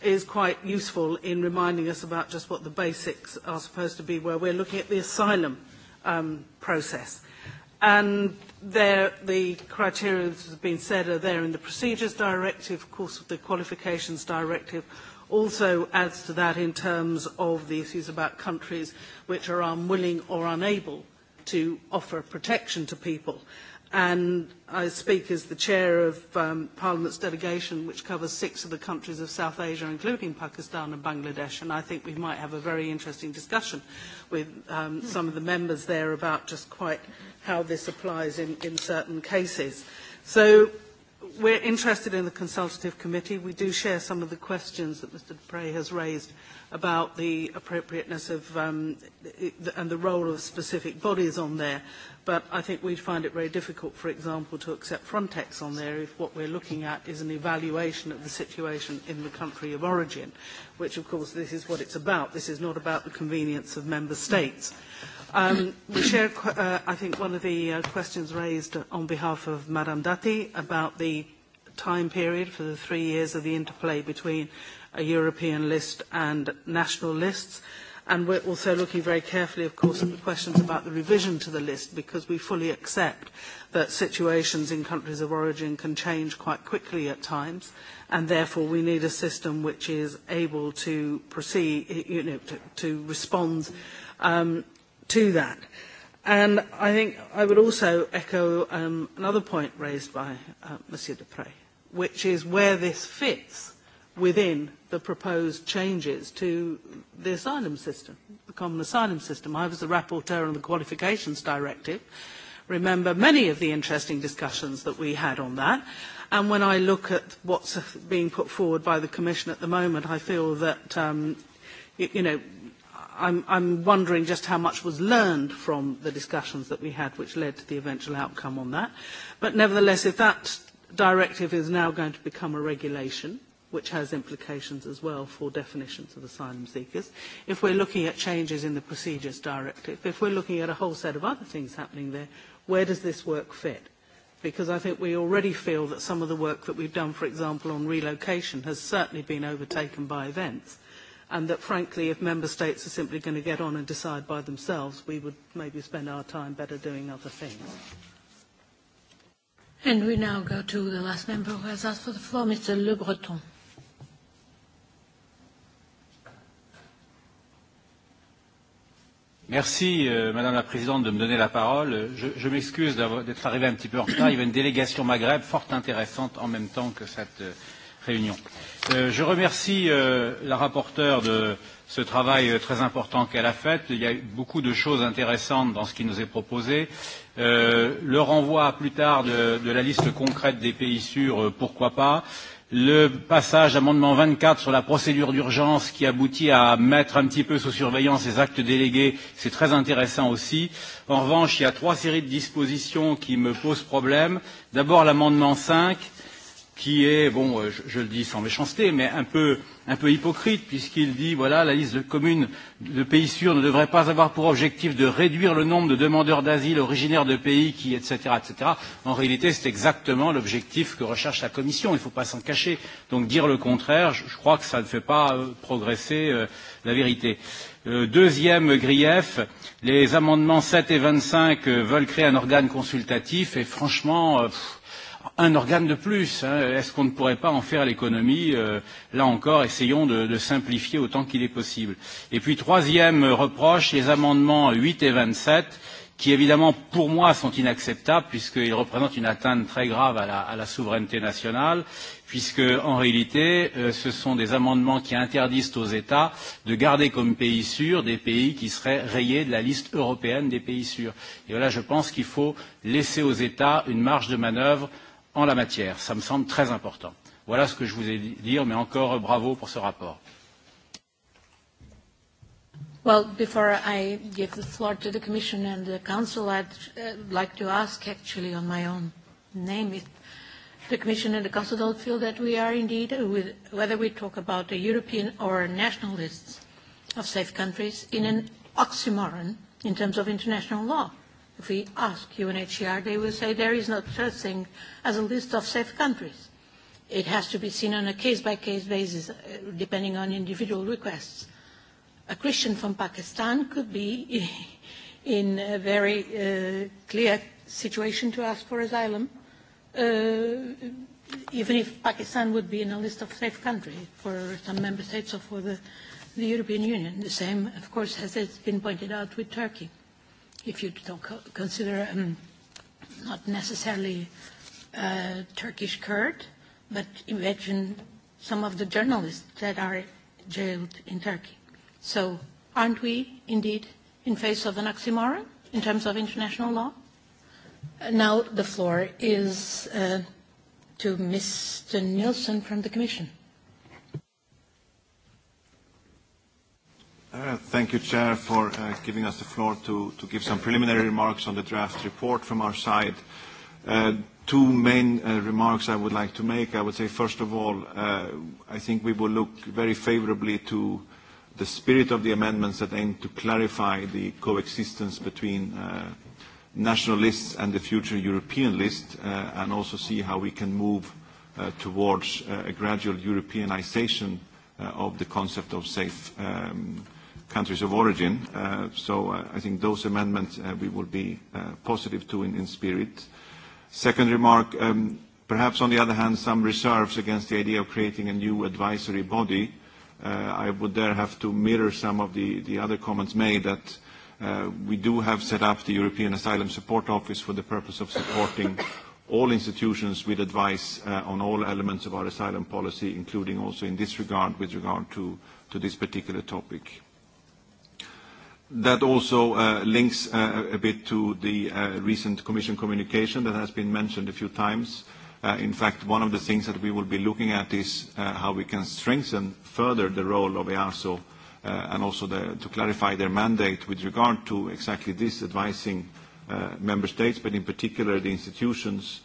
is quite useful in reminding us about just what the basics are supposed to be where we're looking at the asylum um, process. And there, the criteria that has been said are there in the Procedures Directive, of course the Qualifications Directive also adds to that in terms of the issues about countries which are unwilling or unable to offer protection to people and I speak as the chair of um, Parliament's delegation, which covers six of the countries of South Asia, including Pakistan and Bangladesh, and I think we might have a very interesting discussion with um, some of the members there about just quite how this applies in, in certain cases. So we're interested in the consultative committee. We do share some of the questions that Mr. Dupre has raised about the appropriateness of um, and the role of specific bodies on there. But I think we'd find it very difficult, for example, to accept Frontex on there if what we're looking at is an evaluation of the situation in the country of origin, which, of course, this is what it's about. This is not about the convenience of member states. Mm -hmm. Um, we share, uh, I think, one of the uh, questions raised on behalf of Madame Dati about the time period for the three years of the interplay between a European list and national lists. And we're also looking very carefully, of course, at the questions about the revision to the list because we fully accept that situations in countries of origin can change quite quickly at times and therefore we need a system which is able to proceed, you know, to, to respond um, to that. And I think I would also echo um, another point raised by uh, Monsieur Dupre, which is where this fits within the proposed changes to the asylum system, the common asylum system. I was the rapporteur on the qualifications directive. Remember many of the interesting discussions that we had on that. And when I look at what's being put forward by the Commission at the moment, I feel that, um, you, you know, I'm, I'm wondering just how much was learned from the discussions that we had, which led to the eventual outcome on that. But nevertheless, if that directive is now going to become a regulation, which has implications as well for definitions of asylum seekers, if we're looking at changes in the procedures directive, if we're looking at a whole set of other things happening there, where does this work fit? Because I think we already feel that some of the work that we've done, for example, on relocation has certainly been overtaken by events and that frankly if member states are simply going to get on and decide by themselves we would maybe spend our time better doing other things. And we now go to the last member who has asked for the floor, Mr. Le Breton. Merci, euh, Madame la Présidente, de me donner la parole. Je, je m'excuse d'être arrivé un petit peu en retard. Il y avait une délégation Maghreb fort intéressante en même temps que cette euh, réunion. Euh, Euh, je remercie euh, la rapporteure de ce travail euh, très important qu'elle a fait. Il y a eu beaucoup de choses intéressantes dans ce qui nous est proposé. Euh, le renvoi plus tard de, de la liste concrète des pays sûrs, euh, pourquoi pas. Le passage d'amendement 24 sur la procédure d'urgence qui aboutit à mettre un petit peu sous surveillance les actes délégués, c'est très intéressant aussi. En revanche, il y a trois séries de dispositions qui me posent problème. D'abord l'amendement 5 qui est, bon, euh, je, je le dis sans méchanceté, mais un peu, un peu hypocrite, puisqu'il dit, voilà, la liste de communes de pays sûrs ne devrait pas avoir pour objectif de réduire le nombre de demandeurs d'asile originaires de pays qui, etc., etc. En réalité, c'est exactement l'objectif que recherche la Commission, il ne faut pas s'en cacher. Donc dire le contraire, je, je crois que ça ne fait pas euh, progresser euh, la vérité. Euh, deuxième grief, les amendements 7 et 25 euh, veulent créer un organe consultatif, et franchement, euh, pff, un organe de plus. Hein. Est-ce qu'on ne pourrait pas en faire l'économie euh, Là encore, essayons de, de simplifier autant qu'il est possible. Et puis, troisième reproche, les amendements 8 et 27 qui évidemment pour moi sont inacceptables puisqu'ils représentent une atteinte très grave à la, à la souveraineté nationale, puisque en réalité euh, ce sont des amendements qui interdisent aux États de garder comme pays sûrs des pays qui seraient rayés de la liste européenne des pays sûrs. Et voilà, je pense qu'il faut laisser aux États une marge de manœuvre en la matière. Ça me semble très important. Voilà ce que je voulais dire, mais encore euh, bravo pour ce rapport. Well, before I give the floor to the Commission and the Council, I'd uh, like to ask actually on my own name if the Commission and the Council don't feel that we are indeed, with, whether we talk about the European or national lists of safe countries, in an oxymoron in terms of international law. If we ask UNHCR, they will say there is no such thing as a list of safe countries. It has to be seen on a case-by-case -case basis, uh, depending on individual requests. A Christian from Pakistan could be [laughs] in a very uh, clear situation to ask for asylum, uh, even if Pakistan would be in a list of safe countries for some member states or for the, the European Union. The same, of course, as has been pointed out with Turkey if you don't consider um, not necessarily uh, Turkish Kurd, but imagine some of the journalists that are jailed in Turkey. So aren't we indeed in face of an oxymoron in terms of international law? Uh, now the floor is uh, to Mr. Nielsen from the Commission. Uh, thank you, Chair, for uh, giving us the floor to, to give some preliminary remarks on the draft report from our side. Uh, two main uh, remarks I would like to make. I would say, first of all, uh, I think we will look very favorably to the spirit of the amendments that aim to clarify the coexistence between uh, national lists and the future European list, uh, and also see how we can move uh, towards uh, a gradual Europeanization uh, of the concept of safe um, countries of origin. Uh, so uh, I think those amendments uh, we will be uh, positive to in, in spirit. Second remark, um, perhaps on the other hand, some reserves against the idea of creating a new advisory body. Uh, I would there have to mirror some of the, the other comments made that uh, we do have set up the European Asylum Support Office for the purpose of supporting all institutions with advice uh, on all elements of our asylum policy, including also in this regard with regard to, to this particular topic. That also uh, links uh, a bit to the uh, recent Commission communication that has been mentioned a few times. in fact, one of the things that we will be looking at is how we can strengthen further the role of EASO and also to clarify their mandate with regard to exactly this advising member states, but in particular the institutions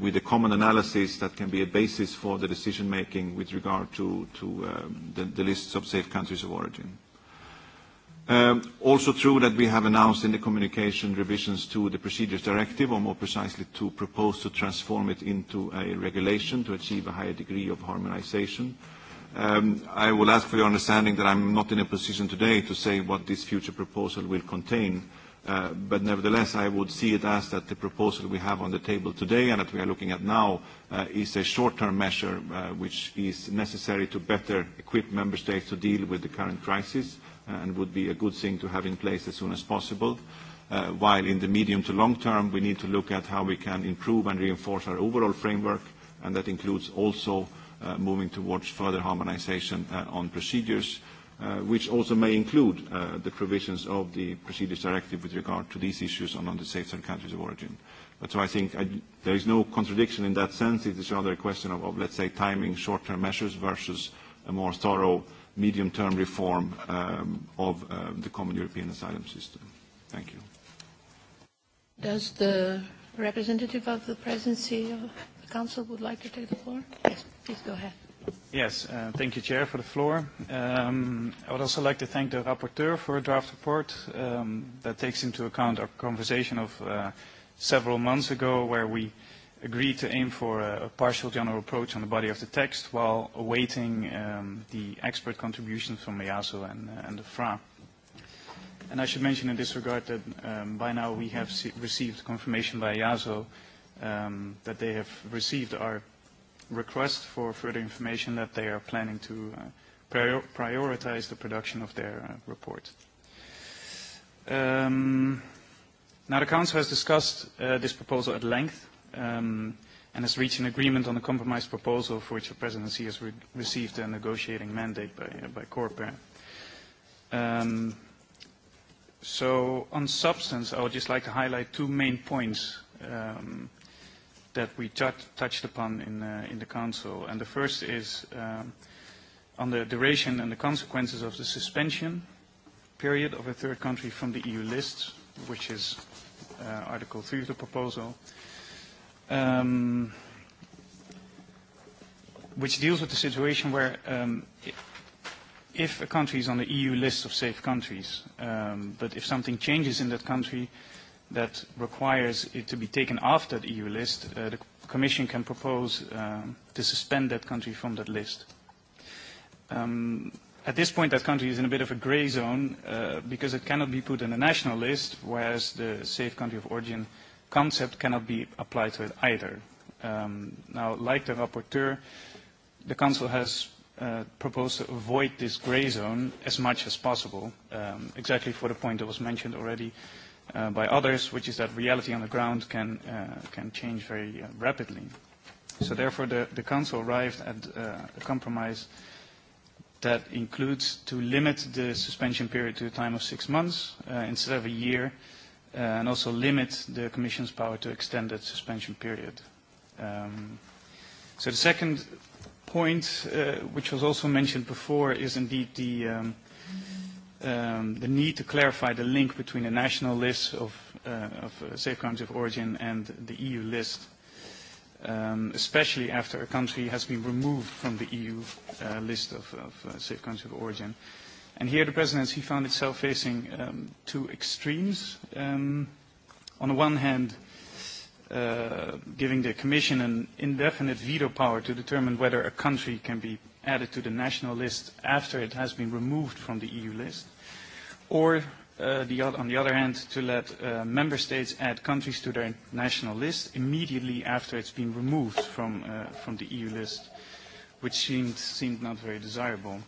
with a common analysis that can be a basis for the decision making with regard to, um, the lists of safe countries of origin. Um, also true that we have announced in the communication revisions to the Procedures Directive, or more precisely to propose to transform it into a regulation to achieve a higher degree of harmonization. Um, I will ask for your understanding that I'm not in a position today to say what this future proposal will contain, uh, but nevertheless I would see it as that the proposal we have on the table today and that we are looking at now uh, is a short-term measure uh, which is necessary to better equip Member States to deal with the current crisis and would be a good thing to have in place as soon as possible. Uh, while in the medium to long term, we need to look at how we can improve and reinforce our overall framework, and that includes also uh, moving towards further harmonization uh, on procedures, uh, which also may include uh, the provisions of the Procedures Directive with regard to these issues on the safe third countries of origin. But so I think I, there is no contradiction in that sense. It is rather a question of, of let's say, timing short-term measures versus a more thorough medium-term reform um, of uh, the common European asylum system. Thank you. Does the representative of the presidency of the council would like to take the floor? Yes, please go ahead. Yes, uh, thank you, Chair, for the floor. Um, I would also like to thank the rapporteur for a draft report um, that takes into account our conversation of uh, several months ago where we agreed to aim for a, partial general approach on the body of the text while awaiting um, the expert contributions from EASO and, uh, and the FRA. And I should mention in this regard that um, by now we have received confirmation by EASO um, that they have received our request for further information that they are planning to uh, prior prioritize the production of their uh, report. Um, now the Council has discussed uh, this proposal at length um, and has reached an agreement on a compromise proposal for which the presidency has re received a negotiating mandate by, uh, by Corper. Um, so on substance, I would just like to highlight two main points um, that we touched upon in, uh, in the Council. And the first is um, on the duration and the consequences of the suspension period of a third country from the EU list, which is uh, Article 3 of the proposal. Uh, um, which deals with the situation where um, if a country is on the EU list of safe countries, um, but if something changes in that country that requires it to be taken off that EU list, uh, the Commission can propose um, to suspend that country from that list. Um, at this point, that country is in a bit of a gray zone uh, because it cannot be put on a national list, whereas the safe country of origin concept cannot be applied to it either. Um, now, like the rapporteur, the Council has uh, proposed to avoid this grey zone as much as possible, um, exactly for the point that was mentioned already uh, by others, which is that reality on the ground can, uh, can change very uh, rapidly. So therefore, the, the Council arrived at uh, a compromise that includes to limit the suspension period to a time of six months uh, instead of a year, uh, uh, and also limit the Commission's power to extend that suspension period. Um, so the second point, uh, which was also mentioned before, is indeed the, um, um, the need to clarify the link between the national list of, uh, of uh, safe countries of origin and the EU list, um, especially after a country has been removed from the EU uh, list of, of uh, safe countries of origin. Uh, And here the presidency found itself facing um, two extremes. Um, on the one hand, uh, giving the Commission an indefinite veto power to determine whether a country can be added to the national list after it has been removed from the EU list, or uh, the, on the other hand, to let uh, member states add countries to their national list immediately after it's been removed from, uh, from the EU list, which seemed, seemed not very desirable.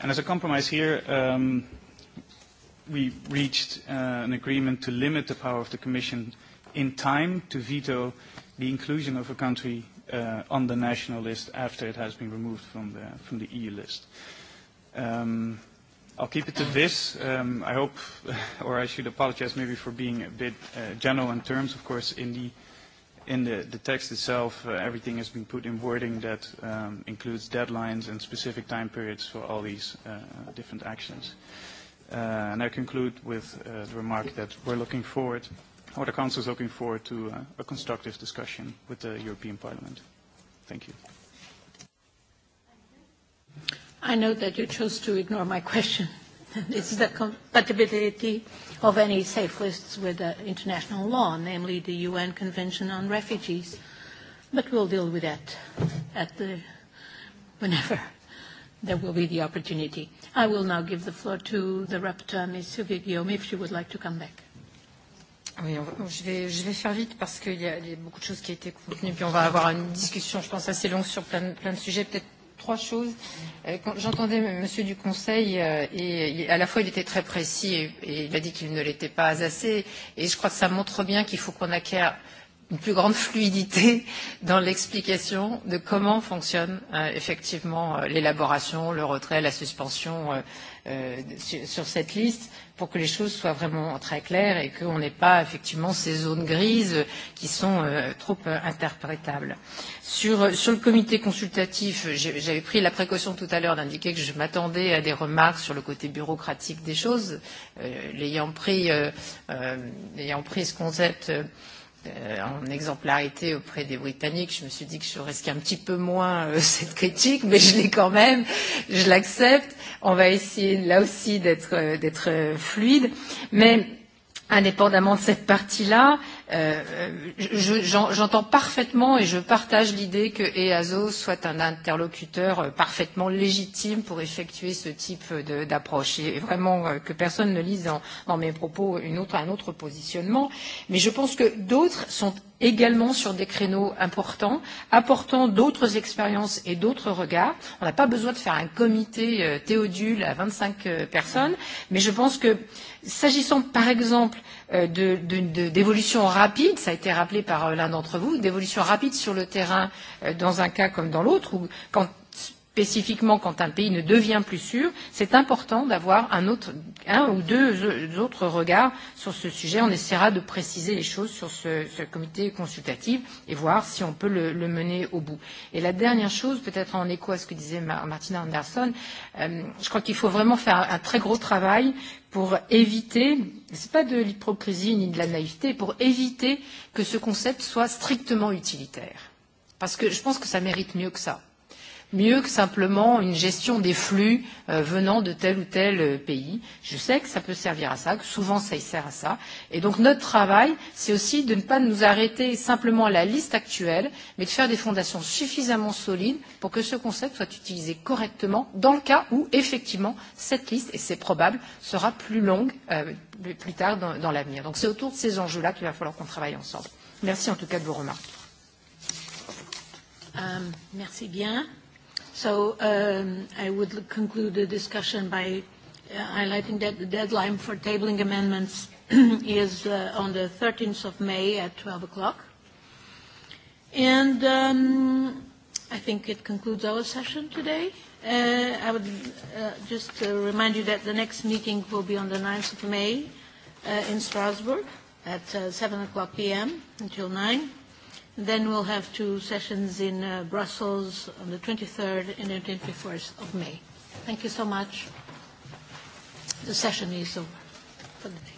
And as a compromise here, um, we reached uh, an agreement to limit the power of the Commission in time to veto the inclusion of a country uh, on the national list after it has been removed from the, from the EU list. Um, I'll keep it to this. Um, I hope, [laughs] or I should apologize maybe for being a bit uh, general in terms. Of course, in the in the, the text itself, uh, everything has been put in wording that um, includes deadlines and specific time periods for all these uh, different actions. Uh, and I conclude with uh, the remark that we're looking forward, or the Council is looking forward to uh, a constructive discussion with the European Parliament. Thank you. I note that you chose to ignore my question. [laughs] It's the compatibility of any safe lists with uh, international law, namely the UN Convention on Refugees. But we'll deal with that at the, whenever [laughs] there will be the opportunity. I will now give the floor to the rapporteur, Ms. Sylvie Guillaume, if she would like to come back. Oui, on, je, vais, je vais faire vite parce qu'il y, y a beaucoup de choses qui ont été contenues, puis on va avoir une discussion, je pense, assez longue sur plein, plein de sujets. Peut-être trois choses. Euh, j'entendais Monsieur du Conseil, euh, et à la fois il était très précis et il a dit qu'il ne l'était pas assez, et je crois que ça montre bien qu'il faut qu'on acquiert une plus grande fluidité [laughs] dans l'explication de comment fonctionne euh, effectivement l'élaboration, le retrait, la suspension Euh, sur, sur cette liste pour que les choses soient vraiment très claires et qu'on n'ait pas effectivement ces zones grises qui sont euh, trop euh, interprétables. Sur, euh, sur le comité consultatif, j'avais pris la précaution tout à l'heure d'indiquer que je m'attendais à des remarques sur le côté bureaucratique des choses, euh, l'ayant pris, euh, euh, pris ce concept. Euh, euh, en exemplarité auprès des Britanniques, je me suis dit que je risquais un petit peu moins euh, [laughs] cette critique, mais je l'ai quand même, je l'accepte. On va essayer là aussi d'être euh, euh fluide. Mais indépendamment de cette partie-là, euh, Euh, euh J'entends je, parfaitement et je partage l'idée que EASO soit un interlocuteur euh, parfaitement légitime pour effectuer ce type d'approche. Et vraiment euh, que personne ne lise dans, dans mes propos une autre, un autre positionnement. Mais je pense que d'autres sont également sur des créneaux importants, apportant d'autres expériences et d'autres regards. On n'a pas besoin de faire un comité euh, théodule à 25 euh, personnes, mais je pense que S'agissant par exemple euh, d'évolution rapide, ça a été rappelé par euh, l'un d'entre vous, d'évolution rapide sur le terrain euh, dans un cas comme dans l'autre, ou quand spécifiquement quand un pays ne devient plus sûr, c'est important d'avoir un, un ou deux autres regards sur ce sujet. On essaiera de préciser les choses sur ce, ce comité consultatif et voir si on peut le, le mener au bout. Et la dernière chose, peut-être en écho à ce que disait Martina Anderson, euh, je crois qu'il faut vraiment faire un très gros travail pour éviter, c'est pas de l'hypocrisie ni de la naïveté, pour éviter que ce concept soit strictement utilitaire. Parce que je pense que ça mérite mieux que ça mieux que simplement une gestion des flux euh, venant de tel ou tel euh, pays. Je sais que ça peut servir à ça, que souvent ça y sert à ça. Et donc notre travail, c'est aussi de ne pas nous arrêter simplement à la liste actuelle, mais de faire des fondations suffisamment solides pour que ce concept soit utilisé correctement dans le cas où, effectivement, cette liste, et c'est probable, sera plus longue euh, plus tard dans, dans l'avenir. Donc c'est autour de ces enjeux-là qu'il va falloir qu'on travaille ensemble. Merci en tout cas de vos remarques. Euh, merci bien. So um, I would conclude the discussion by uh, highlighting that the deadline for tabling amendments [clears throat] is uh, on the 13th of May at 12 o'clock. And um, I think it concludes our session today. Uh, I would uh, just uh, remind you that the next meeting will be on the 9th of May uh, in Strasbourg at uh, 7 o'clock p.m. until 9. Then we'll have two sessions in uh, Brussels on the 23rd and the 24th of May. Thank you so much. The session is over for the day.